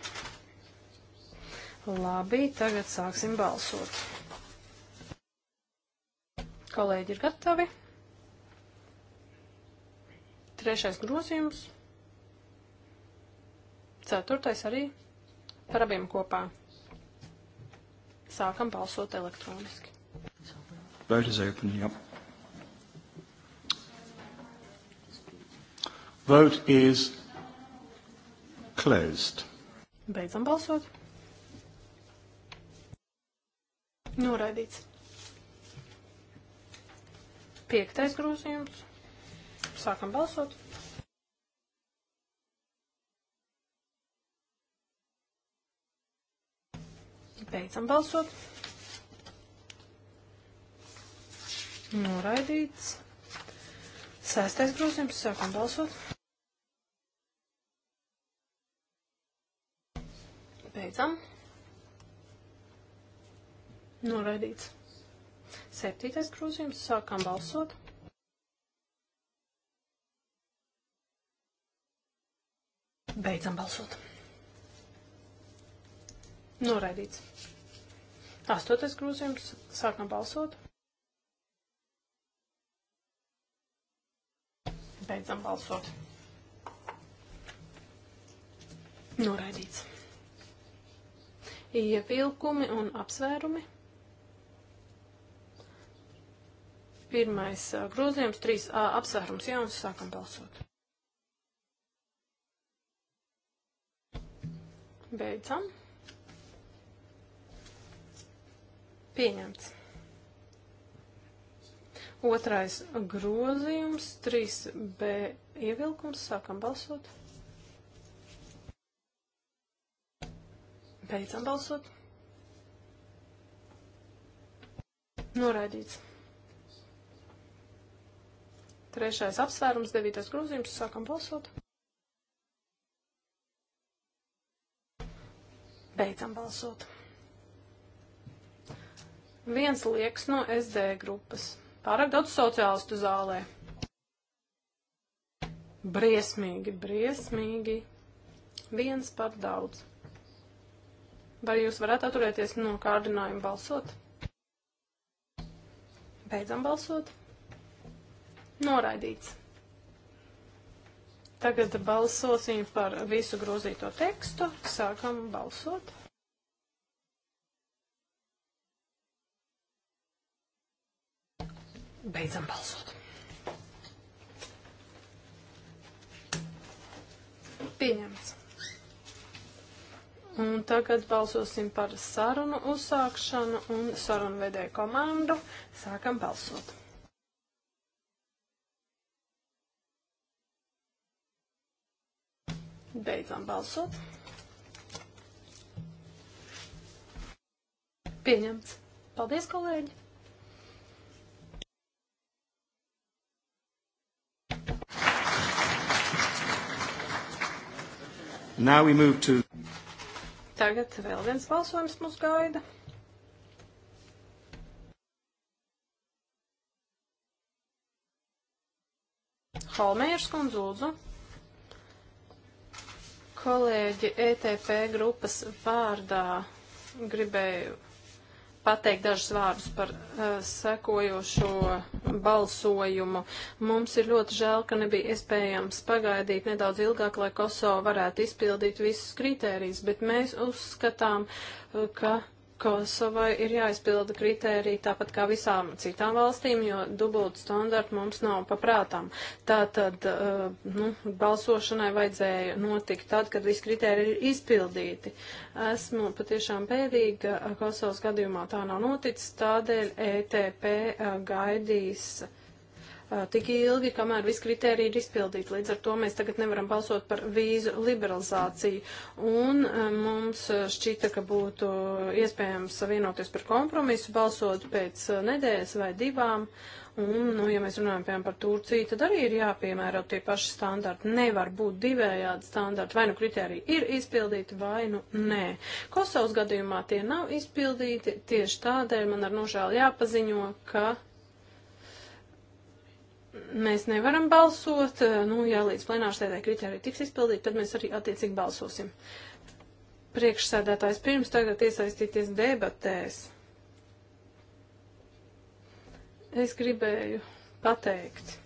Labi, tagad sāksim balsot. Kolēģi ir gatavi. Trešais grozījums. Ceturtais arī par abiem kopā. Sākam balsot elektroniski. Vote is open, yep. Vote is closed. Beidzam balsot. Noraidīts. Piektais grozījums. Sākam balsot. Beidzam balsot. Noraidīts. Sestais grozījums. Sākam balsot. Beidzam. Noraidīts. Septītais grozījums. Sākam balsot. Beidzam balsot. Noraidīts. Astotais grozījums. Sākam balsot. Beidzam balsot. Noraidīts. Ievilkumi un apsvērumi. Pirmais grozījums, 3a apsvērums jauns, sākam balsot. Beidzam. Pieņemts. Otrais grozījums, 3b ievilkums, sākam balsot. Beidzam balsot. Noraidīts. Trešais apsvērums, devītais grozījums, sākam balsot. Beidzam balsot. Viens liekas no SD grupas. Pārāk daudz sociālistu zālē. Briesmīgi, briesmīgi. Viens par daudz. Vai jūs varētu atturēties no kārdinājuma balsot? Beidzam balsot. Noraidīts. Tagad balsosim par visu grozīto tekstu. Sākam balsot. Beidzam balsot. Pieņemts. Un tagad balsosim par sarunu uzsākšanu un sarunu vedēju komandu. Sākam balsot. Beidzam balsot. Pieņemts. Paldies, kolēģi! Now we move to... Tagad vēl viens balsojums mūs gaida. Holmējers kundz lūdzu kolēģi ETP grupas vārdā gribēju pateikt dažus vārdus par uh, sekojošo balsojumu. Mums ir ļoti žēl, ka nebija iespējams pagaidīt nedaudz ilgāk, lai Kosovo varētu izpildīt visus kritērijus, bet mēs uzskatām, eh, ka Kosovai ir jāizpilda kritērija tāpat kā visām citām valstīm, jo dubultu standartu mums nav paprātām. Tātad, eh, nu, balsošanai vajadzēja notikt tad, kad visi kritēriji ir izpildīti. Esmu patiešām pēdīga, eh, Kosovas gadījumā tā nav noticis, tādēļ ETP eh, gaidīs Uh, tik ilgi, kamēr visi kriteriji ir izpildīti. Līdz ar to mēs tagad nevaram balsot par vīzu liberalizāciju. Un uh, mums uh, šķita, ka būtu iespējams vienoties par kompromisu, balsot pēc nedēļas vai divām. Un, nu, ja mēs runājam piemēram par Turciju, tad arī ir jāpiemēro tie paši standarti. Nevar būt divējādi standarti. Vai nu kriteriji ir izpildīti, vai nu nē. Kosovas gadījumā tie nav izpildīti. Tieši tādēļ man ar nožēlu jāpaziņo, ka mēs nevaram balsot, eh, nu, ja līdz plenārsēdē kriteriji tiks izpildīti, tad mēs arī attiecīgi balsosim. Priekšsēdētājs pirms tagad iesaistīties debatēs. Es gribēju pateikt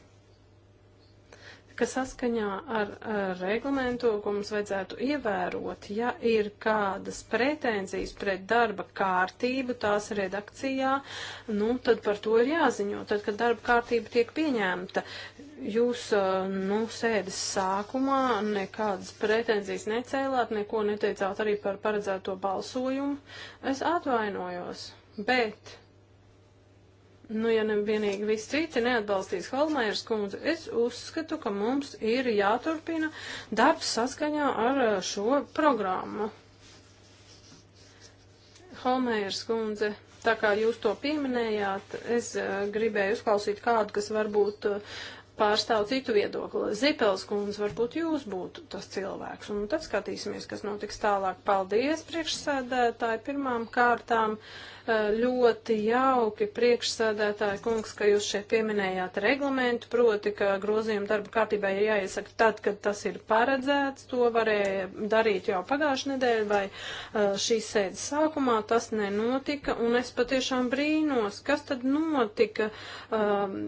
ka saskaņā ar, ar reglamentu, ko mums vajadzētu ievērot, ja ir kādas pretenzijas pret darba kārtību tās redakcijā, nu, tad par to ir jāziņo. Tad, kad darba kārtība tiek pieņemta, jūs, eh, nu, sēdes sākumā nekādas pretenzijas necēlāt, neko neteicāt arī par paredzēto balsojumu. Es atvainojos, bet Nu, ja nevienīgi visi citi neatbalstīs Holmēras kundzi, es uzskatu, ka mums ir jāturpina darbs saskaņā ar šo programmu. Holmēras kundze, tā kā jūs to pieminējāt, es gribēju uzklausīt kādu, kas varbūt pārstāv citu viedokli. Zipels kundze, varbūt jūs būtu tas cilvēks. Un tad skatīsimies, kas notiks tālāk. Paldies priekšsēdētāji pirmām kārtām. Eh, ļoti jauki priekšsēdētāji kungs, ka jūs šeit pieminējāt reglamentu, proti, ka grozījumu darba kārtībā ir jāiesaka tad, kad tas ir paredzēts. To varēja darīt jau pagājušajā nedēļā vai eh, šīs sēdes sākumā. Tas nenotika. Un es patiešām brīnos, kas tad notika. Um,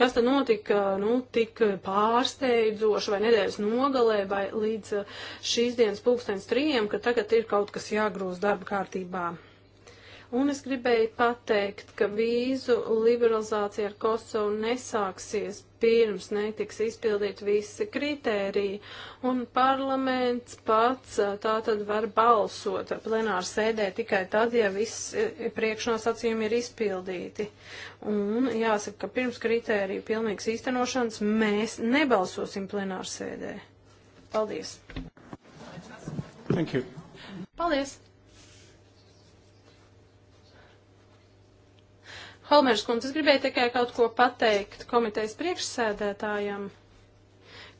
kas tad notika, nu, tik pārsteidzoši vai nedēļas nogalē vai līdz eh, šīs dienas pulkstens trījiem, ka tagad ir kaut kas jāgrūz darba kārtībā. Un es gribēju pateikt, ka vīzu liberalizācija ar Kosovu nesāksies pirms netiks izpildīt visi kritēriji, un parlaments pats tā tad var balsot plenāru sēdē tikai tad, ja viss priekšnosacījumi ir izpildīti. Un jāsaka, ka pirms kritēriju pilnīgas īstenošanas mēs nebalsosim plenāru sēdē. Paldies! Thank you. Paldies! Holmērs kundze, es gribēju tikai kaut ko pateikt komitejas priekšsēdētājam.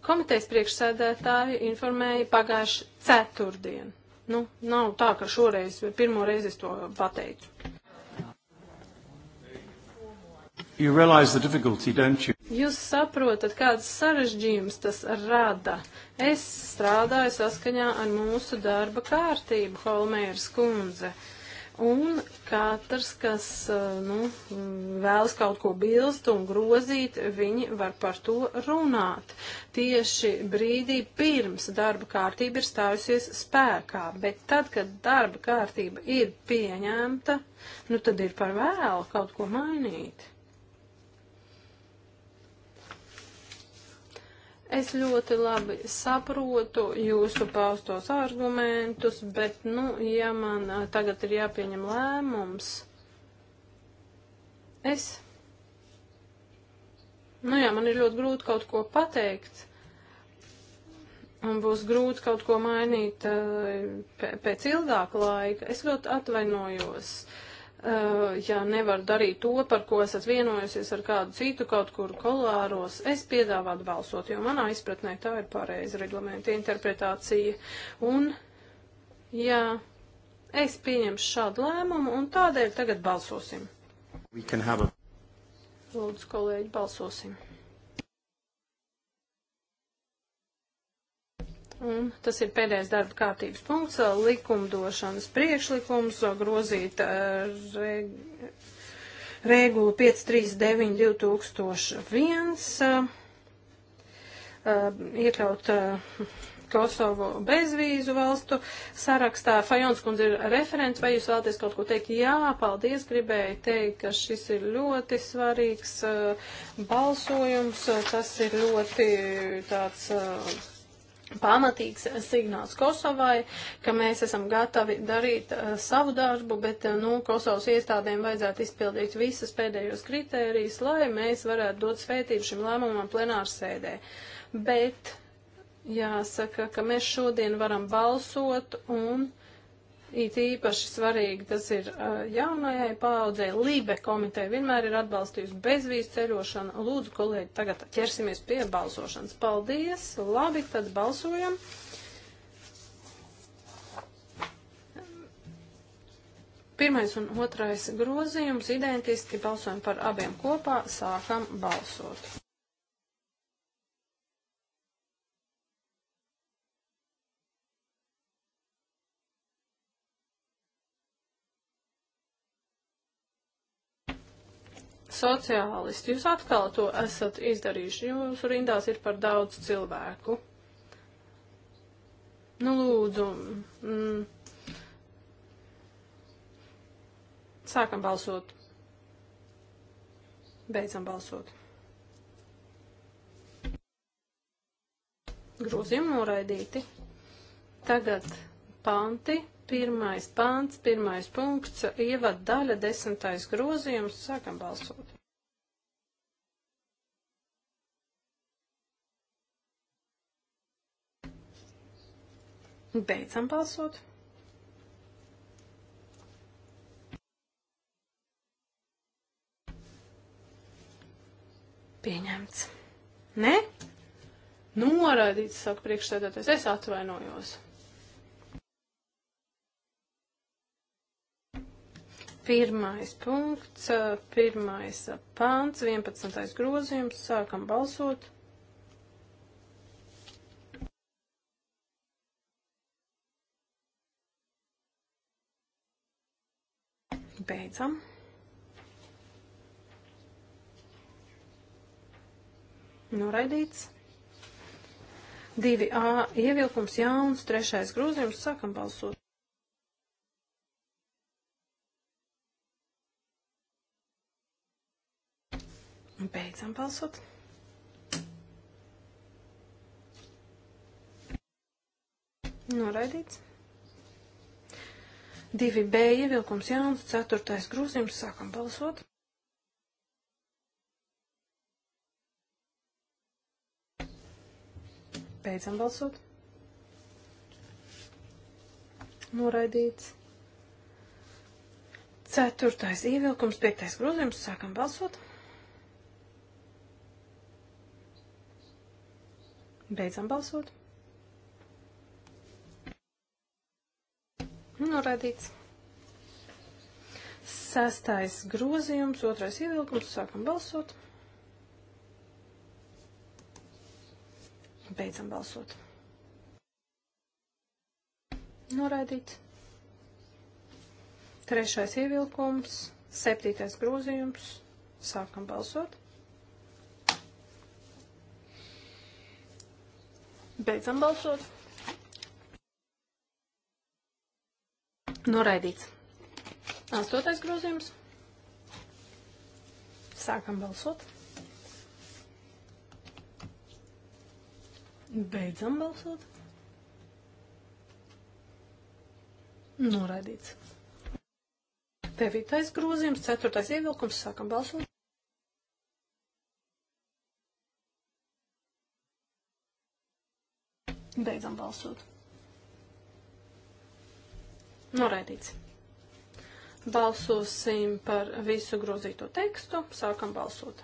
Komitejas priekšsēdētāju informēja pagājuši ceturtdien. Nu, nav tā, ka šoreiz, pirmo reizi es to pateicu. Jūs saprotat, kādas sarežģījums tas rada. Es strādāju saskaņā ar mūsu darba kārtību, Holmēras kundze. Uh, Un katrs, kas eh, nu, vēlas kaut ko bilst un grozīt, viņi var par to runāt. Tieši brīdī pirms darba kārtība ir stājusies spēkā, bet tad, kad darba kārtība ir pieņemta, nu tad ir par vēlu kaut ko mainīt. Es ļoti labi saprotu jūsu paustos argumentus, bet, nu, ja man tagad ir jāpieņem lēmums, es, nu jā, man ir ļoti grūti kaut ko pateikt, un būs grūti kaut ko mainīt pēc ilgāka laika. Es ļoti atvainojos. Uh, Uh, ja nevar darīt to, par ko esat vienojusies ar kādu citu kaut kur kolāros, es piedāvātu balsot, jo manā izpratnē tā ir pareiza reglamenta interpretācija. Un, jā, es pieņemšu šādu lēmumu un tādēļ tagad balsosim. A... Lūdzu, kolēģi, balsosim. Un tas ir pēdējais darba kārtības punkts - likumdošanas priekšlikums grozīt reg regulu 539-2001, iekļaut Kosovo bezvīzu valstu sarakstā. Fajons kundze ir referents, vai jūs vēlaties kaut ko teikt? Jā, paldies, gribēju teikt, ka šis ir ļoti svarīgs balsojums, tas ir ļoti tāds pamatīgs signāls Kosovai, ka mēs esam gatavi darīt uh, savu darbu, bet uh, nu, Kosovas iestādēm vajadzētu izpildīt visas pēdējos kritērijus, lai mēs varētu dot svētību šim lēmumam plenāru sēdē. Bet jāsaka, ka mēs šodien varam balsot un It īpaši svarīgi tas ir uh, jaunajai paaudzē. Lībe komiteja vienmēr ir atbalstījusi bezvīzu ceļošanu. Lūdzu, kolēģi, tagad ķersimies pie balsošanas. Paldies! Labi, tad balsojam. Pirmais un otrais grozījums identiski balsojam par abiem kopā. Sākam balsot. sociālisti, jūs atkal to esat izdarījuši. Jūsu rindās ir par daudz cilvēku. Nu, lūdzu. Mm. Sākam balsot. Beidzam balsot. Grūzījumi noraidīti. Tagad panti. Pirmais pants, pirmais punkts, ievad daļa, desmitais grozījums, sākam balsot. Beidzam balsot. Pieņemts. Ne? Noraidīts, saka priekšsēdētājs. Es atvainojos. Pirmais punkts, pirmais pāns, 11. grozījums, sākam balsot. beidzam. Noraidīts. 2A ievilkums jauns, trešais grozījums, sākam balsot. Beidzam balsot. Noraidīts. 2B ievilkums jauns, 4. grūzījums, sākam balsot. Beidzam balsot. Noraidīts. 4. ievilkums, 5. grūzījums, sākam balsot. Beidzam balsot. Noraidīts. Sastais grozījums, otrais ievilkums, sākam balsot. Beidzam balsot. Noraidīts. Trešais ievilkums, septītais grozījums, sākam balsot. Beidzam balsot. Noraidīts. Astotais grozījums. Sākam balsot. Beidzam balsot. Noraidīts. Devītais grozījums, ceturtais ievilkums, sākam balsot. Beidzam balsot. Noraidīts. Balsosim par visu grozīto tekstu. Sākam balsot.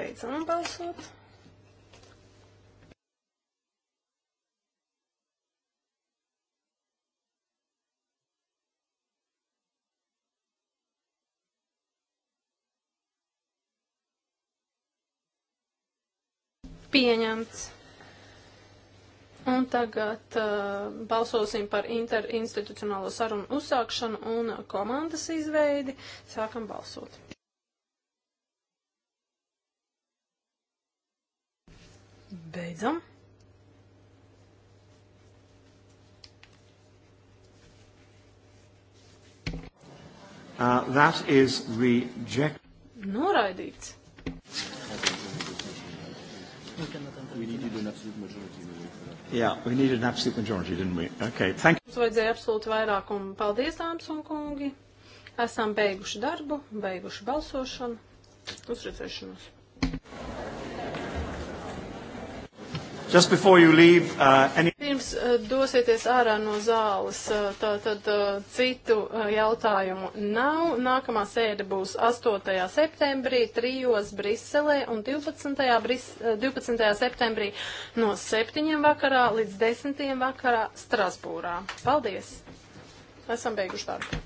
Beidzam balsot. pieņemts. Un tagad uh, balsosim par interinstitucionālo sarunu uzsākšanu un komandas izveidi. Sākam balsot. Beidzam. Uh, that is reject. Noraidīts. Okay. We cannot enter. We needed an absolute majority in a way for that. Yeah, we needed an absolute majority, didn't we? Okay, thank you. Mums vajadzēja absolūti vairākumu. Paldies, dāmas un kungi. Esam beiguši darbu, beiguši balsošanu, uzredzēšanos. Just before you leave, uh, any... Pirms uh, dosieties ārā no zāles, uh, tā, tad uh, citu uh, jautājumu nav. Nākamā sēde būs 8. septembrī, 3. Briselē un 12. Bris, uh, 12. septembrī no 7. vakarā līdz 10. vakarā Strasbūrā. Paldies! Esam beiguši darbu.